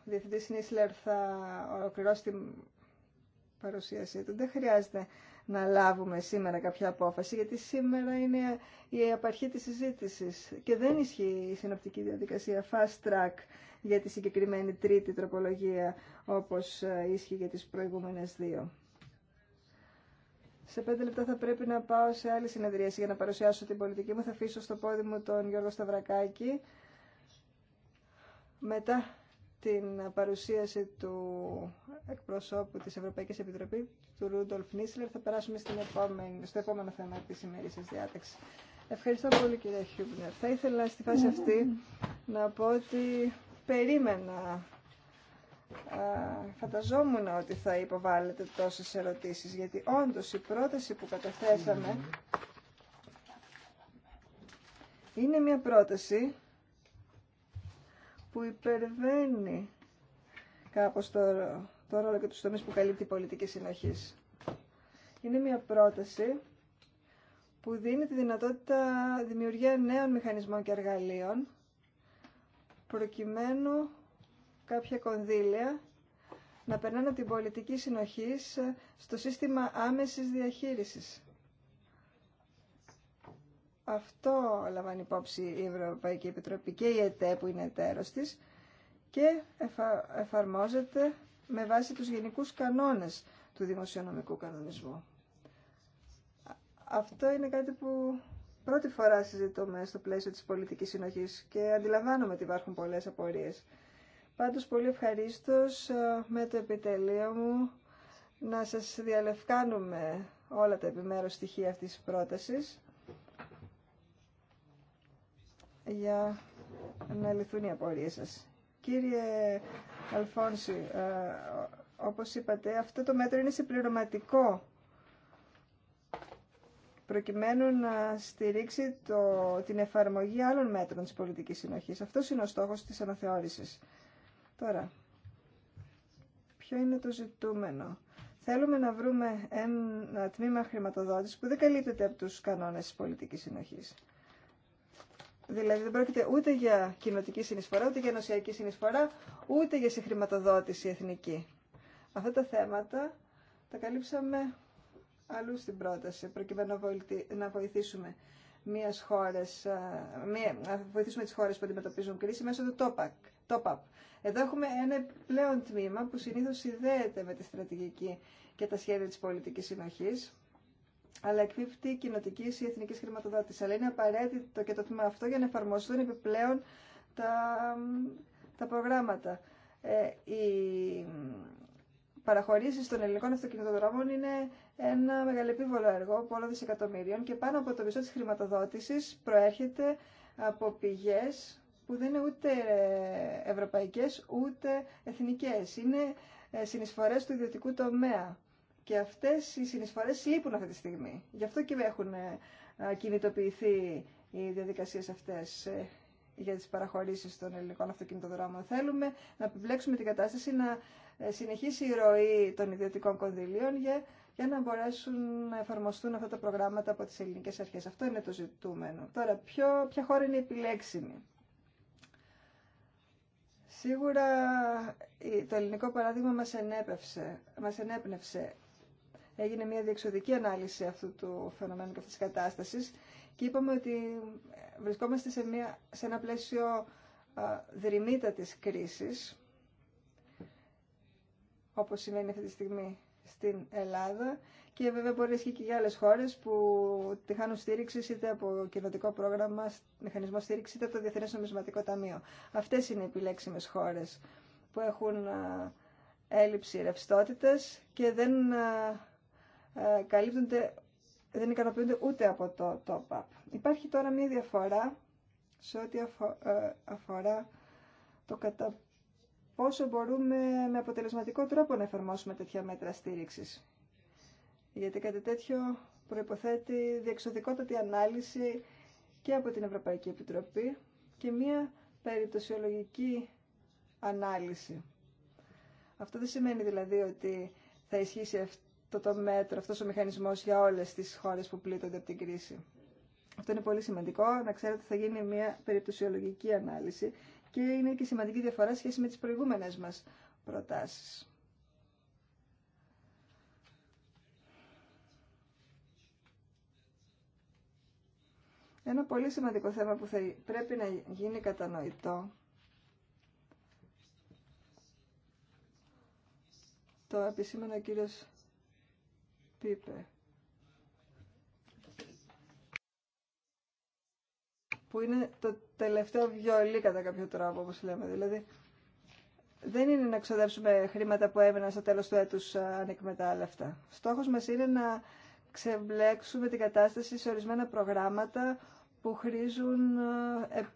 Διευθυντής Νίσλερ θα ολοκληρώσει την παρουσίασή του, δεν χρειάζεται να λάβουμε σήμερα κάποια απόφαση, γιατί σήμερα είναι η απαρχή της συζήτηση και δεν ισχύει η συνοπτική διαδικασία fast track για τη συγκεκριμένη τρίτη τροπολογία, όπως ίσχυε για τις προηγούμενες δύο. Σε πέντε λεπτά θα πρέπει να πάω σε άλλη συνεδρίαση για να παρουσιάσω την πολιτική μου. Θα αφήσω στο πόδι μου τον Γιώργο Σταυρακάκη μετά την παρουσίαση του εκπροσώπου της Ευρωπαϊκής Επιτροπής, του Ρούντολφ Νίσλερ, θα περάσουμε στην επόμενη, στο επόμενο θέμα της σας διάταξης. Ευχαριστώ πολύ κυρία Χιούμπνερ. Θα ήθελα στη φάση αυτή να πω ότι περίμενα, α, φανταζόμουν ότι θα υποβάλλετε τόσες ερωτήσεις, γιατί όντως η πρόταση που καταθέσαμε mm-hmm. είναι μια πρόταση που υπερβαίνει κάπως το, το ρόλο και τους τομείς που καλύπτει η πολιτική συνοχή. Είναι μια πρόταση που δίνει τη δυνατότητα δημιουργία νέων μηχανισμών και εργαλείων προκειμένου κάποια κονδύλια να περνάνε την πολιτική συνοχή στο σύστημα άμεσης διαχείρισης. Αυτό λαμβάνει υπόψη η Ευρωπαϊκή Επιτροπή και η ΕΤΕ που είναι εταίρος της και εφαρμόζεται με βάση τους γενικούς κανόνες του δημοσιονομικού κανονισμού. Αυτό είναι κάτι που πρώτη φορά συζητούμε στο πλαίσιο της πολιτικής συνοχής και αντιλαμβάνομαι ότι υπάρχουν πολλές απορίες. Πάντως πολύ ευχαρίστω ε, με το επιτελείο μου να σας διαλευκάνουμε όλα τα επιμέρους στοιχεία αυτής της πρότασης για να λυθούν οι απορίες σας. Κύριε Αλφόνση, ε, όπως είπατε, αυτό το μέτρο είναι συμπληρωματικό προκειμένου να στηρίξει το, την εφαρμογή άλλων μέτρων της πολιτικής συνοχής. Αυτό είναι ο στόχος της αναθεώρησης. Τώρα, ποιο είναι το ζητούμενο. Θέλουμε να βρούμε ένα τμήμα χρηματοδότηση που δεν καλύπτεται από τους κανόνες της πολιτικής συνοχής. Δηλαδή δεν πρόκειται ούτε για κοινοτική συνεισφορά, ούτε για νοσιακή συνεισφορά, ούτε για συγχρηματοδότηση εθνική. Αυτά τα θέματα τα καλύψαμε αλλού στην πρόταση, προκειμένου να βοηθήσουμε μιας χώρες, μία, να βοηθήσουμε τις χώρες που αντιμετωπίζουν κρίση μέσω του top-up. Εδώ έχουμε ένα πλέον τμήμα που συνήθως συνδέεται με τη στρατηγική και τα σχέδια της πολιτικής συνοχής αλλά εκπίπτει κοινοτική ή εθνική χρηματοδότηση. Αλλά είναι απαραίτητο και το τμήμα αυτό για να εφαρμοστούν επιπλέον τα, τα προγράμματα. Ε, οι παραχωρήσει των ελληνικών αυτοκινητοδρόμων είναι ένα μεγαλεπίβολο έργο πολλών δισεκατομμυρίων και πάνω από το μισό τη χρηματοδότηση προέρχεται από πηγέ που δεν είναι ούτε ευρωπαϊκές ούτε εθνικές. Είναι ε, συνεισφορές του ιδιωτικού τομέα και αυτές οι συνεισφορές λείπουν αυτή τη στιγμή. Γι' αυτό και έχουν ε, κινητοποιηθεί οι διαδικασίες αυτές ε, για τις παραχωρήσεις των ελληνικών αυτοκινητοδρόμων. Θέλουμε να επιβλέξουμε την κατάσταση, να ε, συνεχίσει η ροή των ιδιωτικών κονδυλίων για, να μπορέσουν να εφαρμοστούν αυτά τα προγράμματα από τις ελληνικές αρχές. Αυτό είναι το ζητούμενο. Τώρα, ποιο, ποια χώρα είναι επιλέξιμη. Σίγουρα το ελληνικό παράδειγμα μας ενέπνευσε μας ενέπνευσε έγινε μια διεξοδική ανάλυση αυτού του φαινομένου και αυτής της κατάστασης και είπαμε ότι ε, βρισκόμαστε σε, μια, σε ένα πλαίσιο δρυμύτατης κρίσης, όπως σημαίνει αυτή τη στιγμή στην Ελλάδα και βέβαια μπορεί να ισχύει και για άλλες χώρες που τη χάνουν στήριξη είτε από κοινοτικό πρόγραμμα, μηχανισμό στήριξη είτε από το Διεθνές Νομισματικό Ταμείο. Αυτές είναι οι επιλέξιμες χώρες που έχουν έλλειψη ρευστότητας και δεν ε, καλύπτονται, δεν ικανοποιούνται ούτε από το top-up. Υπάρχει τώρα μία διαφορά σε ό,τι ε, αφορά το κατά πόσο μπορούμε με αποτελεσματικό τρόπο να εφαρμόσουμε τέτοια μέτρα στήριξης. Γιατί κάτι τέτοιο προϋποθέτει διεξοδικότατη ανάλυση και από την Ευρωπαϊκή Επιτροπή και μία περιπτωσιολογική ανάλυση. Αυτό δεν σημαίνει δηλαδή ότι θα ισχύσει αυτή αυτό το μέτρο, αυτός ο μηχανισμός για όλες τις χώρες που πλήττονται από την κρίση. Αυτό είναι πολύ σημαντικό. Να ξέρετε θα γίνει μια περιπτωσιολογική ανάλυση και είναι και σημαντική διαφορά σχέση με τις προηγούμενες μας προτάσεις. Ένα πολύ σημαντικό θέμα που θα πρέπει να γίνει κατανοητό το επισήμανε ο κύριος Πίπε. Που είναι το τελευταίο βιολί κατά κάποιο τρόπο, όπως λέμε. Δηλαδή, δεν είναι να ξοδέψουμε χρήματα που έμειναν στο τέλος του έτους ανεκμετάλλευτα. Στόχος μας είναι να ξεμπλέξουμε την κατάσταση σε ορισμένα προγράμματα που χρήζουν ε,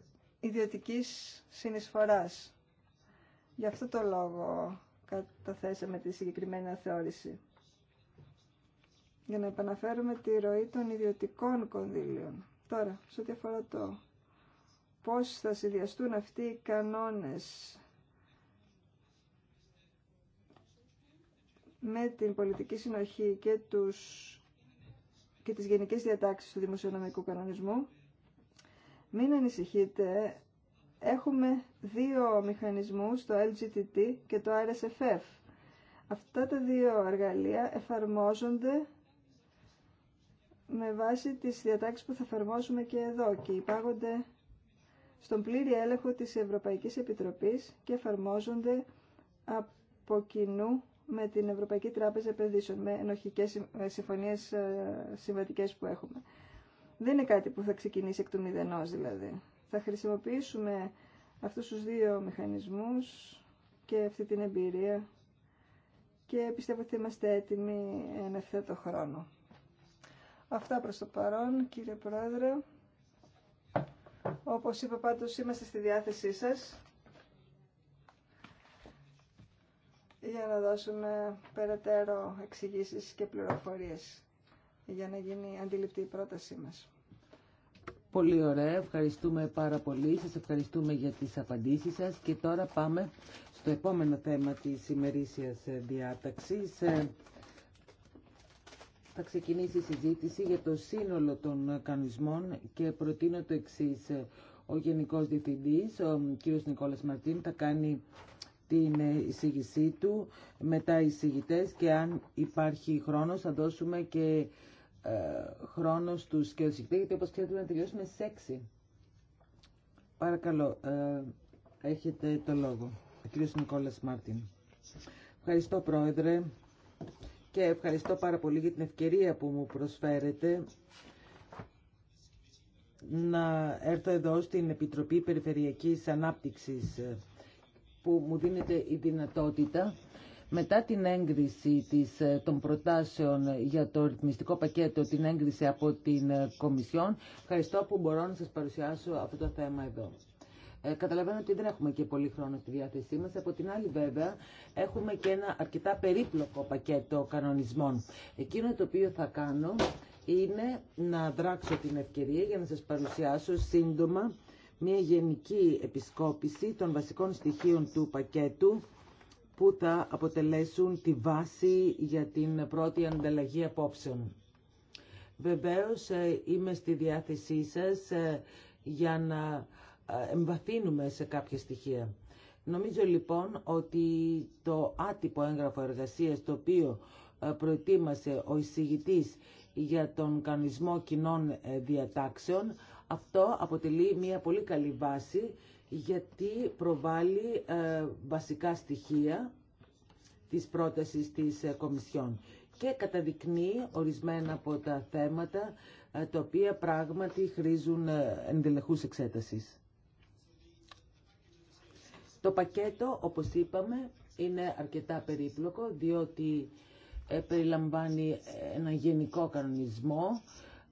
ιδιωτικής συνεισφοράς. Γι' αυτό το λόγο καταθέσαμε τη συγκεκριμένη θεώρηση για να επαναφέρουμε τη ροή των ιδιωτικών κονδύλιων. Τώρα, σε ό,τι αφορά το πώς θα συνδυαστούν αυτοί οι κανόνες με την πολιτική συνοχή και, τους, και τις γενικές διατάξεις του δημοσιονομικού κανονισμού, μην ανησυχείτε, έχουμε δύο μηχανισμούς, το LGTT και το RSFF. Αυτά τα δύο εργαλεία εφαρμόζονται με βάση τις διατάξεις που θα εφαρμόσουμε και εδώ και υπάγονται στον πλήρη έλεγχο της Ευρωπαϊκής Επιτροπής και εφαρμόζονται από κοινού με την Ευρωπαϊκή Τράπεζα Επενδύσεων, με ενοχικές συμφωνίες ε, συμβατικές που έχουμε. Δεν είναι κάτι που θα ξεκινήσει εκ του μηδενός δηλαδή. Θα χρησιμοποιήσουμε αυτούς τους δύο μηχανισμούς και αυτή την εμπειρία και πιστεύω ότι είμαστε έτοιμοι εν ευθέτω χρόνο. Αυτά προς το παρόν, κύριε Πρόεδρε. Όπως είπα πάντως, είμαστε στη διάθεσή σας για να δώσουμε περαιτέρω εξηγήσεις και πληροφορίες για να γίνει αντιληπτή η πρότασή μας. Πολύ ωραία, ευχαριστούμε πάρα πολύ. Σας ευχαριστούμε για τις απαντήσεις σας και τώρα πάμε στο επόμενο θέμα της ημερήσιας διάταξης θα ξεκινήσει η συζήτηση για το σύνολο των κανονισμών και προτείνω το εξή. Ο Γενικό Διευθυντής, ο κ. Νικόλα Μαρτίν, θα κάνει την εισηγησή του, μετά οι εισηγητέ και αν υπάρχει χρόνος θα δώσουμε και ε, χρόνο στου και γιατί όπω ξέρετε να τελειώσουμε σε έξι. Παρακαλώ, ε, έχετε το λόγο. Ο κ. Νικόλα Μάρτιν. Ευχαριστώ, Πρόεδρε και ευχαριστώ πάρα πολύ για την ευκαιρία που μου προσφέρετε να έρθω εδώ στην Επιτροπή Περιφερειακής Ανάπτυξης που μου δίνεται η δυνατότητα μετά την έγκριση της, των προτάσεων για το ρυθμιστικό πακέτο, την έγκριση από την Κομισιόν, ευχαριστώ που μπορώ να σας παρουσιάσω αυτό το θέμα εδώ. Ε, καταλαβαίνω ότι δεν έχουμε και πολύ χρόνο στη διάθεσή μας. Από την άλλη βέβαια έχουμε και ένα αρκετά περίπλοκο πακέτο κανονισμών. Εκείνο το οποίο θα κάνω είναι να δράξω την ευκαιρία για να σας παρουσιάσω σύντομα μια γενική επισκόπηση των βασικών στοιχείων του πακέτου που θα αποτελέσουν τη βάση για την πρώτη ανταλλαγή απόψεων. Βεβαίως ε, είμαι στη διάθεσή σας ε, για να εμβαθύνουμε σε κάποια στοιχεία. Νομίζω λοιπόν ότι το άτυπο έγγραφο εργασίας το οποίο προετοίμασε ο εισηγητής για τον κανονισμό κοινών ε, διατάξεων, αυτό αποτελεί μια πολύ καλή βάση γιατί προβάλλει βασικά στοιχεία της πρότασης της ε, Κομισιόν και καταδεικνύει ορισμένα από τα θέματα τα οποία πράγματι χρήζουν ε, εντελεχούς εξέτασης. Το πακέτο, όπως είπαμε, είναι αρκετά περίπλοκο, διότι ε, περιλαμβάνει ε, ένα γενικό κανονισμό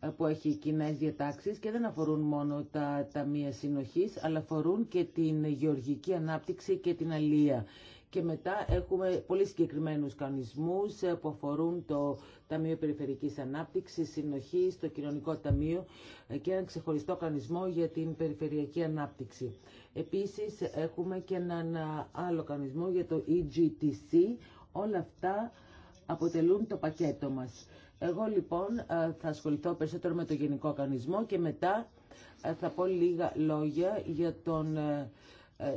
ε, που έχει κοινέ διατάξεις και δεν αφορούν μόνο τα ταμεία συνοχής, αλλά αφορούν και την γεωργική ανάπτυξη και την αλία. Και μετά έχουμε πολύ συγκεκριμένου κανονισμού ε, που αφορούν το Ταμείο περιφερειακή ανάπτυξη, συνοχή το Κοινωνικό Ταμείο ε, και έναν ξεχωριστό κανονισμό για την περιφερειακή ανάπτυξη. Επίσης έχουμε και έναν ε, άλλο κανονισμό για το EGTC. Όλα αυτά αποτελούν το πακέτο μας. Εγώ λοιπόν θα ασχοληθώ περισσότερο με το γενικό κανονισμό και μετά θα πω λίγα λόγια για τον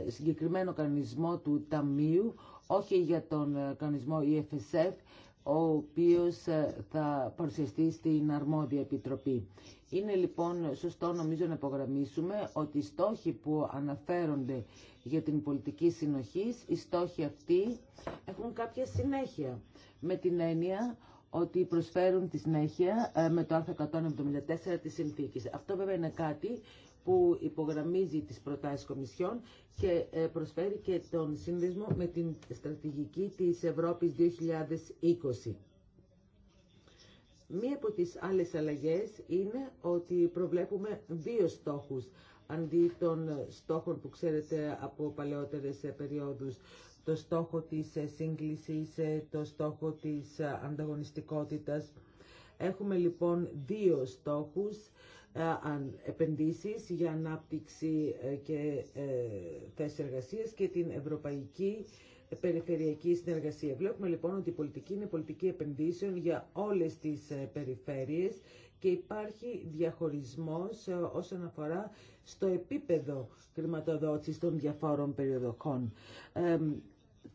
ε, συγκεκριμένο κανονισμό του Ταμείου, όχι για τον ε, κανονισμό EFSF, ο οποίος ε, θα παρουσιαστεί στην αρμόδια επιτροπή. Είναι λοιπόν σωστό νομίζω να υπογραμμίσουμε ότι οι στόχοι που αναφέρονται για την πολιτική συνοχή, οι στόχοι αυτοί έχουν κάποια συνέχεια με την έννοια ότι προσφέρουν τη συνέχεια με το άρθρο 174 της συνθήκης. Αυτό βέβαια είναι κάτι που υπογραμμίζει τις προτάσεις Κομισιόν και ε, προσφέρει και τον σύνδεσμο με την στρατηγική της Ευρώπης 2020. Μία από τις άλλες αλλαγές είναι ότι προβλέπουμε δύο στόχους αντί των στόχων που ξέρετε από παλαιότερες ε, περιόδους το στόχο της ε, σύγκλησης, το στόχο της ανταγωνιστικότητας. Έχουμε λοιπόν δύο στόχους ε, επενδύσεις για ανάπτυξη ε, και ε, θέσεις εργασίας και την ευρωπαϊκή περιφερειακή συνεργασία. Βλέπουμε λοιπόν ότι η πολιτική είναι πολιτική επενδύσεων για όλες τις περιφέρειες και υπάρχει διαχωρισμός όσον αφορά στο επίπεδο χρηματοδότησης των διαφόρων περιοδοχών.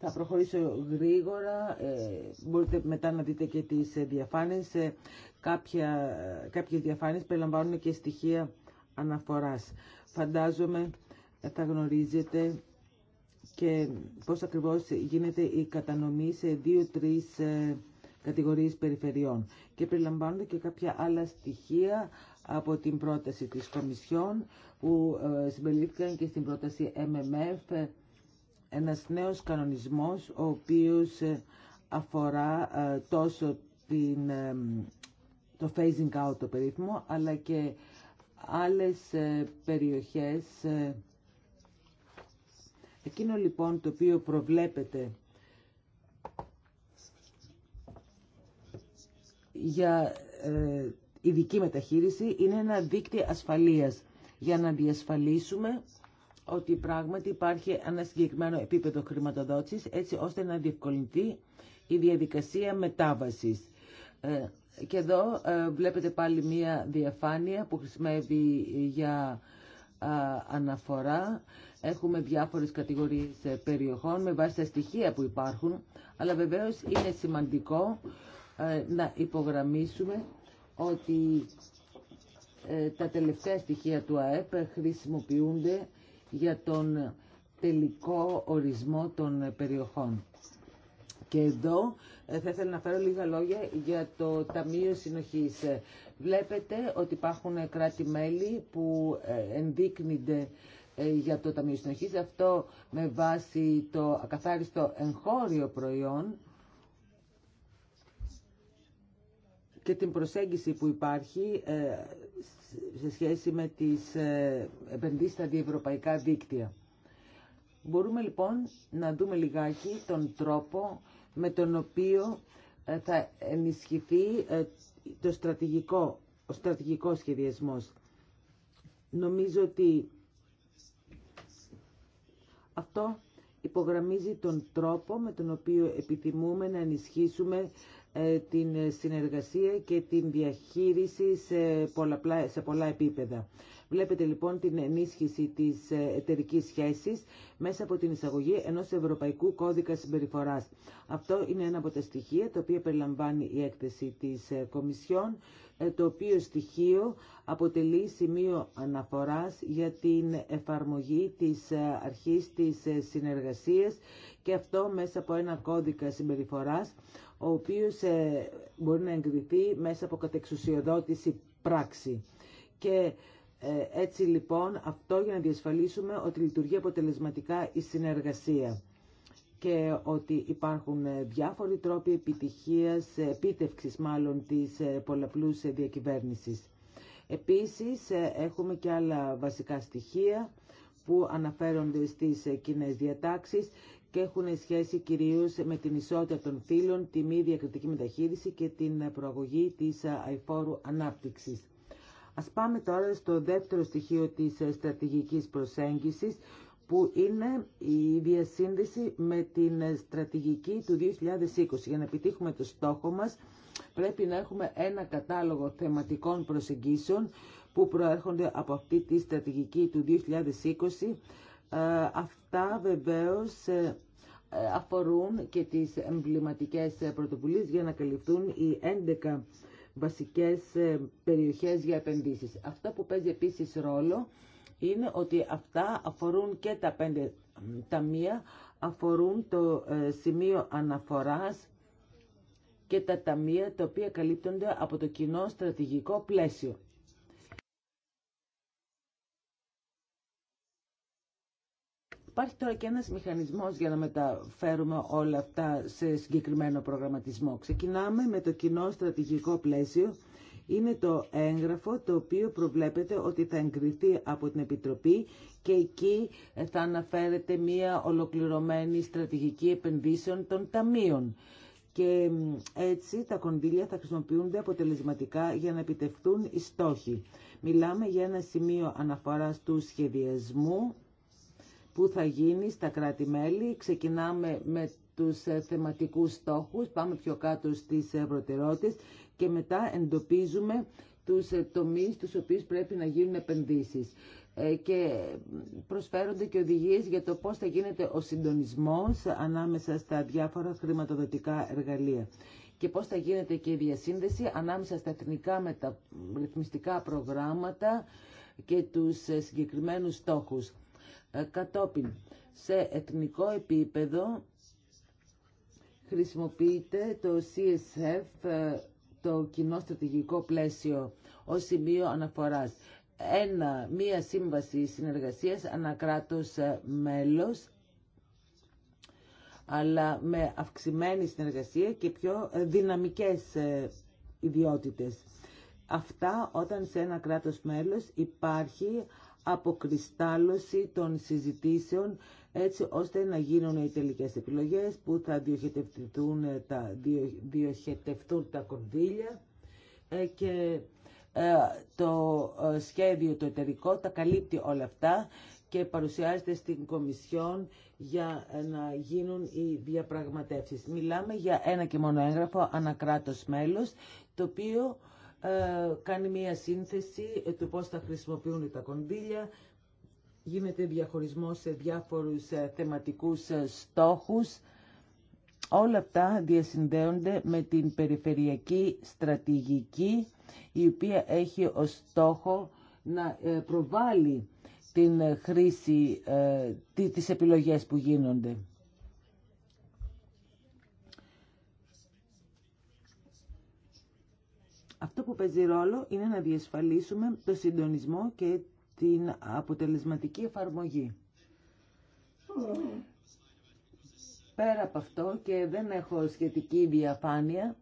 Θα προχωρήσω γρήγορα. Ε, μπορείτε μετά να δείτε και τις ε, διαφάνειες. Ε, κάποια, κάποιες διαφάνειες περιλαμβάνουν και στοιχεία αναφοράς. Φαντάζομαι θα γνωρίζετε και πώς ακριβώς γίνεται η κατανομή σε δύο-τρεις κατηγορίες περιφερειών. Και περιλαμβάνονται και κάποια άλλα στοιχεία από την πρόταση της Κομισιόν που συμπεριλήφθηκαν και στην πρόταση MMF ένας νέος κανονισμός ο οποίος ε, αφορά ε, τόσο την, ε, το phasing out το περίφημο, αλλά και άλλες περιοχές. Εκείνο λοιπόν το οποίο προβλέπεται για ειδική μεταχείριση είναι ένα δίκτυο ασφαλείας για να διασφαλίσουμε ότι πράγματι υπάρχει ένα συγκεκριμένο επίπεδο χρηματοδότησης έτσι ώστε να διευκολυνθεί η διαδικασία μετάβασης. Ε, και εδώ ε, βλέπετε πάλι μία διαφάνεια που χρησιμεύει για αναφορά. Έχουμε διάφορες κατηγορίες ε, περιοχών με βάση τα στοιχεία που υπάρχουν, αλλά βεβαίως είναι σημαντικό να υπογραμμίσουμε ότι τα τελευταία στοιχεία του ΑΕΠ χρησιμοποιούνται για τον τελικό ορισμό των περιοχών. Και εδώ ε, θα ήθελα να φέρω λίγα λόγια για το Ταμείο Συνοχής. Βλέπετε ότι υπάρχουν κράτη-μέλη που ε, ενδείκνυνται ε, για το Ταμείο Συνοχής. Αυτό με βάση το ακαθάριστο εγχώριο προϊόν και την προσέγγιση που υπάρχει ε, σε σχέση με τις ε, επενδύσεις στα διευρωπαϊκά δίκτυα. Μπορούμε λοιπόν να δούμε λιγάκι τον τρόπο με τον οποίο ε, θα ενισχυθεί το στρατηγικό, ο στρατηγικός σχεδιασμός. Νομίζω ότι αυτό υπογραμμίζει τον τρόπο με τον οποίο επιθυμούμε να ενισχύσουμε ε, την συνεργασία και την διαχείριση σε, σε πολλά επίπεδα. Βλέπετε λοιπόν την ενίσχυση της εταιρικής σχέσης μέσα από την εισαγωγή ενός Ευρωπαϊκού Κώδικα Συμπεριφοράς. Αυτό είναι ένα από τα στοιχεία τα οποία περιλαμβάνει η έκθεση της Κομισιόν, ε, το οποίο στοιχείο αποτελεί σημείο αναφοράς για την εφαρμογή της αρχής της συνεργασίας και αυτό μέσα από ένα κώδικα συμπεριφοράς, ο οποίος ε, μπορεί να εγκριθεί μέσα από κατεξουσιοδότηση πράξη. Και ε, έτσι λοιπόν αυτό για να διασφαλίσουμε ότι λειτουργεί αποτελεσματικά η συνεργασία και ότι υπάρχουν ε, διάφοροι τρόποι επιτυχίας, επίτευξης μάλλον της πολλαπλούς διακυβέρνησης. Επίσης έχουμε και άλλα βασικά στοιχεία που αναφέρονται στις κοινέ διατάξεις και έχουν σχέση κυρίως με την ισότητα των φύλων, τη μη διακριτική μεταχείριση και την προαγωγή της αηφόρου ανάπτυξης. Ας πάμε τώρα στο δεύτερο στοιχείο της στρατηγικής προσέγγισης, που είναι η διασύνδεση με την στρατηγική του 2020. Για να επιτύχουμε το στόχο μας, πρέπει να έχουμε ένα κατάλογο θεματικών προσεγγίσεων που προέρχονται από αυτή τη στρατηγική του 2020, ε, αυτά βεβαίως ε, ε, αφορούν και τις εμβληματικές πρωτοβουλίες για να καλυφθούν οι 11 βασικές περιοχές για επενδύσεις. Αυτό που παίζει επίσης ρόλο είναι ότι αυτά αφορούν και τα πέντε ταμεία, αφορούν το σημείο αναφοράς και τα ταμεία τα οποία καλύπτονται από το κοινό στρατηγικό πλαίσιο. Υπάρχει τώρα και ένας μηχανισμός για να μεταφέρουμε όλα αυτά σε συγκεκριμένο προγραμματισμό. Ξεκινάμε με το κοινό στρατηγικό πλαίσιο. Είναι το έγγραφο το οποίο προβλέπεται ότι θα εγκριθεί από την Επιτροπή και εκεί θα αναφέρεται μία ολοκληρωμένη στρατηγική επενδύσεων των ταμείων. Και έτσι τα κονδύλια θα χρησιμοποιούνται αποτελεσματικά για να επιτευχθούν οι στόχοι. Μιλάμε για ένα σημείο αναφοράς του σχεδιασμού που θα γίνει στα κράτη-μέλη. Ξεκινάμε με τους ε, θεματικούς στόχους, πάμε πιο κάτω στις ε, προτεραιότητες και μετά εντοπίζουμε τους ε, τομείς τους οποίους πρέπει να γίνουν επενδύσεις και προσφέρονται και οδηγίες για το πώς θα γίνεται ο συντονισμός ανάμεσα στα διάφορα χρηματοδοτικά εργαλεία και πώς θα γίνεται και η διασύνδεση ανάμεσα στα εθνικά μεταρρυθμιστικά προγράμματα και τους συγκεκριμένους στόχους. Ε, κατόπιν, σε εθνικό επίπεδο χρησιμοποιείται το CSF, ε, το κοινό στρατηγικό πλαίσιο, ω σημείο αναφοράς. Ένα, μία σύμβαση συνεργασίας ανακράτος ε, μέλος, αλλά με αυξημένη συνεργασία και πιο δυναμικές ιδιότητες. Αυτά όταν σε ένα κράτος μέλος υπάρχει αποκριστάλλωση των συζητήσεων έτσι ώστε να γίνουν οι τελικές επιλογές που θα διοχετευτούν τα, διοχετευτούν τα κονδύλια ε, και ε, το ε, σχέδιο το εταιρικό τα καλύπτει όλα αυτά και παρουσιάζεται στην Κομισιόν για να γίνουν οι διαπραγματεύσεις. Μιλάμε για ένα και μόνο έγγραφο ανακράτος μέλος, το οποίο ε, κάνει μία σύνθεση ε, του πώς θα χρησιμοποιούν τα κονδύλια, γίνεται διαχωρισμός σε διάφορους ε, θεματικούς στόχους. Όλα αυτά διασυνδέονται με την περιφερειακή στρατηγική, η οποία έχει ως στόχο να προβάλλει την χρήση, τις επιλογές που γίνονται. που παίζει ρόλο είναι να διασφαλίσουμε το συντονισμό και την αποτελεσματική εφαρμογή. Πέρα από αυτό και δεν έχω σχετική διαφάνεια,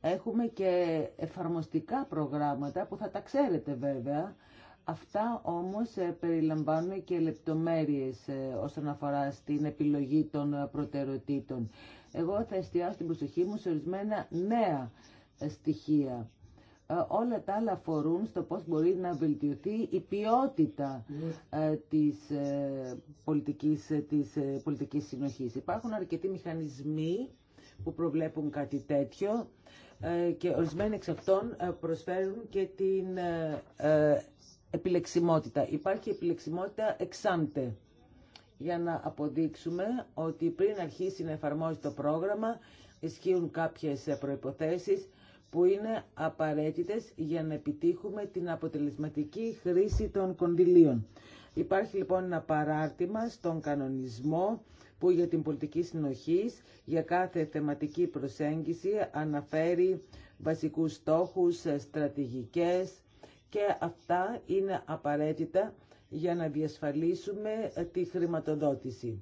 έχουμε και εφαρμοστικά προγράμματα που θα τα ξέρετε βέβαια, Αυτά όμως ε, περιλαμβάνουν και λεπτομέρειες ε, όσον αφορά στην επιλογή των προτεραιοτήτων. Εγώ θα εστιάσω την προσοχή μου σε ορισμένα νέα ε, στοιχεία. Ε, όλα τα άλλα αφορούν στο πώς μπορεί να βελτιωθεί η ποιότητα ε, της ε, πολιτικής, της πολιτικής συνοχής. Υπάρχουν αρκετοί μηχανισμοί που προβλέπουν κάτι τέτοιο και ορισμένοι εξ αυτών προσφέρουν και την επιλεξιμότητα. Υπάρχει επιλεξιμότητα εξάντε για να αποδείξουμε ότι πριν αρχίσει να εφαρμόζει το πρόγραμμα ισχύουν κάποιες προϋποθέσεις που είναι απαραίτητες για να επιτύχουμε την αποτελεσματική χρήση των κονδυλίων. Υπάρχει λοιπόν ένα παράρτημα στον κανονισμό που για την πολιτική συνοχής για κάθε θεματική προσέγγιση αναφέρει βασικούς στόχους, στρατηγικές και αυτά είναι απαραίτητα για να διασφαλίσουμε τη χρηματοδότηση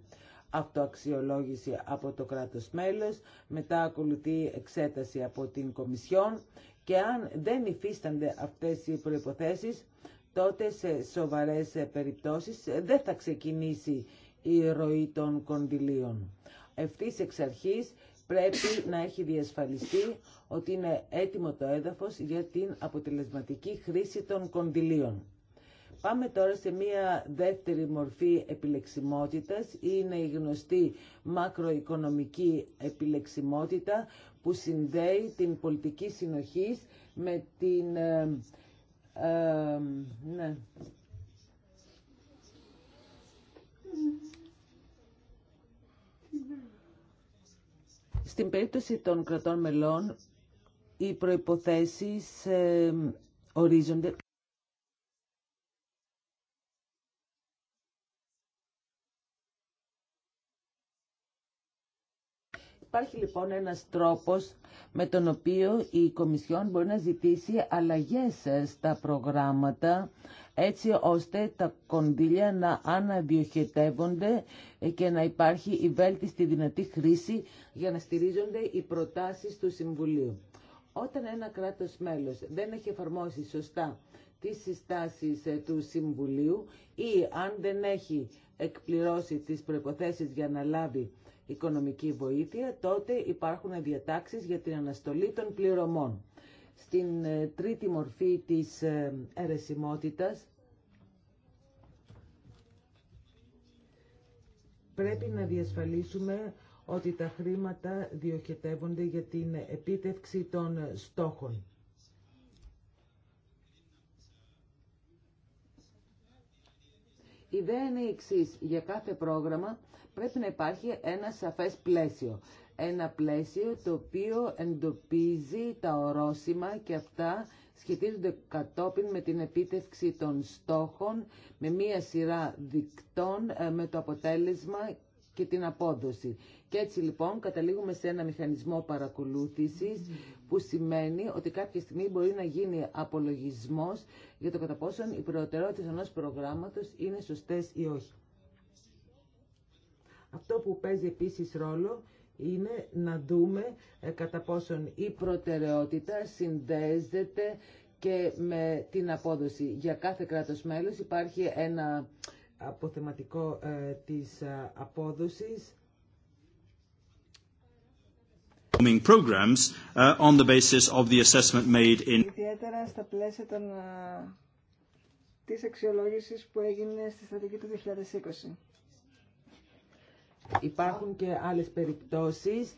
αυτοαξιολόγηση από το κράτος μέλος, μετά ακολουθεί εξέταση από την Κομισιόν και αν δεν υφίστανται αυτές οι προϋποθέσεις, τότε σε σοβαρές περιπτώσεις δεν θα ξεκινήσει η ροή των κονδυλίων. Ευθύς εξ αρχής πρέπει να έχει διασφαλιστεί ότι είναι έτοιμο το έδαφος για την αποτελεσματική χρήση των κονδυλίων. Πάμε τώρα σε μία δεύτερη μορφή επιλεξιμότητας. Είναι η γνωστή μακροοικονομική επιλεξιμότητα που συνδέει την πολιτική συνοχής με την... Ε, ε, ναι. Στην περίπτωση των κρατών μελών, οι προϋποθέσεις ε, ορίζονται Υπάρχει λοιπόν ένας τρόπος με τον οποίο η Κομισιόν μπορεί να ζητήσει αλλαγές ε, στα προγράμματα έτσι ώστε τα κονδύλια να αναδιοχετεύονται ε, και να υπάρχει η βέλτιστη δυνατή χρήση για να στηρίζονται οι προτάσεις του Συμβουλίου. Όταν ένα κράτος μέλος δεν έχει εφαρμόσει σωστά τις συστάσεις ε, του Συμβουλίου ή αν δεν έχει εκπληρώσει τις προϋποθέσεις για να λάβει οικονομική βοήθεια, τότε υπάρχουν διατάξεις για την αναστολή των πληρωμών. Στην ε, τρίτη μορφή της ε, αιρεσιμότητας πρέπει να διασφαλίσουμε ότι τα χρήματα διοχετεύονται για την επίτευξη των στόχων. Η ιδέα είναι η Για κάθε πρόγραμμα πρέπει να υπάρχει ένα σαφές πλαίσιο. Ένα πλαίσιο το οποίο εντοπίζει τα ορόσημα και αυτά σχετίζονται κατόπιν με την επίτευξη των στόχων, με μία σειρά δικτών, ε, με το αποτέλεσμα και την απόδοση. Και έτσι λοιπόν καταλήγουμε σε ένα μηχανισμό παρακολούθησης που σημαίνει ότι κάποια στιγμή μπορεί να γίνει απολογισμός για το κατά πόσον οι ενός προγράμματος είναι σωστές ή όχι. Αυτό που παίζει επίσης ρόλο είναι να δούμε ε, κατά πόσον η προτεραιότητα συνδέεται και με την απόδοση. Για κάθε κράτος μέλος υπάρχει ένα αποθεματικό ε, της ε, απόδοσης programs uh, on the basis of the assessment made in Ιδιαίτερα στα πλαίσια των, της αξιολόγησης που έγινε στη στρατηγική του 2020. Υπάρχουν και άλλες περιπτώσεις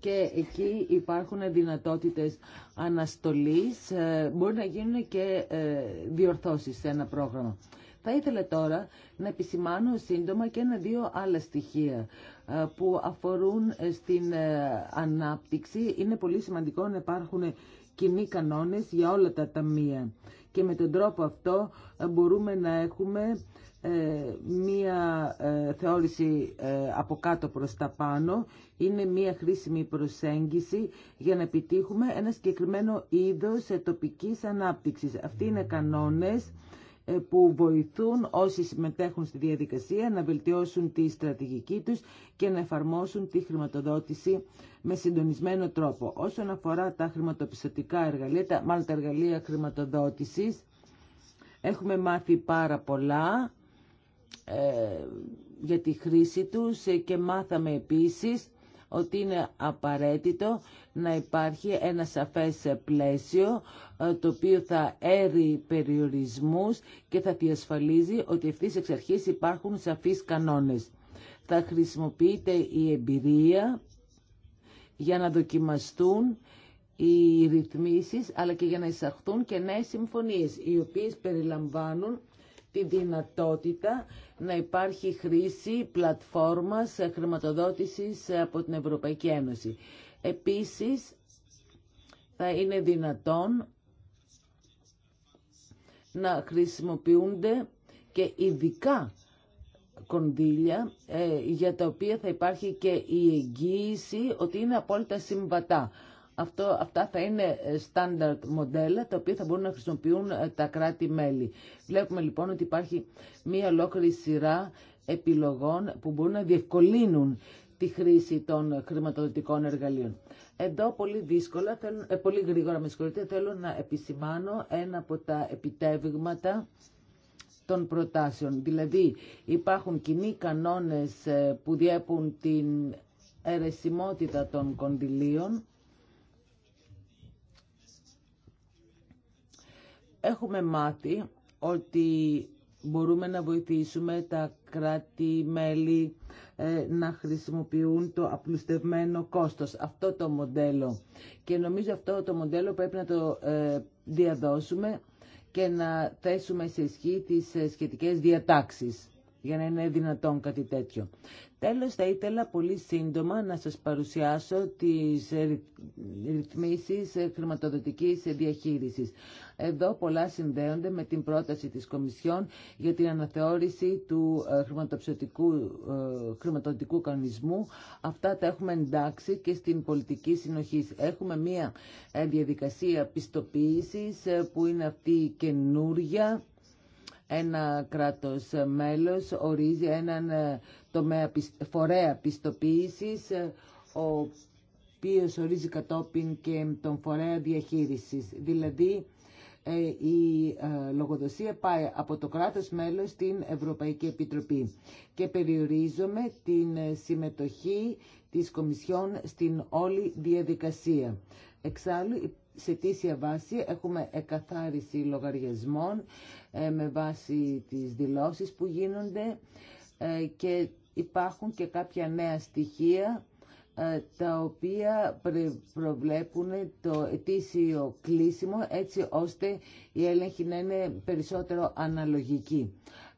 και εκεί υπάρχουν δυνατότητες αναστολής. Ε, μπορεί να γίνουν και ε, διορθώσεις σε ένα πρόγραμμα. Θα ήθελα τώρα να επισημάνω σύντομα και ένα-δύο άλλα στοιχεία ε, που αφορούν στην ανάπτυξη. Είναι πολύ σημαντικό να υπάρχουν κοινοί κανόνες για όλα τα ταμεία. Και με τον τρόπο αυτό μπορούμε να έχουμε ε, μία ε, θεώρηση ε, από κάτω προς τα πάνω είναι μία χρήσιμη προσέγγιση για να επιτύχουμε ένα συγκεκριμένο είδος τοπικής ανάπτυξης. Αυτοί είναι κανόνες που βοηθούν όσοι συμμετέχουν στη διαδικασία να βελτιώσουν τη στρατηγική τους και να εφαρμόσουν τη χρηματοδότηση με συντονισμένο τρόπο. Όσον αφορά τα χρηματοπιστωτικά εργαλεία, μάλλον τα εργαλεία χρηματοδότησης, έχουμε μάθει πάρα πολλά ε, για τη χρήση τους ε, και μάθαμε επίσης ότι είναι απαραίτητο να υπάρχει ένα σαφές πλαίσιο ε, το οποίο θα έρει περιορισμούς και θα διασφαλίζει ότι ευθύς εξ αρχής υπάρχουν σαφείς κανόνες. Θα χρησιμοποιείται η εμπειρία για να δοκιμαστούν οι ρυθμίσεις αλλά και για να εισαχθούν και νέες συμφωνίες οι οποίες περιλαμβάνουν τη δυνατότητα να υπάρχει χρήση πλατφόρμας χρηματοδότησης από την Ευρωπαϊκή Ένωση. Επίσης, θα είναι δυνατόν να χρησιμοποιούνται και ειδικά κονδύλια ε, για τα οποία θα υπάρχει και η εγγύηση ότι είναι απόλυτα συμβατά αυτό, αυτά θα είναι ε, standard μοντέλα τα οποία θα μπορούν να χρησιμοποιούν ε, τα κράτη-μέλη. Βλέπουμε λοιπόν ότι υπάρχει μία ολόκληρη σειρά επιλογών που μπορούν να διευκολύνουν τη χρήση των χρηματοδοτικών εργαλείων. Εδώ πολύ δύσκολα, ε, πολύ γρήγορα με θέλω να επισημάνω ένα από τα επιτεύγματα των προτάσεων. Δηλαδή υπάρχουν κοινοί κανόνες που διέπουν την αιρεσιμότητα των κονδυλίων Έχουμε μάθει ότι μπορούμε να βοηθήσουμε τα κράτη-μέλη ε, να χρησιμοποιούν το απλουστευμένο κόστος. Αυτό το μοντέλο. Και νομίζω αυτό το μοντέλο πρέπει να το ε, διαδώσουμε και να θέσουμε σε ισχύ τις ε, σχετικές διατάξεις για να είναι δυνατόν κάτι τέτοιο. Τέλος, θα ήθελα πολύ σύντομα να σας παρουσιάσω τις ρυθμίσεις χρηματοδοτικής διαχείρισης. Εδώ πολλά συνδέονται με την πρόταση της Κομισιόν για την αναθεώρηση του ε, ε, χρηματοδοτικού κανονισμού. Αυτά τα έχουμε εντάξει και στην πολιτική συνοχή. Έχουμε μία ε, διαδικασία πιστοποίησης που είναι αυτή καινούργια, ένα κράτος μέλος ορίζει έναν ε, τομέα φορέα πιστοποίησης, ε, ο οποίος ορίζει κατόπιν και τον φορέα διαχείρισης. Δηλαδή, ε, η λογοδοσία πάει από το κράτος μέλος στην Ευρωπαϊκή Επιτροπή και περιορίζομαι την συμμετοχή της Κομισιόν στην όλη διαδικασία. Εξάλλου σε αιτήσια βάση έχουμε εκαθάριση λογαριασμών ε, με βάση τις δηλώσεις που γίνονται ε, και υπάρχουν και κάποια νέα στοιχεία ε, τα οποία προβλέπουν το ετήσιο κλείσιμο έτσι ώστε η έλεγχη να είναι περισσότερο αναλογική.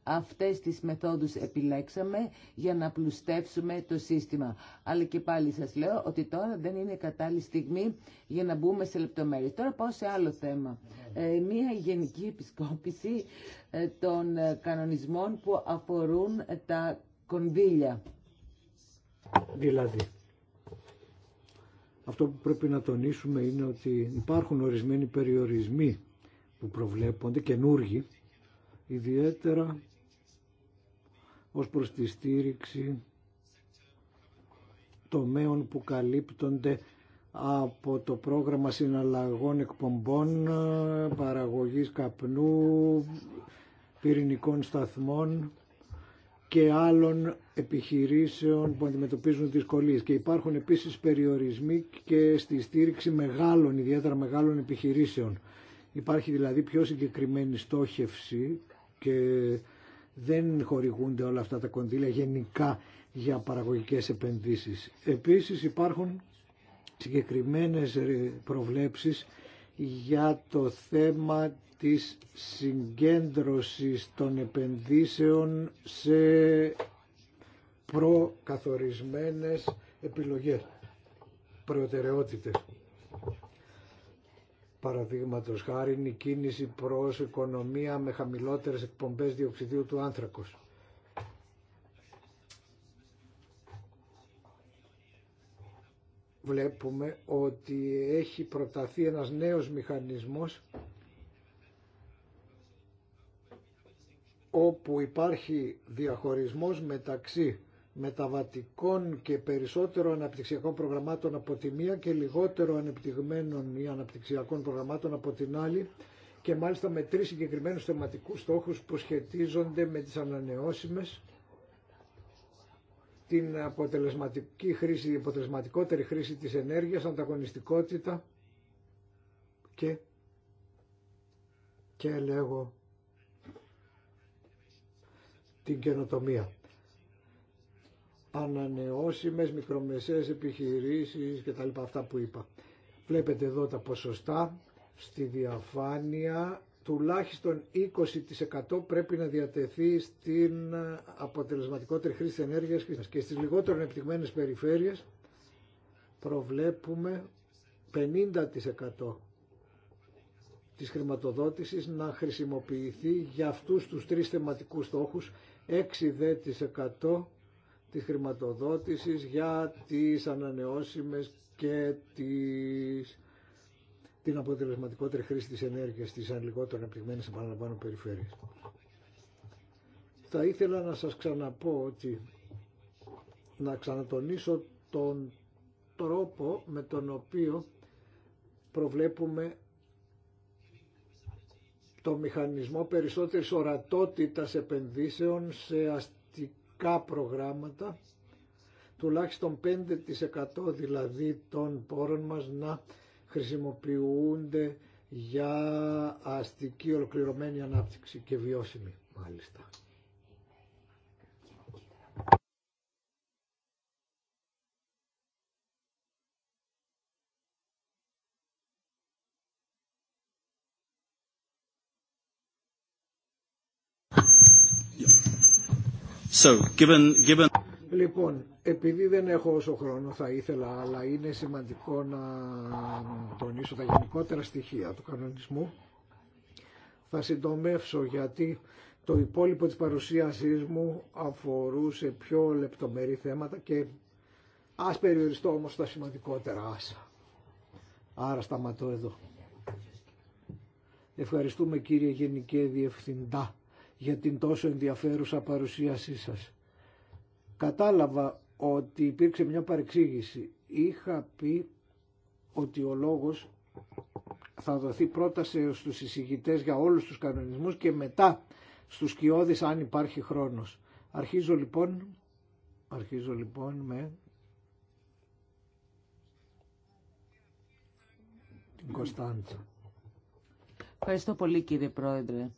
Αυτές τις μεθόδους επιλέξαμε για να πλουστεύσουμε το σύστημα. Αλλά και πάλι σας λέω ότι τώρα δεν είναι κατάλληλη στιγμή για να μπούμε σε λεπτομέρειες. Τώρα πάω σε άλλο θέμα. Ε, μία γενική επισκόπηση ε, των ε, κανονισμών που αφορούν τα κονδύλια. Δηλαδή, αυτό που πρέπει να τονίσουμε είναι ότι υπάρχουν ορισμένοι περιορισμοί που προβλέπονται, καινούργοι, ιδιαίτερα ως προς τη στήριξη τομέων που καλύπτονται από το πρόγραμμα συναλλαγών εκπομπών, παραγωγής καπνού, πυρηνικών σταθμών και άλλων επιχειρήσεων που αντιμετωπίζουν δυσκολίες. Και υπάρχουν επίσης περιορισμοί και στη στήριξη μεγάλων, ιδιαίτερα μεγάλων επιχειρήσεων. Υπάρχει δηλαδή πιο συγκεκριμένη στόχευση και δεν χορηγούνται όλα αυτά τα κονδύλια γενικά για παραγωγικές επενδύσεις. Επίσης υπάρχουν συγκεκριμένες ε, προβλέψεις για το θέμα της συγκέντρωσης των επενδύσεων σε προκαθορισμένες επιλογές, προτεραιότητες. Παραδείγματος χάρη η κίνηση προς οικονομία με χαμηλότερες εκπομπές διοξιδίου του άνθρακος. Βλέπουμε ότι έχει προταθεί ένας νέος μηχανισμός όπου υπάρχει διαχωρισμός μεταξύ μεταβατικών και περισσότερο αναπτυξιακών προγραμμάτων από τη μία και λιγότερο ανεπτυγμένων ή αναπτυξιακών προγραμμάτων από την άλλη και μάλιστα με τρεις συγκεκριμένους θεματικούς στόχους που σχετίζονται με τις ανανεώσιμες, την αποτελεσματική χρήση, η αποτελεσματικότερη χρήση της ενέργειας, ανταγωνιστικότητα και, και λέγω την καινοτομία ανανεώσιμες, μικρομεσαίες επιχειρήσεις και τα λοιπά αυτά που είπα. Βλέπετε εδώ τα ποσοστά στη διαφάνεια τουλάχιστον 20% πρέπει να διατεθεί στην αποτελεσματικότερη χρήση ενέργειας και στις λιγότερο ανεπτυγμένες περιφέρειες προβλέπουμε 50% της χρηματοδότησης να χρησιμοποιηθεί για αυτούς τους τρεις θεματικούς στόχους 6% τη χρηματοδότησης για τις ανανεώσιμες και τις, την αποτελεσματικότερη χρήση της ενέργειας στις αν λιγότερο αναπτυγμένες επαναλαμβάνω περιφέρειες. Θα ήθελα να σας ξαναπώ ότι να ξανατονίσω τον τρόπο με τον οποίο προβλέπουμε το μηχανισμό περισσότερης ορατότητας επενδύσεων σε αστυνομία κά προγράμματα τουλάχιστον 5% δηλαδή των πόρων μας να χρησιμοποιούνται για αστική ολοκληρωμένη ανάπτυξη και βιώσιμη μάλιστα. Λοιπόν, επειδή δεν έχω όσο χρόνο θα ήθελα, αλλά είναι σημαντικό να τονίσω τα γενικότερα στοιχεία του κανονισμού. Θα συντομεύσω γιατί το υπόλοιπο της παρουσίασής μου αφορούσε πιο λεπτομερή θέματα και ας περιοριστώ όμως τα σημαντικότερα άσα. Άρα σταματώ εδώ. Ευχαριστούμε κύριε Γενικέ Διευθυντά για την τόσο ενδιαφέρουσα παρουσίασή σας. Κατάλαβα ότι υπήρξε μια παρεξήγηση. Είχα πει ότι ο λόγος θα δοθεί πρώτα στους εισηγητές για όλους τους κανονισμούς και μετά στους σκιώδεις αν υπάρχει χρόνος. Αρχίζω λοιπόν, αρχίζω λοιπόν με την Κωνσταντζα. Ευχαριστώ πολύ κύριε Πρόεδρε.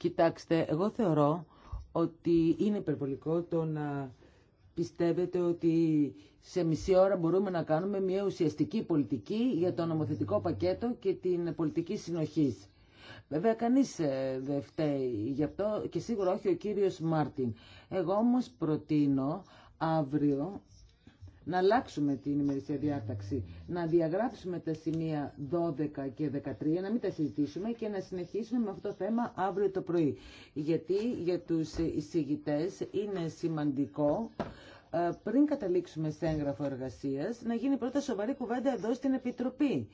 Κοιτάξτε, εγώ θεωρώ ότι είναι υπερβολικό το να πιστεύετε ότι σε μισή ώρα μπορούμε να κάνουμε μια ουσιαστική πολιτική για το νομοθετικό πακέτο και την πολιτική συνοχής. Βέβαια κανείς ε, δεν φταίει γι' αυτό και σίγουρα όχι ο κύριος Μάρτιν. Εγώ όμως προτείνω αύριο να αλλάξουμε την ημερησία διάταξη, να διαγράψουμε τα σημεία 12 και 13, να μην τα συζητήσουμε και να συνεχίσουμε με αυτό το θέμα αύριο το πρωί. Γιατί για τους εισηγητέ είναι σημαντικό ε, πριν καταλήξουμε σε έγγραφο εργασία, να γίνει πρώτα σοβαρή κουβέντα εδώ στην Επιτροπή.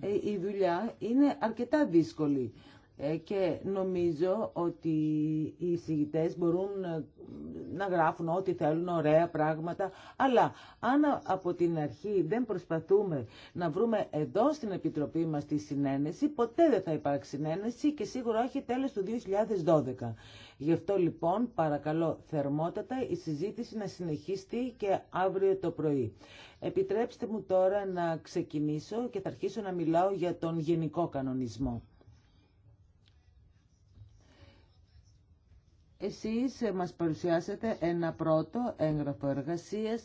Ε, η δουλειά είναι αρκετά δύσκολη. Ε, και νομίζω ότι οι εισηγητές μπορούν να γράφουν ό,τι θέλουν, ωραία πράγματα, αλλά αν από την αρχή δεν προσπαθούμε να βρούμε εδώ στην Επιτροπή μας τη συνένεση, ποτέ δεν θα υπάρξει συνένεση και σίγουρα όχι τέλος του 2012. Γι' αυτό λοιπόν παρακαλώ θερμότατα η συζήτηση να συνεχίσει και αύριο το πρωί. Επιτρέψτε μου τώρα να ξεκινήσω και θα αρχίσω να μιλάω για τον γενικό κανονισμό. Εσείς μας παρουσιάσετε ένα πρώτο έγγραφο εργασίας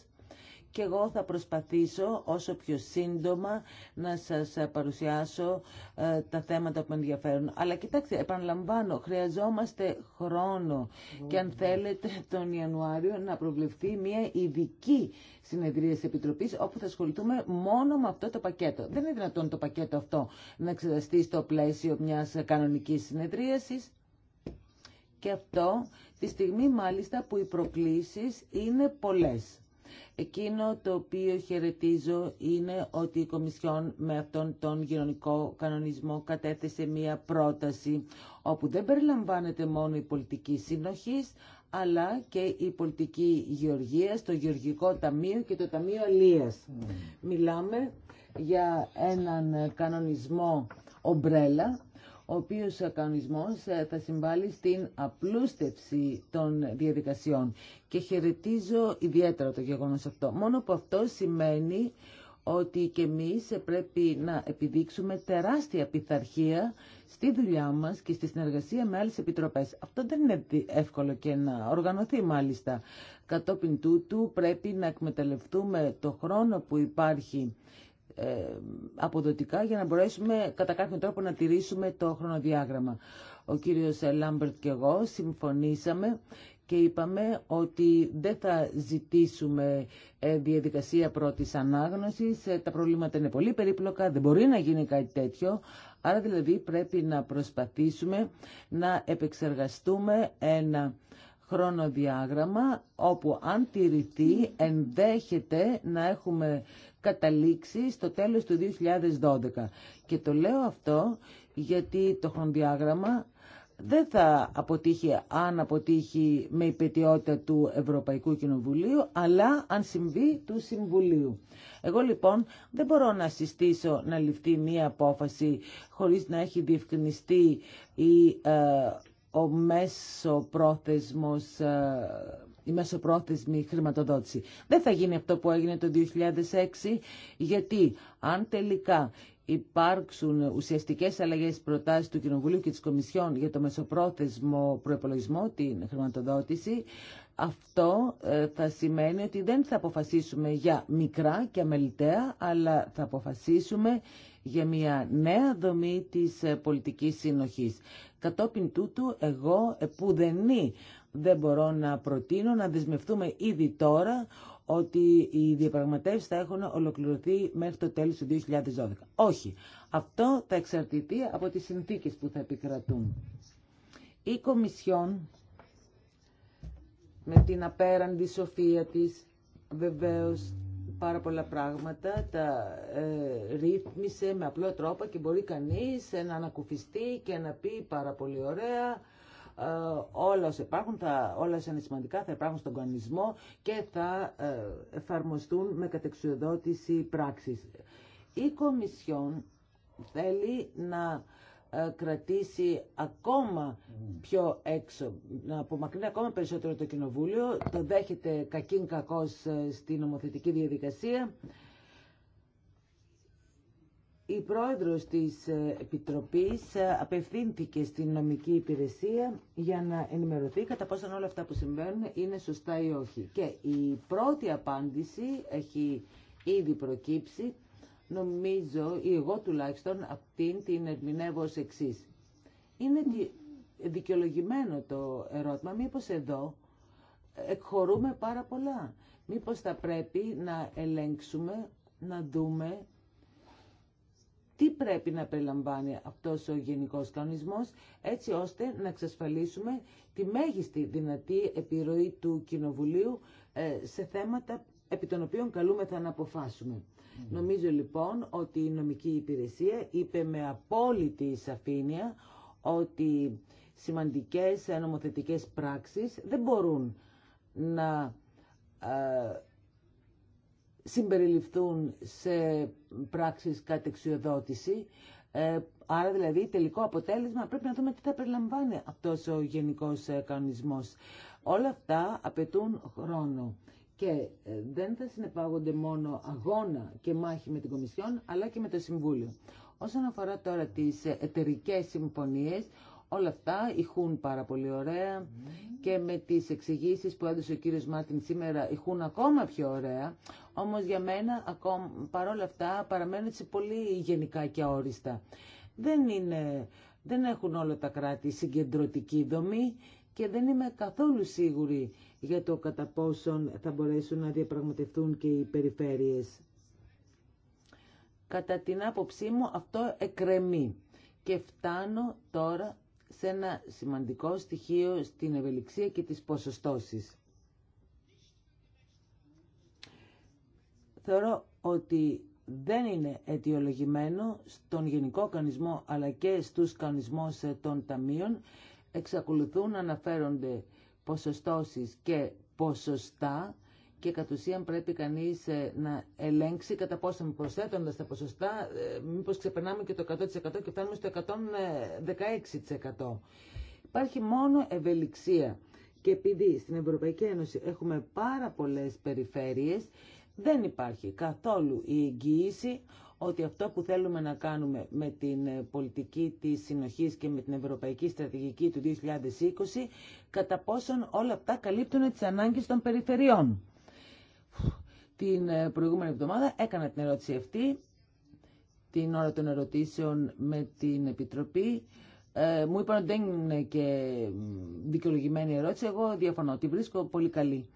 και εγώ θα προσπαθήσω όσο πιο σύντομα να σας παρουσιάσω ε, τα θέματα που με ενδιαφέρουν. Αλλά κοιτάξτε, επαναλαμβάνω, χρειαζόμαστε χρόνο και αν θέλετε τον Ιανουάριο να προβλεφθεί μια ειδική συνεδρία της Επιτροπής όπου θα ασχοληθούμε μόνο με αυτό το πακέτο. Δεν είναι δυνατόν το πακέτο αυτό να εξεταστεί στο πλαίσιο μιας κανονικής συνεδρίασης. Και αυτό τη στιγμή μάλιστα που οι προκλήσεις είναι πολλές. Εκείνο το οποίο χαιρετίζω είναι ότι η Κομισιόν με αυτόν τον κοινωνικό κανονισμό κατέθεσε μία πρόταση όπου δεν περιλαμβάνεται μόνο η πολιτική σύνοχης αλλά και η πολιτική γεωργία, το Γεωργικό Ταμείο και το Ταμείο Αλίας. Mm. Μιλάμε για έναν κανονισμό ομπρέλα ο οποίος ο κανονισμός ε, θα συμβάλλει στην απλούστευση των διαδικασιών. Και χαιρετίζω ιδιαίτερα το γεγονός αυτό. Μόνο που αυτό σημαίνει ότι και εμείς πρέπει να επιδείξουμε τεράστια πειθαρχία στη δουλειά μας και στη συνεργασία με άλλες επιτροπές. Αυτό δεν είναι εύκολο και να οργανωθεί μάλιστα. Κατόπιν τούτου πρέπει να εκμεταλλευτούμε το χρόνο που υπάρχει ε, αποδοτικά για να μπορέσουμε κατά κάποιο τρόπο να τηρήσουμε το χρονοδιάγραμμα. Ο κύριος Λάμπερτ και εγώ συμφωνήσαμε και είπαμε ότι δεν θα ζητήσουμε ε, διαδικασία πρώτης ανάγνωσης. Ε, τα προβλήματα είναι πολύ περίπλοκα, δεν μπορεί να γίνει κάτι τέτοιο. Άρα δηλαδή πρέπει να προσπαθήσουμε να επεξεργαστούμε ένα χρονοδιάγραμμα όπου αν τηρηθεί ενδέχεται να έχουμε καταλήξει στο τέλος του 2012. Και το λέω αυτό γιατί το χρονοδιάγραμμα δεν θα αποτύχει αν αποτύχει με υπετιότητα του Ευρωπαϊκού Κοινοβουλίου, αλλά αν συμβεί του Συμβουλίου. Εγώ λοιπόν δεν μπορώ να συστήσω να ληφθεί μία απόφαση χωρίς να έχει διευκρινιστεί η, ε, ο μέσο πρόθεσμος ε, η μεσοπρόθεσμη χρηματοδότηση. Δεν θα γίνει αυτό που έγινε το 2006, γιατί αν τελικά υπάρξουν ουσιαστικές αλλαγές προτάσεις του Κοινοβουλίου και της Κομισιόν για το μεσοπρόθεσμο προεπολογισμό την χρηματοδότηση, αυτό ε, θα σημαίνει ότι δεν θα αποφασίσουμε για μικρά και αμεληταία, αλλά θα αποφασίσουμε για μια νέα δομή της ε, πολιτικής συνοχής. Κατόπιν τούτου, εγώ που δεν είναι δεν μπορώ να προτείνω να δεσμευτούμε ήδη τώρα ότι οι διαπραγματεύσεις θα έχουν ολοκληρωθεί μέχρι το τέλος του 2012. Όχι. Αυτό θα εξαρτηθεί από τις συνθήκες που θα επικρατούν. Η Κομισιόν, με την απέραντη σοφία της, βεβαίως πάρα πολλά πράγματα, τα ε, ρύθμισε με απλό τρόπο και μπορεί κανείς να ανακουφιστεί και να πει πάρα πολύ ωραία ε, όλα όσα υπάρχουν, θα, όλα είναι σημαντικά θα υπάρχουν στον κανονισμό και θα ε, εφαρμοστούν με κατεξουδότηση πράξης. Η Κομισιόν θέλει να ε, κρατήσει ακόμα πιο έξω, να απομακρύνει ακόμα περισσότερο το Κοινοβούλιο, το δέχεται κακήν κακός στην νομοθετική διαδικασία η πρόεδρος της ε, Επιτροπής ε, απευθύνθηκε στην νομική υπηρεσία για να ενημερωθεί κατά πόσον όλα αυτά που συμβαίνουν είναι σωστά ή όχι. Και η πρώτη απάντηση έχει ήδη προκύψει, νομίζω, ή εγώ τουλάχιστον αυτήν την ερμηνεύω ως εξής. Είναι δικαιολογημένο το ερώτημα, μήπως εδώ ε, εκχωρούμε πάρα πολλά. Μήπως θα πρέπει να ελέγξουμε, να δούμε τι πρέπει να περιλαμβάνει αυτός ο γενικός κανονισμός, έτσι ώστε να εξασφαλίσουμε τη μέγιστη δυνατή επιρροή του Κοινοβουλίου ε, σε θέματα επί των οποίων καλούμεθα να αποφάσουμε. Νομίζω λοιπόν ότι η νομική υπηρεσία είπε με απόλυτη σαφήνεια ότι σημαντικές νομοθετικές πράξεις δεν μπορούν να ε, συμπεριληφθούν σε πράξεις κατεξιοδότηση. Ε, άρα δηλαδή τελικό αποτέλεσμα πρέπει να δούμε τι θα περιλαμβάνει αυτός ο γενικός ε, κανονισμός. Όλα αυτά απαιτούν χρόνο και ε, δεν θα συνεπάγονται μόνο αγώνα και μάχη με την Κομισιόν αλλά και με το Συμβούλιο. Όσον αφορά τώρα τις ε, εταιρικέ συμφωνίες, Όλα αυτά ηχούν πάρα πολύ ωραία και με τις εξηγήσει που έδωσε ο κύριος Μάρτιν σήμερα ηχούν ακόμα πιο ωραία. Όμως για μένα ακόμα, παρόλα αυτά παραμένουν σε πολύ γενικά και αόριστα. Δεν, είναι, δεν έχουν όλα τα κράτη συγκεντρωτική δομή και δεν είμαι καθόλου σίγουρη για το κατά πόσον θα μπορέσουν να διαπραγματευτούν και οι περιφέρειες. Κατά την άποψή μου αυτό εκρεμεί. Και φτάνω τώρα σε ένα σημαντικό στοιχείο στην ευελιξία και τις ποσοστώσεις. Θεωρώ ότι δεν είναι αιτιολογημένο στον γενικό κανονισμό αλλά και στους κανονισμούς των ταμείων εξακολουθούν να αναφέρονται ποσοστώσεις και ποσοστά και κατ' ουσίαν πρέπει κανείς ε, να ελέγξει κατά πόσο προσθέτοντας τα ποσοστά ε, μήπως ξεπερνάμε και το 100% και φτάνουμε στο 116%. Υπάρχει μόνο ευελιξία και επειδή στην Ευρωπαϊκή Ένωση έχουμε πάρα πολλές περιφέρειες δεν υπάρχει καθόλου η εγγύηση ότι αυτό που θέλουμε να κάνουμε με την ε, πολιτική της συνοχής και με την ευρωπαϊκή στρατηγική του 2020, κατά πόσον όλα αυτά καλύπτουν τις ανάγκες των περιφερειών. Την ε, προηγούμενη εβδομάδα έκανα την ερώτηση αυτή, την ώρα των ερωτήσεων με την Επιτροπή. Ε, μου είπαν ότι δεν είναι και δικαιολογημένη ερώτηση. Εγώ διαφωνώ, ότι βρίσκω πολύ καλή.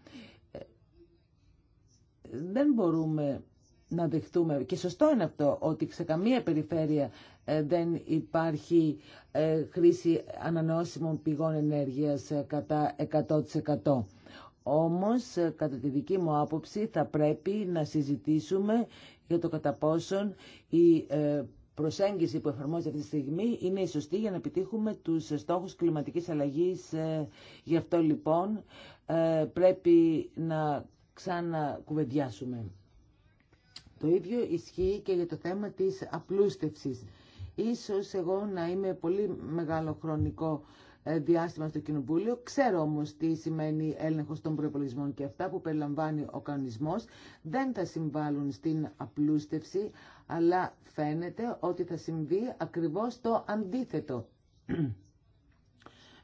Ε, δεν μπορούμε να δεχτούμε, και σωστό είναι αυτό, ότι σε καμία περιφέρεια δεν υπάρχει χρήση ανανεώσιμων πηγών ενέργειας κατά 100%. Όμως, ε, κατά τη δική μου άποψη, θα πρέπει να συζητήσουμε για το κατά πόσον η ε, προσέγγιση που εφαρμόζεται αυτή τη στιγμή είναι η σωστή για να επιτύχουμε τους στόχους κλιματικής αλλαγής. Ε. Γι' αυτό, λοιπόν, πρέπει να ξανακουβεντιάσουμε. Το ίδιο ισχύει και για το θέμα της απλούστευσης. Ίσως εγώ να είμαι πολύ μεγάλο χρονικό ε, διάστημα στο Κοινοβούλιο. Ξέρω όμω τι σημαίνει έλεγχο των προπολογισμών και αυτά που περιλαμβάνει ο κανονισμός δεν θα συμβάλλουν στην απλούστευση, αλλά φαίνεται ότι θα συμβεί ακριβώς το αντίθετο.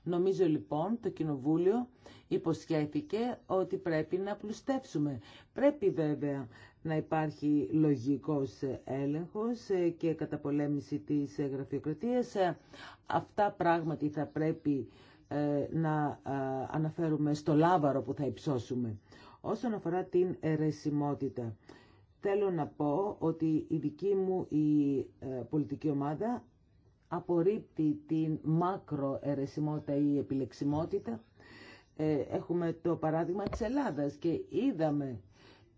Νομίζω λοιπόν το Κοινοβούλιο υποσχέθηκε ότι πρέπει να πλουστεύσουμε. Πρέπει βέβαια να υπάρχει λογικός έλεγχος και καταπολέμηση της γραφειοκρατίας. Αυτά πράγματι θα πρέπει ε, να ε, αναφέρουμε στο λάβαρο που θα υψώσουμε. Όσον αφορά την ερεσιμότητα θέλω να πω ότι η δική μου η ε, πολιτική ομάδα απορρίπτει την μάκρο ερεσιμότητα ή επιλεξιμότητα. Έχουμε το παράδειγμα της Ελλάδας και είδαμε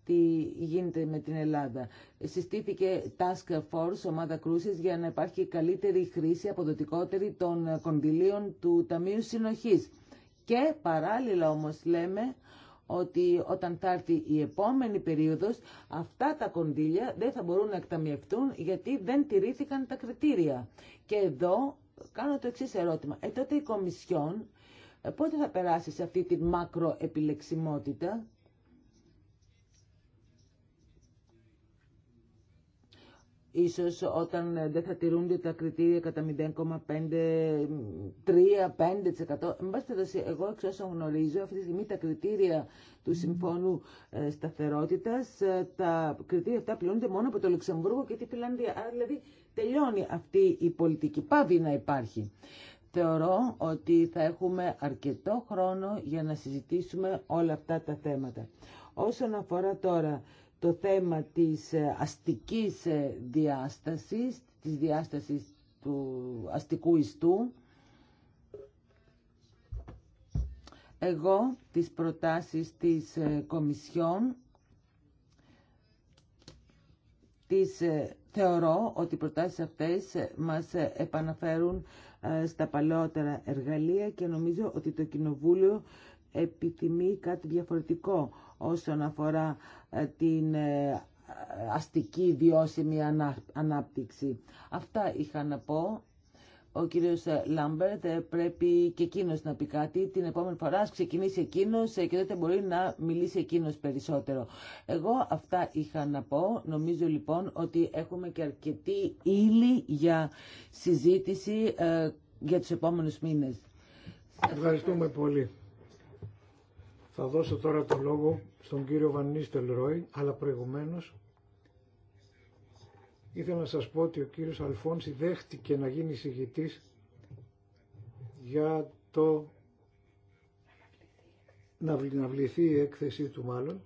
τι γίνεται με την Ελλάδα. Συστήθηκε Task Force, ομάδα κρούσης, για να υπάρχει καλύτερη χρήση, αποδοτικότερη των κονδυλίων του Ταμείου Συνοχής. Και παράλληλα όμως λέμε ότι όταν θα έρθει η επόμενη περίοδος, αυτά τα κονδύλια δεν θα μπορούν να εκταμιευτούν γιατί δεν τηρήθηκαν τα κριτήρια. Και εδώ κάνω το εξή ερώτημα. Ε, τότε η Κομισιόν ε, πότε θα περάσει σε αυτή τη μακροεπιλεξιμότητα ίσως όταν ε, δεν θα τηρούνται τα κριτήρια κατά 0,5-3-5%. εγώ εξ όσων γνωρίζω αυτή τη στιγμή τα κριτήρια του Συμφώνου ε, Σταθερότητας, ε, τα κριτήρια αυτά πληρώνονται μόνο από το Λουξεμβούργο και τη Φιλανδία. Άρα δηλαδή τελειώνει αυτή η πολιτική, πάβει να υπάρχει. Θεωρώ ότι θα έχουμε αρκετό χρόνο για να συζητήσουμε όλα αυτά τα θέματα. Όσον αφορά τώρα το θέμα της ε, αστικής ε, διάστασης, της διάστασης του αστικού ιστού. Εγώ τις προτάσεις της ε, Κομισιόν τις θεωρώ ότι οι προτάσεις αυτές μας επαναφέρουν στα παλαιότερα εργαλεία και νομίζω ότι το Κοινοβούλιο επιθυμεί κάτι διαφορετικό όσον αφορά ε, την ε, αστική βιώσιμη ανάπτυξη. Αυτά είχα να πω. Ο κύριος ε, Λάμπερτ πρέπει και εκείνο να πει κάτι. Την επόμενη φορά ας ξεκινήσει εκείνος και τότε μπορεί να μιλήσει εκείνος περισσότερο. Εγώ αυτά είχα να πω. Νομίζω λοιπόν ότι έχουμε και αρκετή ύλη για συζήτηση για τους επόμενους μήνες. Ευχαριστούμε πολύ. Θα δώσω τώρα το λόγο στον κύριο Βανίστελ Ρόι, αλλά προηγουμένως ήθελα να σας πω ότι ο κύριος Αλφόνση δέχτηκε να γίνει συγητής για το να βληθεί η έκθεσή του μάλλον.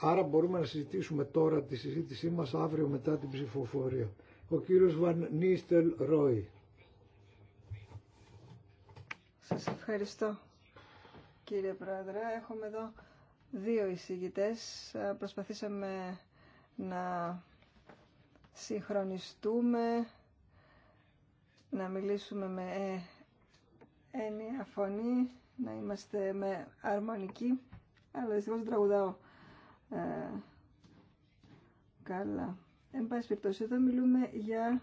Άρα μπορούμε να συζητήσουμε τώρα τη συζήτησή μας αύριο μετά την ψηφοφορία. Ο κύριος Βαν Νίστελ Ρόι. Σας ευχαριστώ κύριε Πρόεδρε. Έχουμε εδώ δύο εισηγητές. Ε, προσπαθήσαμε να συγχρονιστούμε, να μιλήσουμε με ε, έννοια φωνή, να είμαστε με αρμονική, αλλά δυστυχώς δεν τραγουδάω ε, καλά. Εν πάση περιπτώσει, εδώ μιλούμε για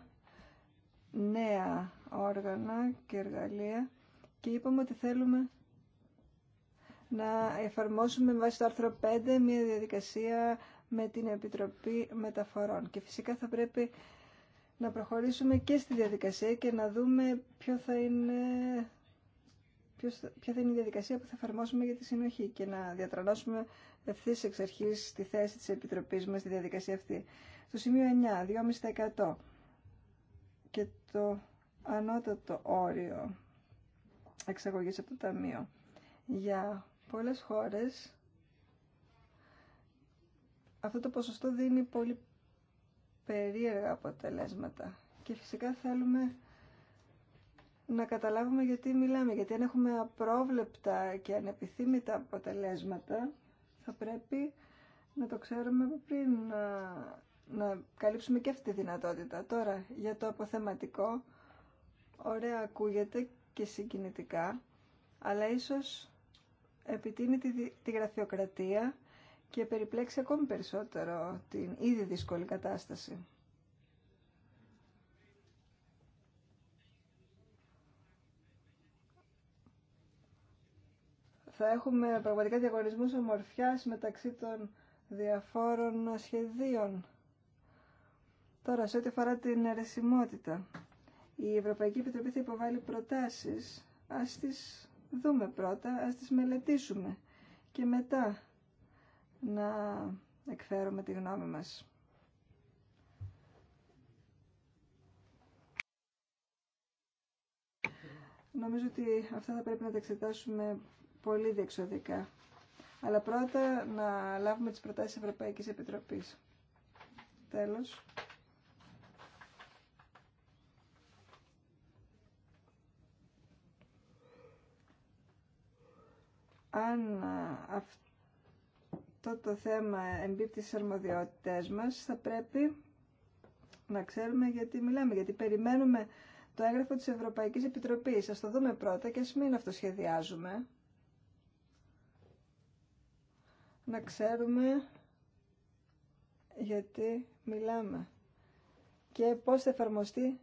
νέα όργανα και εργαλεία και είπαμε ότι θέλουμε να εφαρμόσουμε με βάση το άρθρο 5 μια διαδικασία με την Επιτροπή Μεταφορών. Και φυσικά θα πρέπει να προχωρήσουμε και στη διαδικασία και να δούμε ποιο θα είναι, ποια θα είναι η διαδικασία που θα εφαρμόσουμε για τη συνοχή και να διατρανώσουμε ευθύ εξ αρχή τη θέση τη Επιτροπή μα στη διαδικασία αυτή. το σημείο 9, 2,5% και το ανώτατο όριο εξαγωγής από το Ταμείο για πολλές χώρες αυτό το ποσοστό δίνει πολύ περίεργα αποτελέσματα. Και φυσικά θέλουμε να καταλάβουμε γιατί μιλάμε. Γιατί αν έχουμε απρόβλεπτα και ανεπιθύμητα αποτελέσματα, θα πρέπει να το ξέρουμε πριν, να, να καλύψουμε και αυτή τη δυνατότητα. Τώρα, για το αποθεματικό, ωραία ακούγεται και συγκινητικά, αλλά ίσως επιτείνει τη, τη γραφειοκρατία και περιπλέξει ακόμη περισσότερο την ήδη δύσκολη κατάσταση. Θα έχουμε πραγματικά διαγωνισμούς ομορφιάς μεταξύ των διαφόρων σχεδίων. Τώρα, σε ό,τι αφορά την αιρεσιμότητα, η Ευρωπαϊκή Επιτροπή θα υποβάλει προτάσεις. Ας δούμε πρώτα, ας τις μελετήσουμε και μετά να εκφέρουμε τη γνώμη μας. Νομίζω ότι αυτά θα πρέπει να τα εξετάσουμε πολύ διεξοδικά. Αλλά πρώτα να λάβουμε τις προτάσεις Ευρωπαϊκής Επιτροπής. Τέλος. αν αυτό το θέμα εμπίπτει στις αρμοδιότητές μας, θα πρέπει να ξέρουμε γιατί μιλάμε, γιατί περιμένουμε το έγγραφο της Ευρωπαϊκής Επιτροπής. Ας το δούμε πρώτα και ας μην αυτοσχεδιάζουμε. Να ξέρουμε γιατί μιλάμε και πώς θα εφαρμοστεί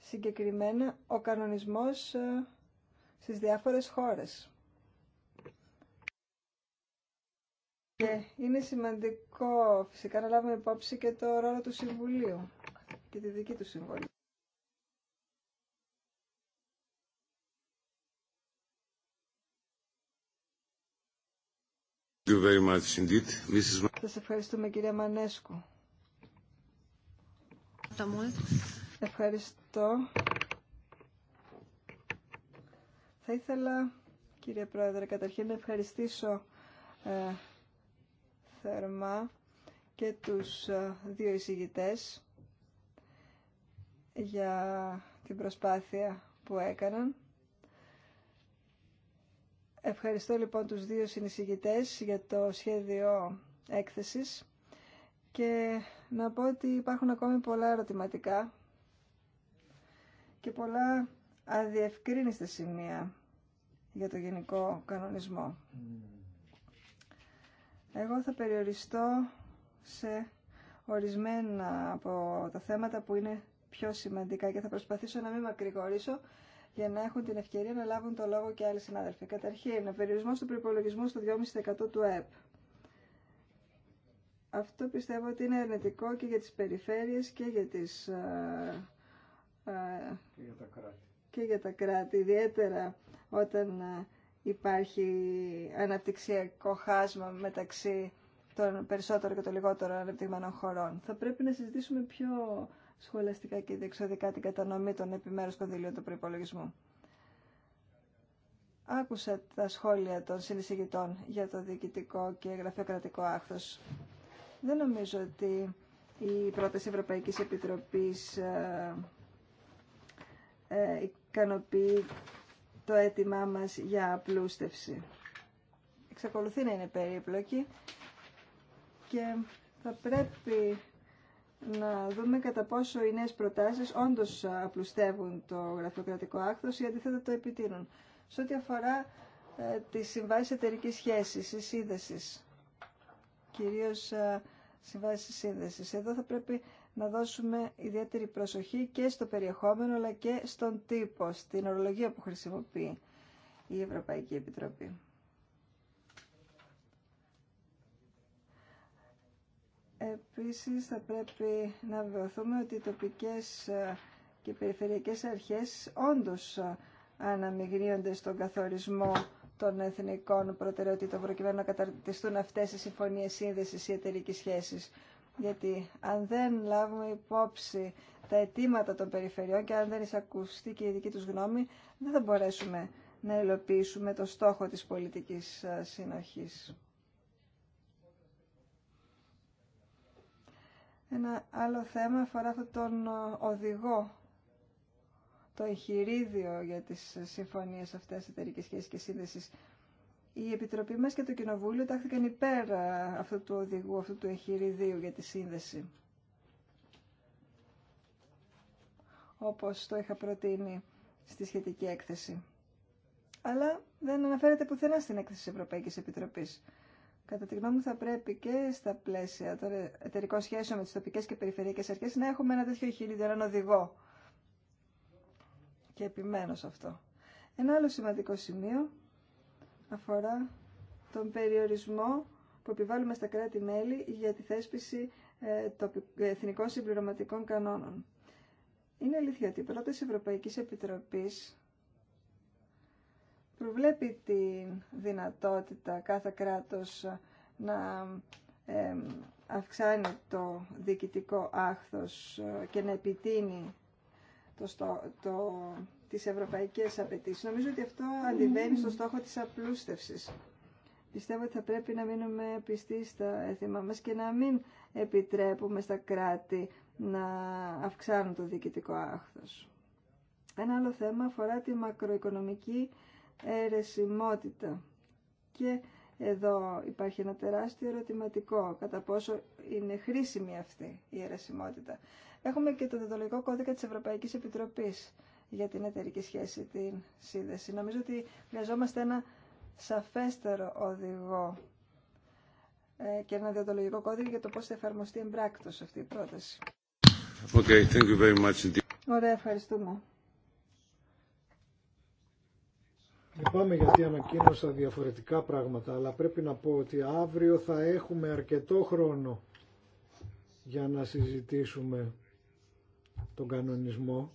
συγκεκριμένα ο κανονισμός ε, στις διάφορες χώρες. Και είναι σημαντικό φυσικά να λάβουμε υπόψη και το ρόλο του Συμβουλίου και τη δική του συμβολή. Σας ευχαριστούμε κυρία Μανέσκου. Ευχαριστώ. Θα ήθελα, κύριε Πρόεδρε, καταρχήν να ευχαριστήσω ε, θερμά και τους ε, δύο εισηγητές για την προσπάθεια που έκαναν. Ευχαριστώ λοιπόν τους δύο συνεισηγητές για το σχέδιο έκθεσης και να πω ότι υπάρχουν ακόμη πολλά ερωτηματικά και πολλά αδιευκρίνιστα σημεία για το γενικό κανονισμό. Mm. Εγώ θα περιοριστώ σε ορισμένα από τα θέματα που είναι πιο σημαντικά και θα προσπαθήσω να μην μακρηγορήσω για να έχουν την ευκαιρία να λάβουν το λόγο και άλλοι συνάδελφοι. Καταρχήν, ο περιορισμός του προπολογισμού στο 2,5% του ΕΠ. Αυτό πιστεύω ότι είναι αρνητικό και για τις περιφέρειες και για τις... Ε, ε, και για τα κράτη. Και για τα κράτη, ιδιαίτερα όταν ε, υπάρχει αναπτυξιακό χάσμα μεταξύ των περισσότερων και των λιγότερων αναπτυγμένων χωρών. Θα πρέπει να συζητήσουμε πιο σχολαστικά και διεξοδικά την κατανομή των επιμέρους κονδυλίων του προπολογισμού. Άκουσα τα σχόλια των συνεισηγητών για το διοικητικό και γραφειοκρατικό άχθος. Δεν νομίζω ότι η πρόταση Ευρωπαϊκής Επιτροπής ε, ε, ικανοποιεί το αίτημά μας για απλούστευση. Εξακολουθεί να είναι περίπλοκη και θα πρέπει να δούμε κατά πόσο οι νέες προτάσεις όντως απλουστεύουν το γραφειοκρατικό άκτος ή αντίθετα το επιτείνουν. Σε ό,τι αφορά ε, τις συμβάσεις εταιρικής σχέσης ή σύνδεσης, κυρίως ε, συμβάσεις σύνδεσης, εδώ θα πρέπει να δώσουμε ιδιαίτερη προσοχή και στο περιεχόμενο αλλά και στον τύπο, στην ορολογία που χρησιμοποιεί η Ευρωπαϊκή Επιτροπή. Επίσης θα πρέπει να βεβαιωθούμε ότι οι τοπικές ε, και περιφερειακές αρχές όντως ε, αναμειγνύονται στον καθορισμό των εθνικών προτεραιοτήτων προκειμένου να καταρτιστούν αυτές οι συμφωνίες σύνδεσης ή εταιρικής σχέσης γιατί αν δεν λάβουμε υπόψη τα αιτήματα των περιφερειών και αν δεν εισακουστεί και η δική τους γνώμη, δεν θα μπορέσουμε να υλοποιήσουμε το στόχο της πολιτικής συνοχής. Ένα άλλο θέμα αφορά τον οδηγό, το εγχειρίδιο για τις συμφωνίες αυτές εταιρικής σχέσης και σύνδεσης η Επιτροπή μας και το Κοινοβούλιο τάχθηκαν υπέρ αυτού του οδηγού, αυτού του εγχειριδίου για τη σύνδεση. Όπως το είχα προτείνει στη σχετική έκθεση. Αλλά δεν αναφέρεται πουθενά στην έκθεση της Ευρωπαϊκής Επιτροπής. Κατά τη γνώμη μου θα πρέπει και στα πλαίσια των εταιρικών σχέσεων με τις τοπικές και περιφερειακές αρχές να έχουμε ένα τέτοιο εγχειρίδιο, έναν οδηγό. Και επιμένω σε αυτό. Ένα άλλο σημαντικό σημείο αφορά τον περιορισμό που επιβάλλουμε στα κράτη-μέλη για τη θέσπιση ε, εθνικών συμπληρωματικών κανόνων. Είναι αλήθεια ότι η πρόταση Ευρωπαϊκής Επιτροπής προβλέπει τη δυνατότητα κάθε κράτος να αυξάνει το διοικητικό άχθος ε, και να επιτείνει το, το τις ευρωπαϊκές απαιτήσεις. Νομίζω ότι αυτό αντιβαίνει στο στόχο της απλούστευσης. Πιστεύω ότι θα πρέπει να μείνουμε πιστοί στα έθιμά μας και να μην επιτρέπουμε στα κράτη να αυξάνουν το διοικητικό άχθος. Ένα άλλο θέμα αφορά τη μακροοικονομική αιρεσιμότητα. Και εδώ υπάρχει ένα τεράστιο ερωτηματικό κατά πόσο είναι χρήσιμη αυτή η αιρεσιμότητα. Έχουμε και το διδολογικό κώδικα της Ευρωπαϊκής Επιτροπής για την εταιρική σχέση, την σύνδεση. Νομίζω ότι χρειαζόμαστε ένα σαφέστερο οδηγό ε, και ένα διοντολογικό κώδικα για το πώς θα εφαρμοστεί εμπράκτος αυτή η πρόταση. Okay, thank you very much. Ωραία, ευχαριστούμε. Λυπάμαι γιατί ανακοίνωσα διαφορετικά πράγματα, αλλά πρέπει να πω ότι αύριο θα έχουμε αρκετό χρόνο για να συζητήσουμε τον κανονισμό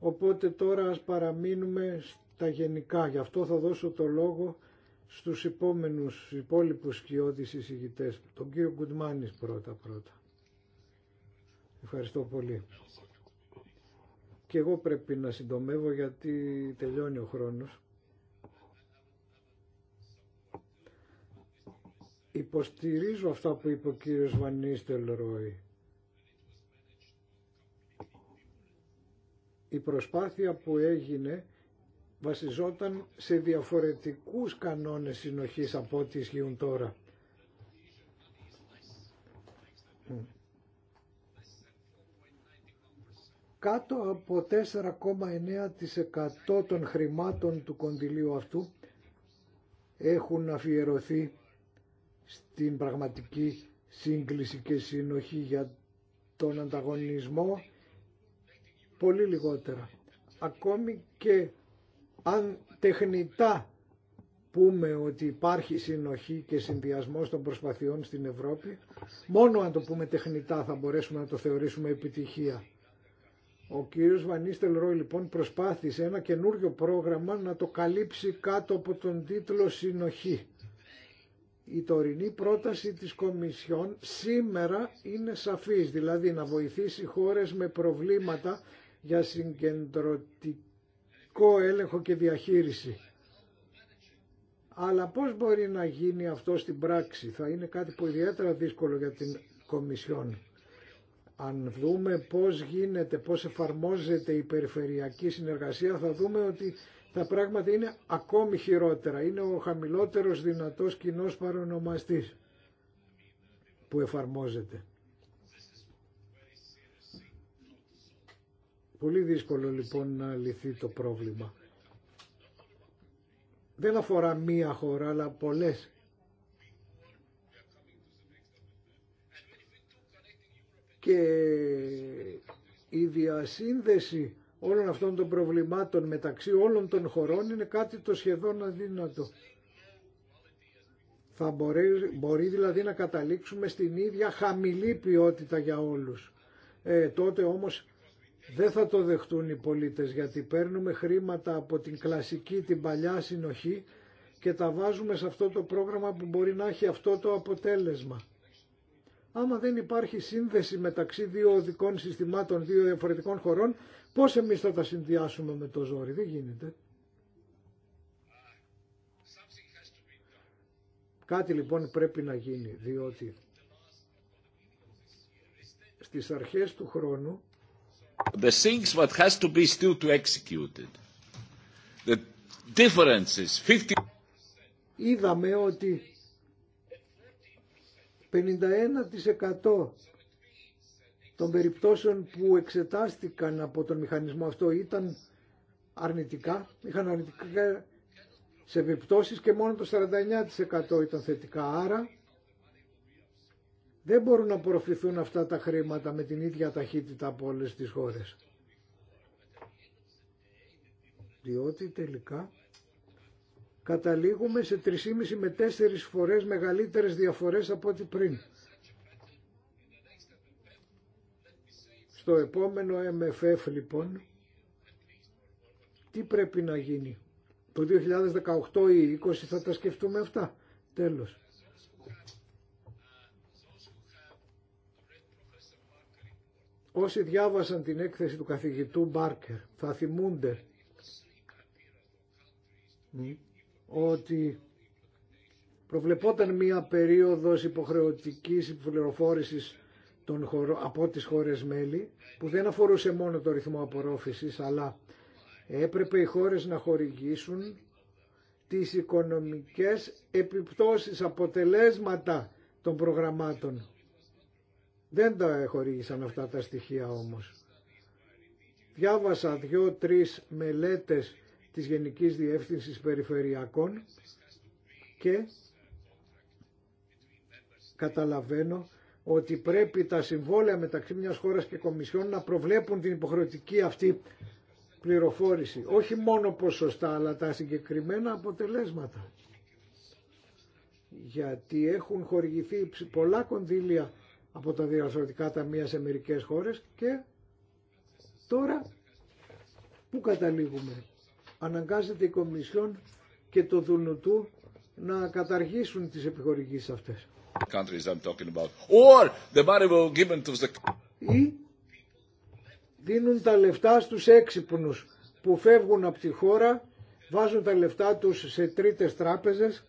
Οπότε τώρα ας παραμείνουμε στα γενικά. Γι' αυτό θα δώσω το λόγο στους υπόμενους υπόλοιπους σκιώδεις εισηγητές. Τον κύριο Κουτμάνης πρώτα πρώτα. Ευχαριστώ πολύ. Και εγώ πρέπει να συντομεύω γιατί τελειώνει ο χρόνος. Υποστηρίζω αυτά που είπε ο κύριος Βανίστελ Ρόι. η προσπάθεια που έγινε βασιζόταν σε διαφορετικούς κανόνες συνοχής από ό,τι ισχύουν τώρα. Κάτω από 4,9% των χρημάτων του κονδυλίου αυτού έχουν αφιερωθεί στην πραγματική σύγκληση και συνοχή για τον ανταγωνισμό πολύ λιγότερα. Ακόμη και αν τεχνητά πούμε ότι υπάρχει συνοχή και συνδυασμό των προσπαθειών στην Ευρώπη, μόνο αν το πούμε τεχνητά θα μπορέσουμε να το θεωρήσουμε επιτυχία. Ο κύριος Βανίστελ Ρόι λοιπόν προσπάθησε ένα καινούριο πρόγραμμα να το καλύψει κάτω από τον τίτλο «Συνοχή». Η τωρινή πρόταση της Κομισιόν σήμερα είναι σαφής, δηλαδή να βοηθήσει χώρες με προβλήματα για συγκεντρωτικό έλεγχο και διαχείριση. Αλλά πώς μπορεί να γίνει αυτό στην πράξη. Θα είναι κάτι που ιδιαίτερα δύσκολο για την Κομισιόν. Αν δούμε πώς γίνεται, πώς εφαρμόζεται η περιφερειακή συνεργασία θα δούμε ότι τα πράγματα είναι ακόμη χειρότερα. Είναι ο χαμηλότερος δυνατός κοινός παρονομαστής που εφαρμόζεται. Πολύ δύσκολο λοιπόν να λυθεί το πρόβλημα. Δεν αφορά μία χώρα, αλλά πολλές. Και η διασύνδεση όλων αυτών των προβλημάτων μεταξύ όλων των χωρών είναι κάτι το σχεδόν αδύνατο. Θα μπορεί, δηλαδή να καταλήξουμε στην ίδια χαμηλή ποιότητα για όλους. Ε, τότε όμως δεν θα το δεχτούν οι πολίτες γιατί παίρνουμε χρήματα από την κλασική, την παλιά συνοχή και τα βάζουμε σε αυτό το πρόγραμμα που μπορεί να έχει αυτό το αποτέλεσμα. Άμα δεν υπάρχει σύνδεση μεταξύ δύο οδικών συστημάτων, δύο διαφορετικών χωρών, πώς εμείς θα τα συνδυάσουμε με το ζόρι, δεν γίνεται. Κάτι λοιπόν πρέπει να γίνει, διότι στις αρχές του χρόνου the things has to be still to The 50... Είδαμε ότι 51% των περιπτώσεων που εξετάστηκαν από τον μηχανισμό αυτό ήταν αρνητικά, είχαν αρνητικά σε επιπτώσεις και μόνο το 49% ήταν θετικά. Άρα δεν μπορούν να απορροφηθούν αυτά τα χρήματα με την ίδια ταχύτητα από όλες τις χώρες. Διότι τελικά καταλήγουμε σε 3,5 με 4 φορές μεγαλύτερες διαφορές από ό,τι πριν. Στο επόμενο MFF λοιπόν, τι πρέπει να γίνει. Το 2018 ή 20 θα τα σκεφτούμε αυτά. Τέλος. Όσοι διάβασαν την έκθεση του καθηγητού Μπάρκερ θα θυμούνται ότι προβλεπόταν μία περίοδος υποχρεωτικής πληροφόρησης των από τις χώρες μέλη που δεν αφορούσε μόνο το ρυθμό απορρόφησης αλλά έπρεπε οι χώρες να χορηγήσουν τις οικονομικές επιπτώσεις, αποτελέσματα των προγραμμάτων δεν τα χορήγησαν αυτά τα στοιχεία όμως. Διάβασα δύο-τρεις μελέτες της Γενικής Διεύθυνσης Περιφερειακών και καταλαβαίνω ότι πρέπει τα συμβόλαια μεταξύ μιας χώρας και κομισιών να προβλέπουν την υποχρεωτική αυτή πληροφόρηση. Όχι μόνο ποσοστά, αλλά τα συγκεκριμένα αποτελέσματα. Γιατί έχουν χορηγηθεί πολλά κονδύλια από τα διαρθρωτικά ταμεία σε μερικές χώρες και τώρα πού καταλήγουμε. Αναγκάζεται η Κομισιόν και το Δουνουτού να καταργήσουν τις επιχορηγήσεις αυτές. Ή δίνουν τα λεφτά στους έξυπνους που φεύγουν από τη χώρα, βάζουν τα λεφτά τους σε τρίτες τράπεζες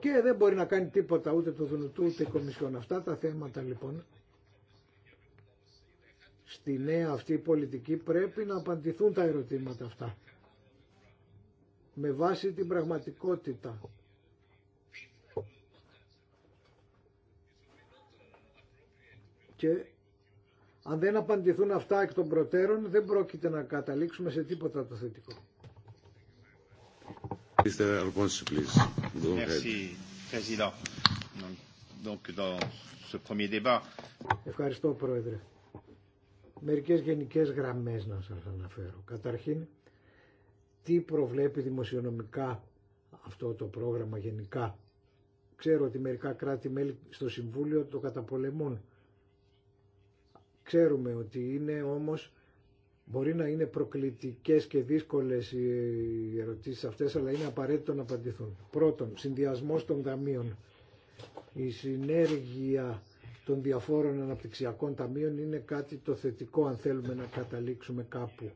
και δεν μπορεί να κάνει τίποτα ούτε το Δουνουτού ούτε η Κομισιόν. Αυτά τα θέματα λοιπόν στη νέα αυτή πολιτική πρέπει να απαντηθούν τα ερωτήματα αυτά με βάση την πραγματικότητα. Και αν δεν απαντηθούν αυτά εκ των προτέρων δεν πρόκειται να καταλήξουμε σε τίποτα το θετικό. Ευχαριστώ, Πρόεδρε. Μερικέ γενικές γραμμέ να σα αναφέρω. Καταρχήν, τι προβλέπει δημοσιονομικά αυτό το πρόγραμμα γενικά. Ξέρω ότι μερικά κράτη-μέλη στο Συμβούλιο το καταπολεμούν. Ξέρουμε ότι είναι όμως Μπορεί να είναι προκλητικές και δύσκολες οι ερωτήσεις αυτές, αλλά είναι απαραίτητο να απαντηθούν. Πρώτον, συνδυασμός των ταμείων. Η συνέργεια των διαφόρων αναπτυξιακών ταμείων είναι κάτι το θετικό αν θέλουμε να καταλήξουμε κάπου.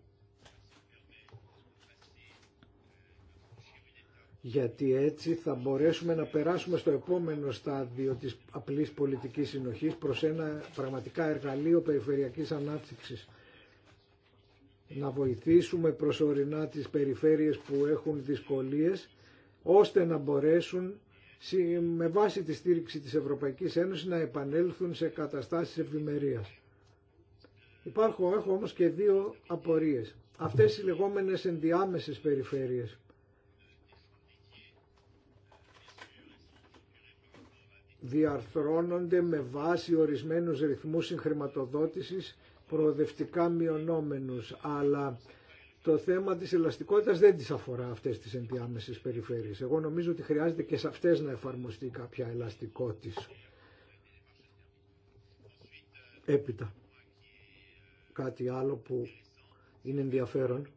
γιατί έτσι θα μπορέσουμε να περάσουμε στο επόμενο στάδιο της απλής πολιτικής συνοχής προς ένα πραγματικά εργαλείο περιφερειακής ανάπτυξης να βοηθήσουμε προσωρινά τις περιφέρειες που έχουν δυσκολίες ώστε να μπορέσουν με βάση τη στήριξη της Ευρωπαϊκής Ένωσης να επανέλθουν σε καταστάσεις ευημερίας. Υπάρχω, έχω όμως και δύο απορίες. Αυτές οι λεγόμενες ενδιάμεσες περιφέρειες διαρθρώνονται με βάση ορισμένους ρυθμούς συγχρηματοδότησης προοδευτικά μειονόμενους, αλλά το θέμα της ελαστικότητας δεν τις αφορά αυτές τις ενδιάμεσες περιφέρειες. Εγώ νομίζω ότι χρειάζεται και σε αυτές να εφαρμοστεί κάποια ελαστικότητα. Έπειτα, κάτι άλλο που είναι ενδιαφέρον,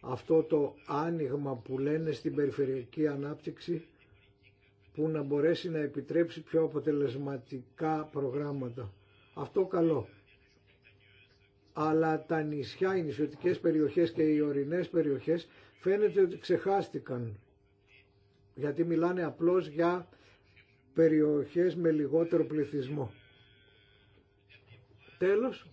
αυτό το άνοιγμα που λένε στην περιφερειακή ανάπτυξη που να μπορέσει να επιτρέψει πιο αποτελεσματικά προγράμματα. Αυτό καλό αλλά τα νησιά, οι νησιωτικές περιοχές και οι ορεινές περιοχές φαίνεται ότι ξεχάστηκαν γιατί μιλάνε απλώς για περιοχές με λιγότερο πληθυσμό. Τέλος,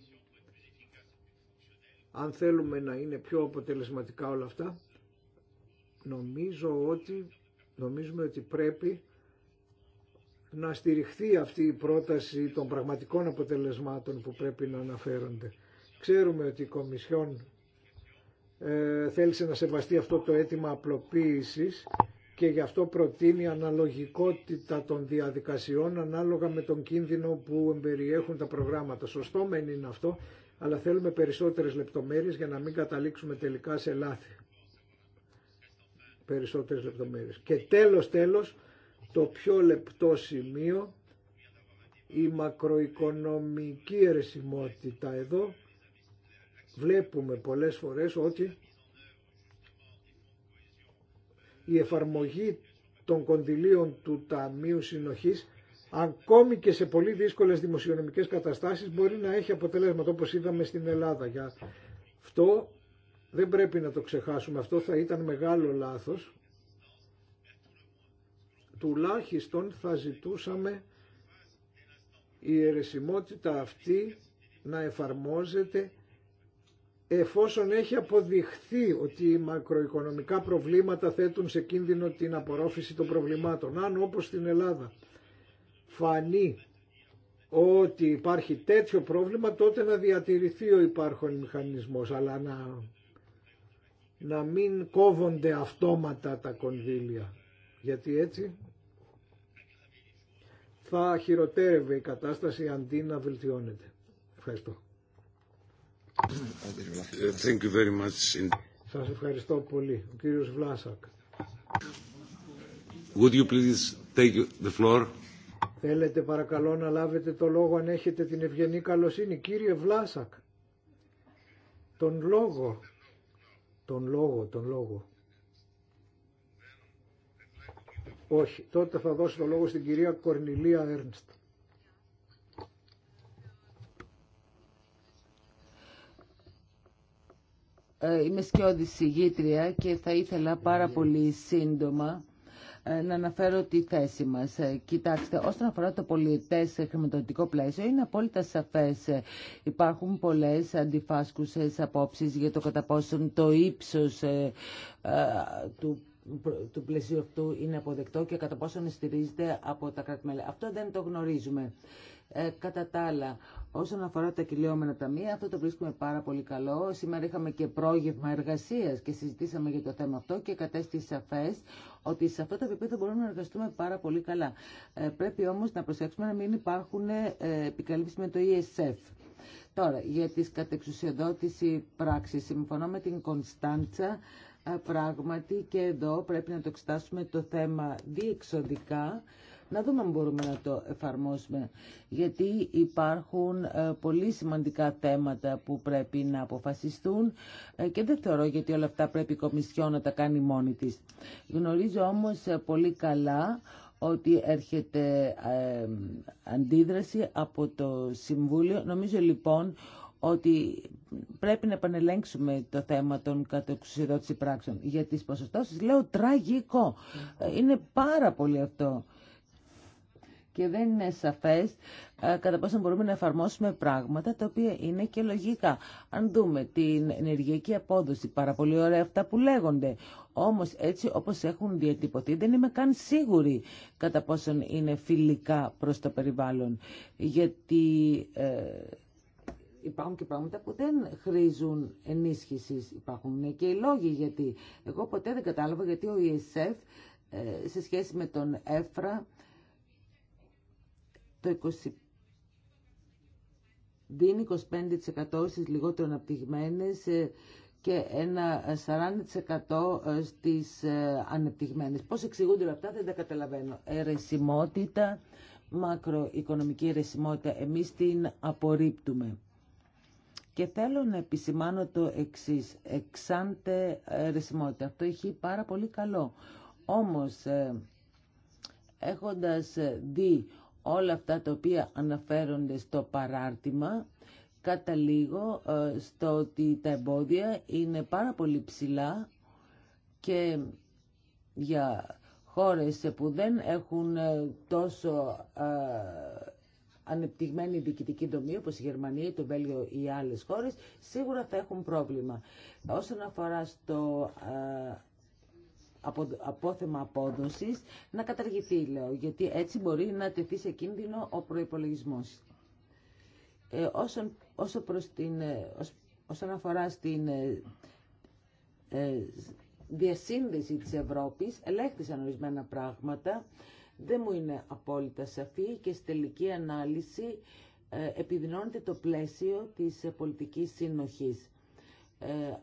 αν θέλουμε να είναι πιο αποτελεσματικά όλα αυτά, νομίζω ότι, νομίζουμε ότι πρέπει να στηριχθεί αυτή η πρόταση των πραγματικών αποτελεσμάτων που πρέπει να αναφέρονται. Ξέρουμε ότι η Κομισιόν ε, θέλησε να σεβαστεί αυτό το αίτημα απλοποίησης και γι' αυτό προτείνει αναλογικότητα των διαδικασιών ανάλογα με τον κίνδυνο που εμπεριέχουν τα προγράμματα. Σωστό μεν είναι αυτό, αλλά θέλουμε περισσότερες λεπτομέρειες για να μην καταλήξουμε τελικά σε λάθη. Περισσότερες λεπτομέρειες. Και τέλος τέλος, το πιο λεπτό σημείο, η μακροοικονομική αιρεσιμότητα εδώ βλέπουμε πολλές φορές ότι η εφαρμογή των κοντιλίων του Ταμείου Συνοχής ακόμη και σε πολύ δύσκολες δημοσιονομικές καταστάσεις μπορεί να έχει αποτελέσματα όπως είδαμε στην Ελλάδα. Για αυτό δεν πρέπει να το ξεχάσουμε. Αυτό θα ήταν μεγάλο λάθος. Τουλάχιστον θα ζητούσαμε η αιρεσιμότητα αυτή να εφαρμόζεται εφόσον έχει αποδειχθεί ότι οι μακροοικονομικά προβλήματα θέτουν σε κίνδυνο την απορρόφηση των προβλημάτων. Αν όπως στην Ελλάδα φανεί ότι υπάρχει τέτοιο πρόβλημα τότε να διατηρηθεί ο υπάρχον μηχανισμός αλλά να, να μην κόβονται αυτόματα τα κονδύλια γιατί έτσι θα χειροτέρευε η κατάσταση αντί να βελτιώνεται. Ευχαριστώ. Σας ευχαριστώ πολύ. Ο κύριος Βλάσακ. Would you please take the floor? Θέλετε παρακαλώ να λάβετε το λόγο αν έχετε την ευγενή καλοσύνη. Κύριε Βλάσακ, τον λόγο, τον λόγο, τον λόγο. Όχι, τότε θα δώσω το λόγο στην κυρία Κορνιλία Έρνστ. Ε, είμαι σκιώδης συγγήτρια και θα ήθελα πάρα πολύ σύντομα ε, να αναφέρω τη θέση μας. Ε, κοιτάξτε, όσον αφορά το πολιτές χρηματοδοτικό πλαίσιο, είναι απόλυτα σαφές. Υπάρχουν πολλές αντιφάσκουσες απόψεις για το κατά πόσον το ύψος του του πλαισίου αυτού είναι αποδεκτό και κατά πόσο στηρίζεται από τα κράτη-μέλη. Αυτό δεν το γνωρίζουμε. Ε, κατά τα άλλα, όσον αφορά τα κυλιόμενα ταμεία, αυτό το βρίσκουμε πάρα πολύ καλό. Σήμερα είχαμε και πρόγευμα εργασία και συζητήσαμε για το θέμα αυτό και κατέστη σαφέ ότι σε αυτό το επίπεδο μπορούμε να εργαστούμε πάρα πολύ καλά. Ε, πρέπει όμω να προσέξουμε να μην υπάρχουν ε, επικαλύψει με το ESF. Τώρα, για τη κατεξουσιοδότηση πράξη. συμφωνώ με την Κωνσταντσα, ε, πράγματι και εδώ πρέπει να το εξετάσουμε το θέμα διεξοδικά να δούμε αν μπορούμε να το εφαρμόσουμε. Γιατί υπάρχουν ε, πολύ σημαντικά θέματα που πρέπει να αποφασιστούν ε, και δεν θεωρώ γιατί όλα αυτά πρέπει η Κομισιό να τα κάνει μόνη της. Γνωρίζω όμως ε, πολύ καλά ότι έρχεται αντίδραση από το Συμβούλιο. Νομίζω λοιπόν ότι πρέπει να επανελέγξουμε το θέμα των κατοξιδότηση πράξεων. Για τις ποσοστώσεις λέω τραγικό. Είναι πάρα πολύ αυτό και δεν είναι σαφές ε, κατά πόσο μπορούμε να εφαρμόσουμε πράγματα τα οποία είναι και λογικά. Αν δούμε την ενεργειακή απόδοση, πάρα πολύ ωραία αυτά που λέγονται, όμως έτσι όπως έχουν διατυπωθεί δεν είμαι καν σίγουρη κατά πόσο είναι φιλικά προς το περιβάλλον. Γιατί ε, υπάρχουν και πράγματα που δεν χρήζουν ενίσχυσης. Υπάρχουν και οι λόγοι γιατί. Εγώ ποτέ δεν κατάλαβα γιατί ο ESF ε, σε σχέση με τον ΕΦΡΑ το 20, δίνει 25% στις λιγότερο αναπτυγμένες ε, και ένα 40% ε, ε, στις ανεπτυγμένες. Πώς εξηγούνται αυτά δεν τα καταλαβαίνω. Ερεσιμότητα, μακροοικονομική ερεσιμότητα, εμείς την απορρίπτουμε. Και θέλω να επισημάνω το εξής, εξάντε ερεσιμότητα. Αυτό έχει πάρα πολύ καλό. Όμως, έχοντας δει όλα αυτά τα οποία αναφέρονται στο παράρτημα καταλήγω ε, στο ότι τα εμπόδια είναι πάρα πολύ ψηλά και για χώρες που δεν έχουν ε, τόσο ε, ανεπτυγμένη διοικητική δομή όπως η Γερμανία, το Βέλγιο ή άλλες χώρες, σίγουρα θα έχουν πρόβλημα. Όσον αφορά στο απόθεμα απόδοσης να καταργηθεί, λέω, γιατί έτσι μπορεί να τεθεί σε κίνδυνο ο προϋπολογισμός. Ε, όσον, όσο προς την, ε, όσον αφορά στην ε, ε, διασύνδεση της Ευρώπης, ελέγχθησαν ορισμένα πράγματα, δεν μου είναι απόλυτα σαφή και στη τελική ανάλυση ε, επιδεινώνεται το πλαίσιο της πολιτικής συνοχής.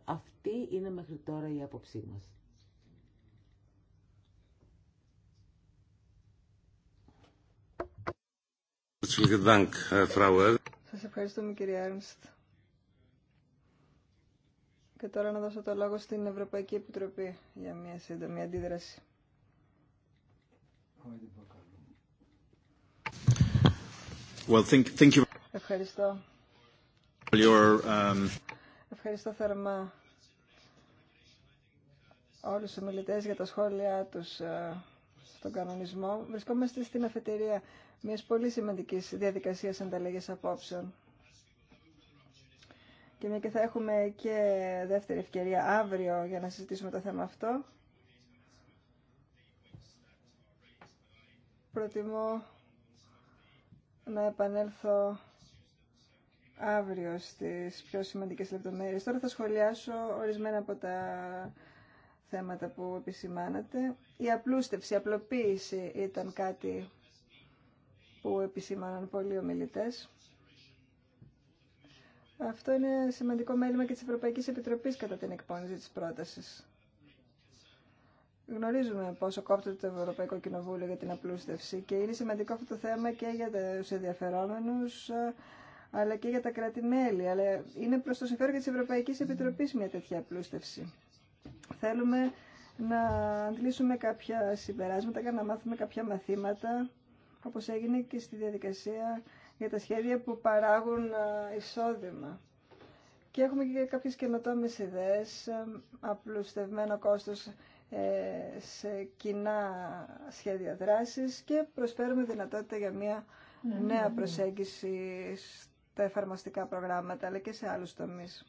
Αυτή είναι μέχρι τώρα η άποψή μας. Σα ευχαριστούμε κύριε Έρνστ. Και τώρα να δώσω το λόγο στην Ευρωπαϊκή Επιτροπή για μια σύντομη αντίδραση. Ευχαριστώ. Um, Ευχαριστώ θερμά όλους τους ομιλητές για τα σχόλιά τους ε, στον κανονισμό. Βρισκόμαστε στην αφετηρία μια πολύ σημαντική διαδικασία ανταλλαγής απόψεων. Και μια και θα έχουμε και δεύτερη ευκαιρία αύριο για να συζητήσουμε το θέμα αυτό. Προτιμώ να επανέλθω αύριο στις πιο σημαντικές λεπτομέρειες. Τώρα θα σχολιάσω ορισμένα από τα θέματα που επισημάνατε. Η απλούστευση, η απλοποίηση ήταν κάτι που επισήμαναν πολλοί ομιλητέ. Αυτό είναι σημαντικό μέλημα και της Ευρωπαϊκής Επιτροπής κατά την εκπόνηση της πρότασης. Γνωρίζουμε πόσο κόπτεται το Ευρωπαϊκό Κοινοβούλιο για την απλούστευση και είναι σημαντικό αυτό το θέμα και για τους ενδιαφερόμενους αλλά και για τα κράτη-μέλη. Αλλά είναι προς το συμφέρον και της Ευρωπαϊκής Επιτροπής μια τέτοια απλούστευση. Θέλουμε να αντλήσουμε κάποια συμπεράσματα και να μάθουμε κάποια μαθήματα όπως έγινε και στη διαδικασία για τα σχέδια που παράγουν εισόδημα. Και έχουμε και κάποιες καινοτόμες ιδέες, απλουστευμένο κόστος ε, σε κοινά σχέδια δράσης και προσφέρουμε δυνατότητα για μια ναι, ναι, νέα ναι. προσέγγιση στα εφαρμοστικά προγράμματα, αλλά και σε άλλους τομείς.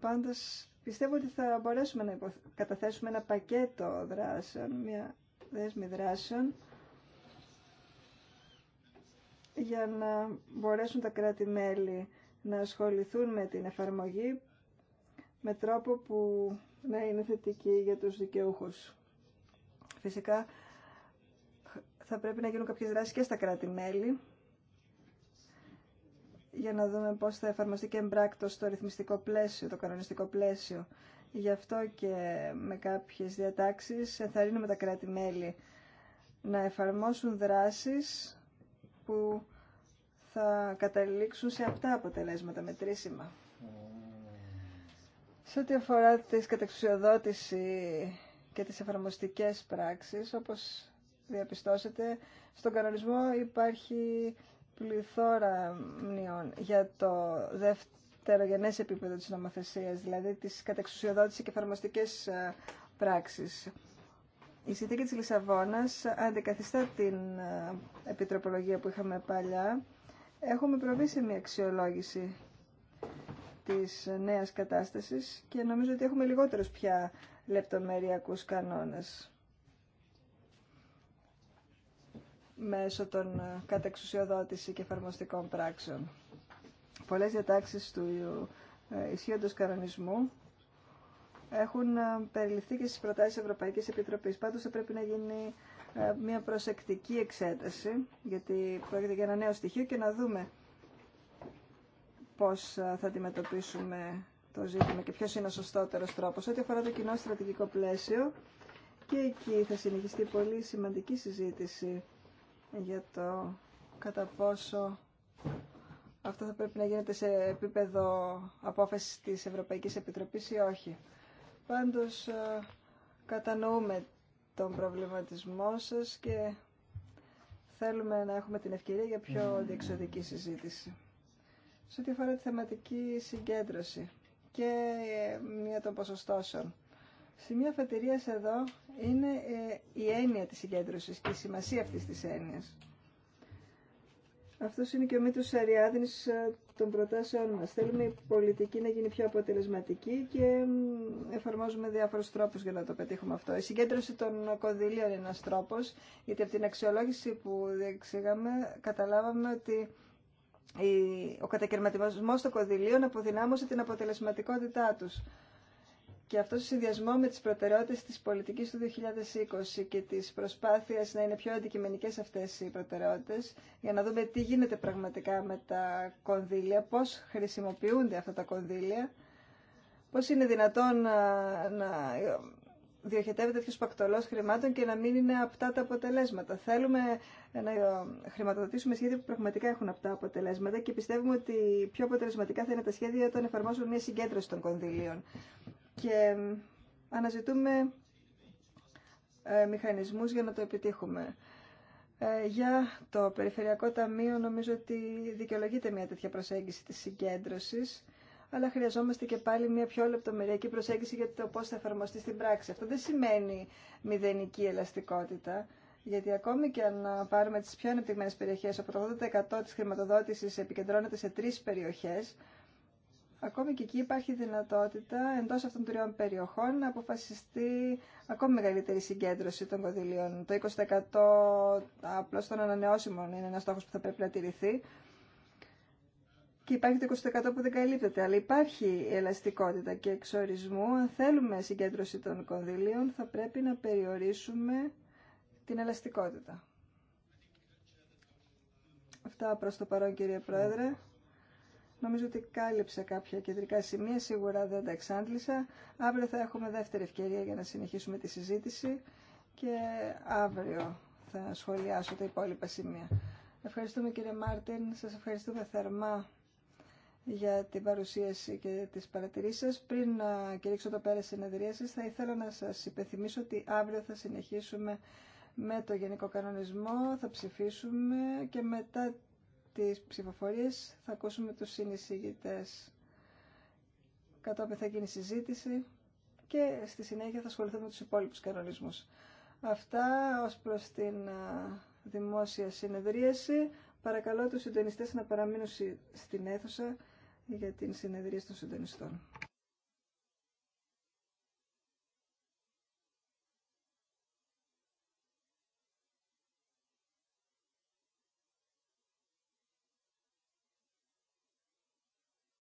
Πάντως, πιστεύω ότι θα μπορέσουμε να καταθέσουμε ένα πακέτο δράσεων, μια δέσμη δράσεων, για να μπορέσουν τα κράτη-μέλη να ασχοληθούν με την εφαρμογή με τρόπο που να είναι θετική για τους δικαιούχους. Φυσικά θα πρέπει να γίνουν κάποιες δράσεις και στα κράτη-μέλη για να δούμε πώς θα εφαρμοστεί και εμπράκτος το ρυθμιστικό πλαίσιο, το κανονιστικό πλαίσιο. Γι' αυτό και με κάποιες διατάξεις ενθαρρύνουμε τα κράτη-μέλη να εφαρμόσουν δράσεις που θα καταλήξουν σε αυτά αποτελέσματα μετρήσιμα. Σε ό,τι αφορά τις και τις εφαρμοστικές πράξεις, όπως διαπιστώσετε, στον κανονισμό υπάρχει πληθώρα μνήων για το δευτερογενές επίπεδο της νομοθεσίας, δηλαδή της κατεξουσιοδότηση και εφαρμοστικές ε, πράξεις. Η συνθήκη της Λισαβόνας αντικαθιστά την ε, επιτροπολογία που είχαμε παλιά. Έχουμε προβεί σε μια αξιολόγηση της νέας κατάστασης και νομίζω ότι έχουμε λιγότερους πια λεπτομεριακούς κανόνες μέσω των ε, κατεξουσιοδότηση και εφαρμοστικών πράξεων. Πολλές διατάξεις του ε, ισχύοντος κανονισμού έχουν ε, περιληφθεί και στις προτάσεις της Ευρωπαϊκής Επιτροπής. Πάντως θα πρέπει να γίνει ε, μια προσεκτική εξέταση, γιατί πρόκειται για ένα νέο στοιχείο και να δούμε πώς ε, θα αντιμετωπίσουμε το ζήτημα και ποιος είναι ο σωστότερος τρόπος. Ό,τι αφορά το κοινό στρατηγικό πλαίσιο, και εκεί θα συνεχιστεί πολύ σημαντική συζήτηση για το κατά πόσο αυτό θα πρέπει να γίνεται σε επίπεδο απόφασης της Ευρωπαϊκής Επιτροπής ή όχι. Πάντως ε, κατανοούμε τον προβληματισμό σας και θέλουμε να έχουμε την ευκαιρία για πιο διεξοδική συζήτηση. Σε ό,τι αφορά τη θεματική συγκέντρωση και ε, μία των ποσοστώσεων. Σημεία αφετηρίας εδώ είναι ε, η έννοια της συγκέντρωσης και η σημασία αυτής της έννοιας. Αυτό είναι και ο μύθο αριάδνη ε, των προτάσεών μα. Θέλουμε η πολιτική να γίνει πιο αποτελεσματική και εφαρμόζουμε διάφορου τρόπου για να το πετύχουμε αυτό. Η συγκέντρωση των κονδυλίων είναι ένα τρόπο, γιατί από την αξιολόγηση που διεξήγαμε καταλάβαμε ότι ο κατακαιρματισμό των κονδυλίων αποδυνάμωσε την αποτελεσματικότητά του. Και αυτό σε συνδυασμό με τις προτεραιότητες της πολιτικής του 2020 και τις προσπάθειες να είναι πιο αντικειμενικές αυτές οι προτεραιότητες, για να δούμε τι γίνεται πραγματικά με τα κονδύλια, πώς χρησιμοποιούνται αυτά τα κονδύλια, πώς είναι δυνατόν να, να διοχετεύεται τέτοιο πακτολός χρημάτων και να μην είναι απτά τα αποτελέσματα. Θέλουμε ε, να ε, χρηματοδοτήσουμε σχέδια που πραγματικά έχουν απτά αποτελέσματα και πιστεύουμε ότι πιο αποτελεσματικά θα είναι τα σχέδια όταν εφαρμόσουν μια συγκέντρωση των κονδυλίων και αναζητούμε ε, μηχανισμούς για να το επιτύχουμε. Ε, για το Περιφερειακό Ταμείο νομίζω ότι δικαιολογείται μια τέτοια προσέγγιση της συγκέντρωσης, αλλά χρειαζόμαστε και πάλι μια πιο λεπτομεριακή προσέγγιση για το πώς θα εφαρμοστεί στην πράξη. Αυτό δεν σημαίνει μηδενική ελαστικότητα, γιατί ακόμη και αν πάρουμε τις πιο ανεπτυγμένες περιοχές, από το 80% της χρηματοδότησης επικεντρώνεται σε τρεις περιοχές, ακόμη και εκεί υπάρχει δυνατότητα εντός αυτών των τριών περιοχών να αποφασιστεί ακόμη μεγαλύτερη συγκέντρωση των κονδυλίων. Το 20% απλώς των ανανεώσιμων είναι ένας στόχος που θα πρέπει να τηρηθεί και υπάρχει το 20% που δεν καλύπτεται, αλλά υπάρχει ελαστικότητα και εξορισμού. Αν θέλουμε συγκέντρωση των κονδυλίων, θα πρέπει να περιορίσουμε την ελαστικότητα. Αυτά προς το παρόν, κύριε Πρόεδρε. Νομίζω ότι κάλυψα κάποια κεντρικά σημεία, σίγουρα δεν τα εξάντλησα. Αύριο θα έχουμε δεύτερη ευκαιρία για να συνεχίσουμε τη συζήτηση και αύριο θα σχολιάσω τα υπόλοιπα σημεία. Ευχαριστούμε κύριε Μάρτιν, σας ευχαριστούμε θερμά για την παρουσίαση και τις παρατηρήσεις σας. Πριν να κηρύξω το συνεδρία σας, θα ήθελα να σας υπενθυμίσω ότι αύριο θα συνεχίσουμε με το Γενικό Κανονισμό, θα ψηφίσουμε και μετά τις ψηφοφορίες θα ακούσουμε τους συνεισηγητές. Κατόπιν θα γίνει συζήτηση και στη συνέχεια θα ασχοληθούμε με τους υπόλοιπους κανονισμούς. Αυτά ως προς την δημόσια συνεδρίαση. Παρακαλώ τους συντονιστές να παραμείνουν στην αίθουσα για την συνεδρίαση των συντονιστών.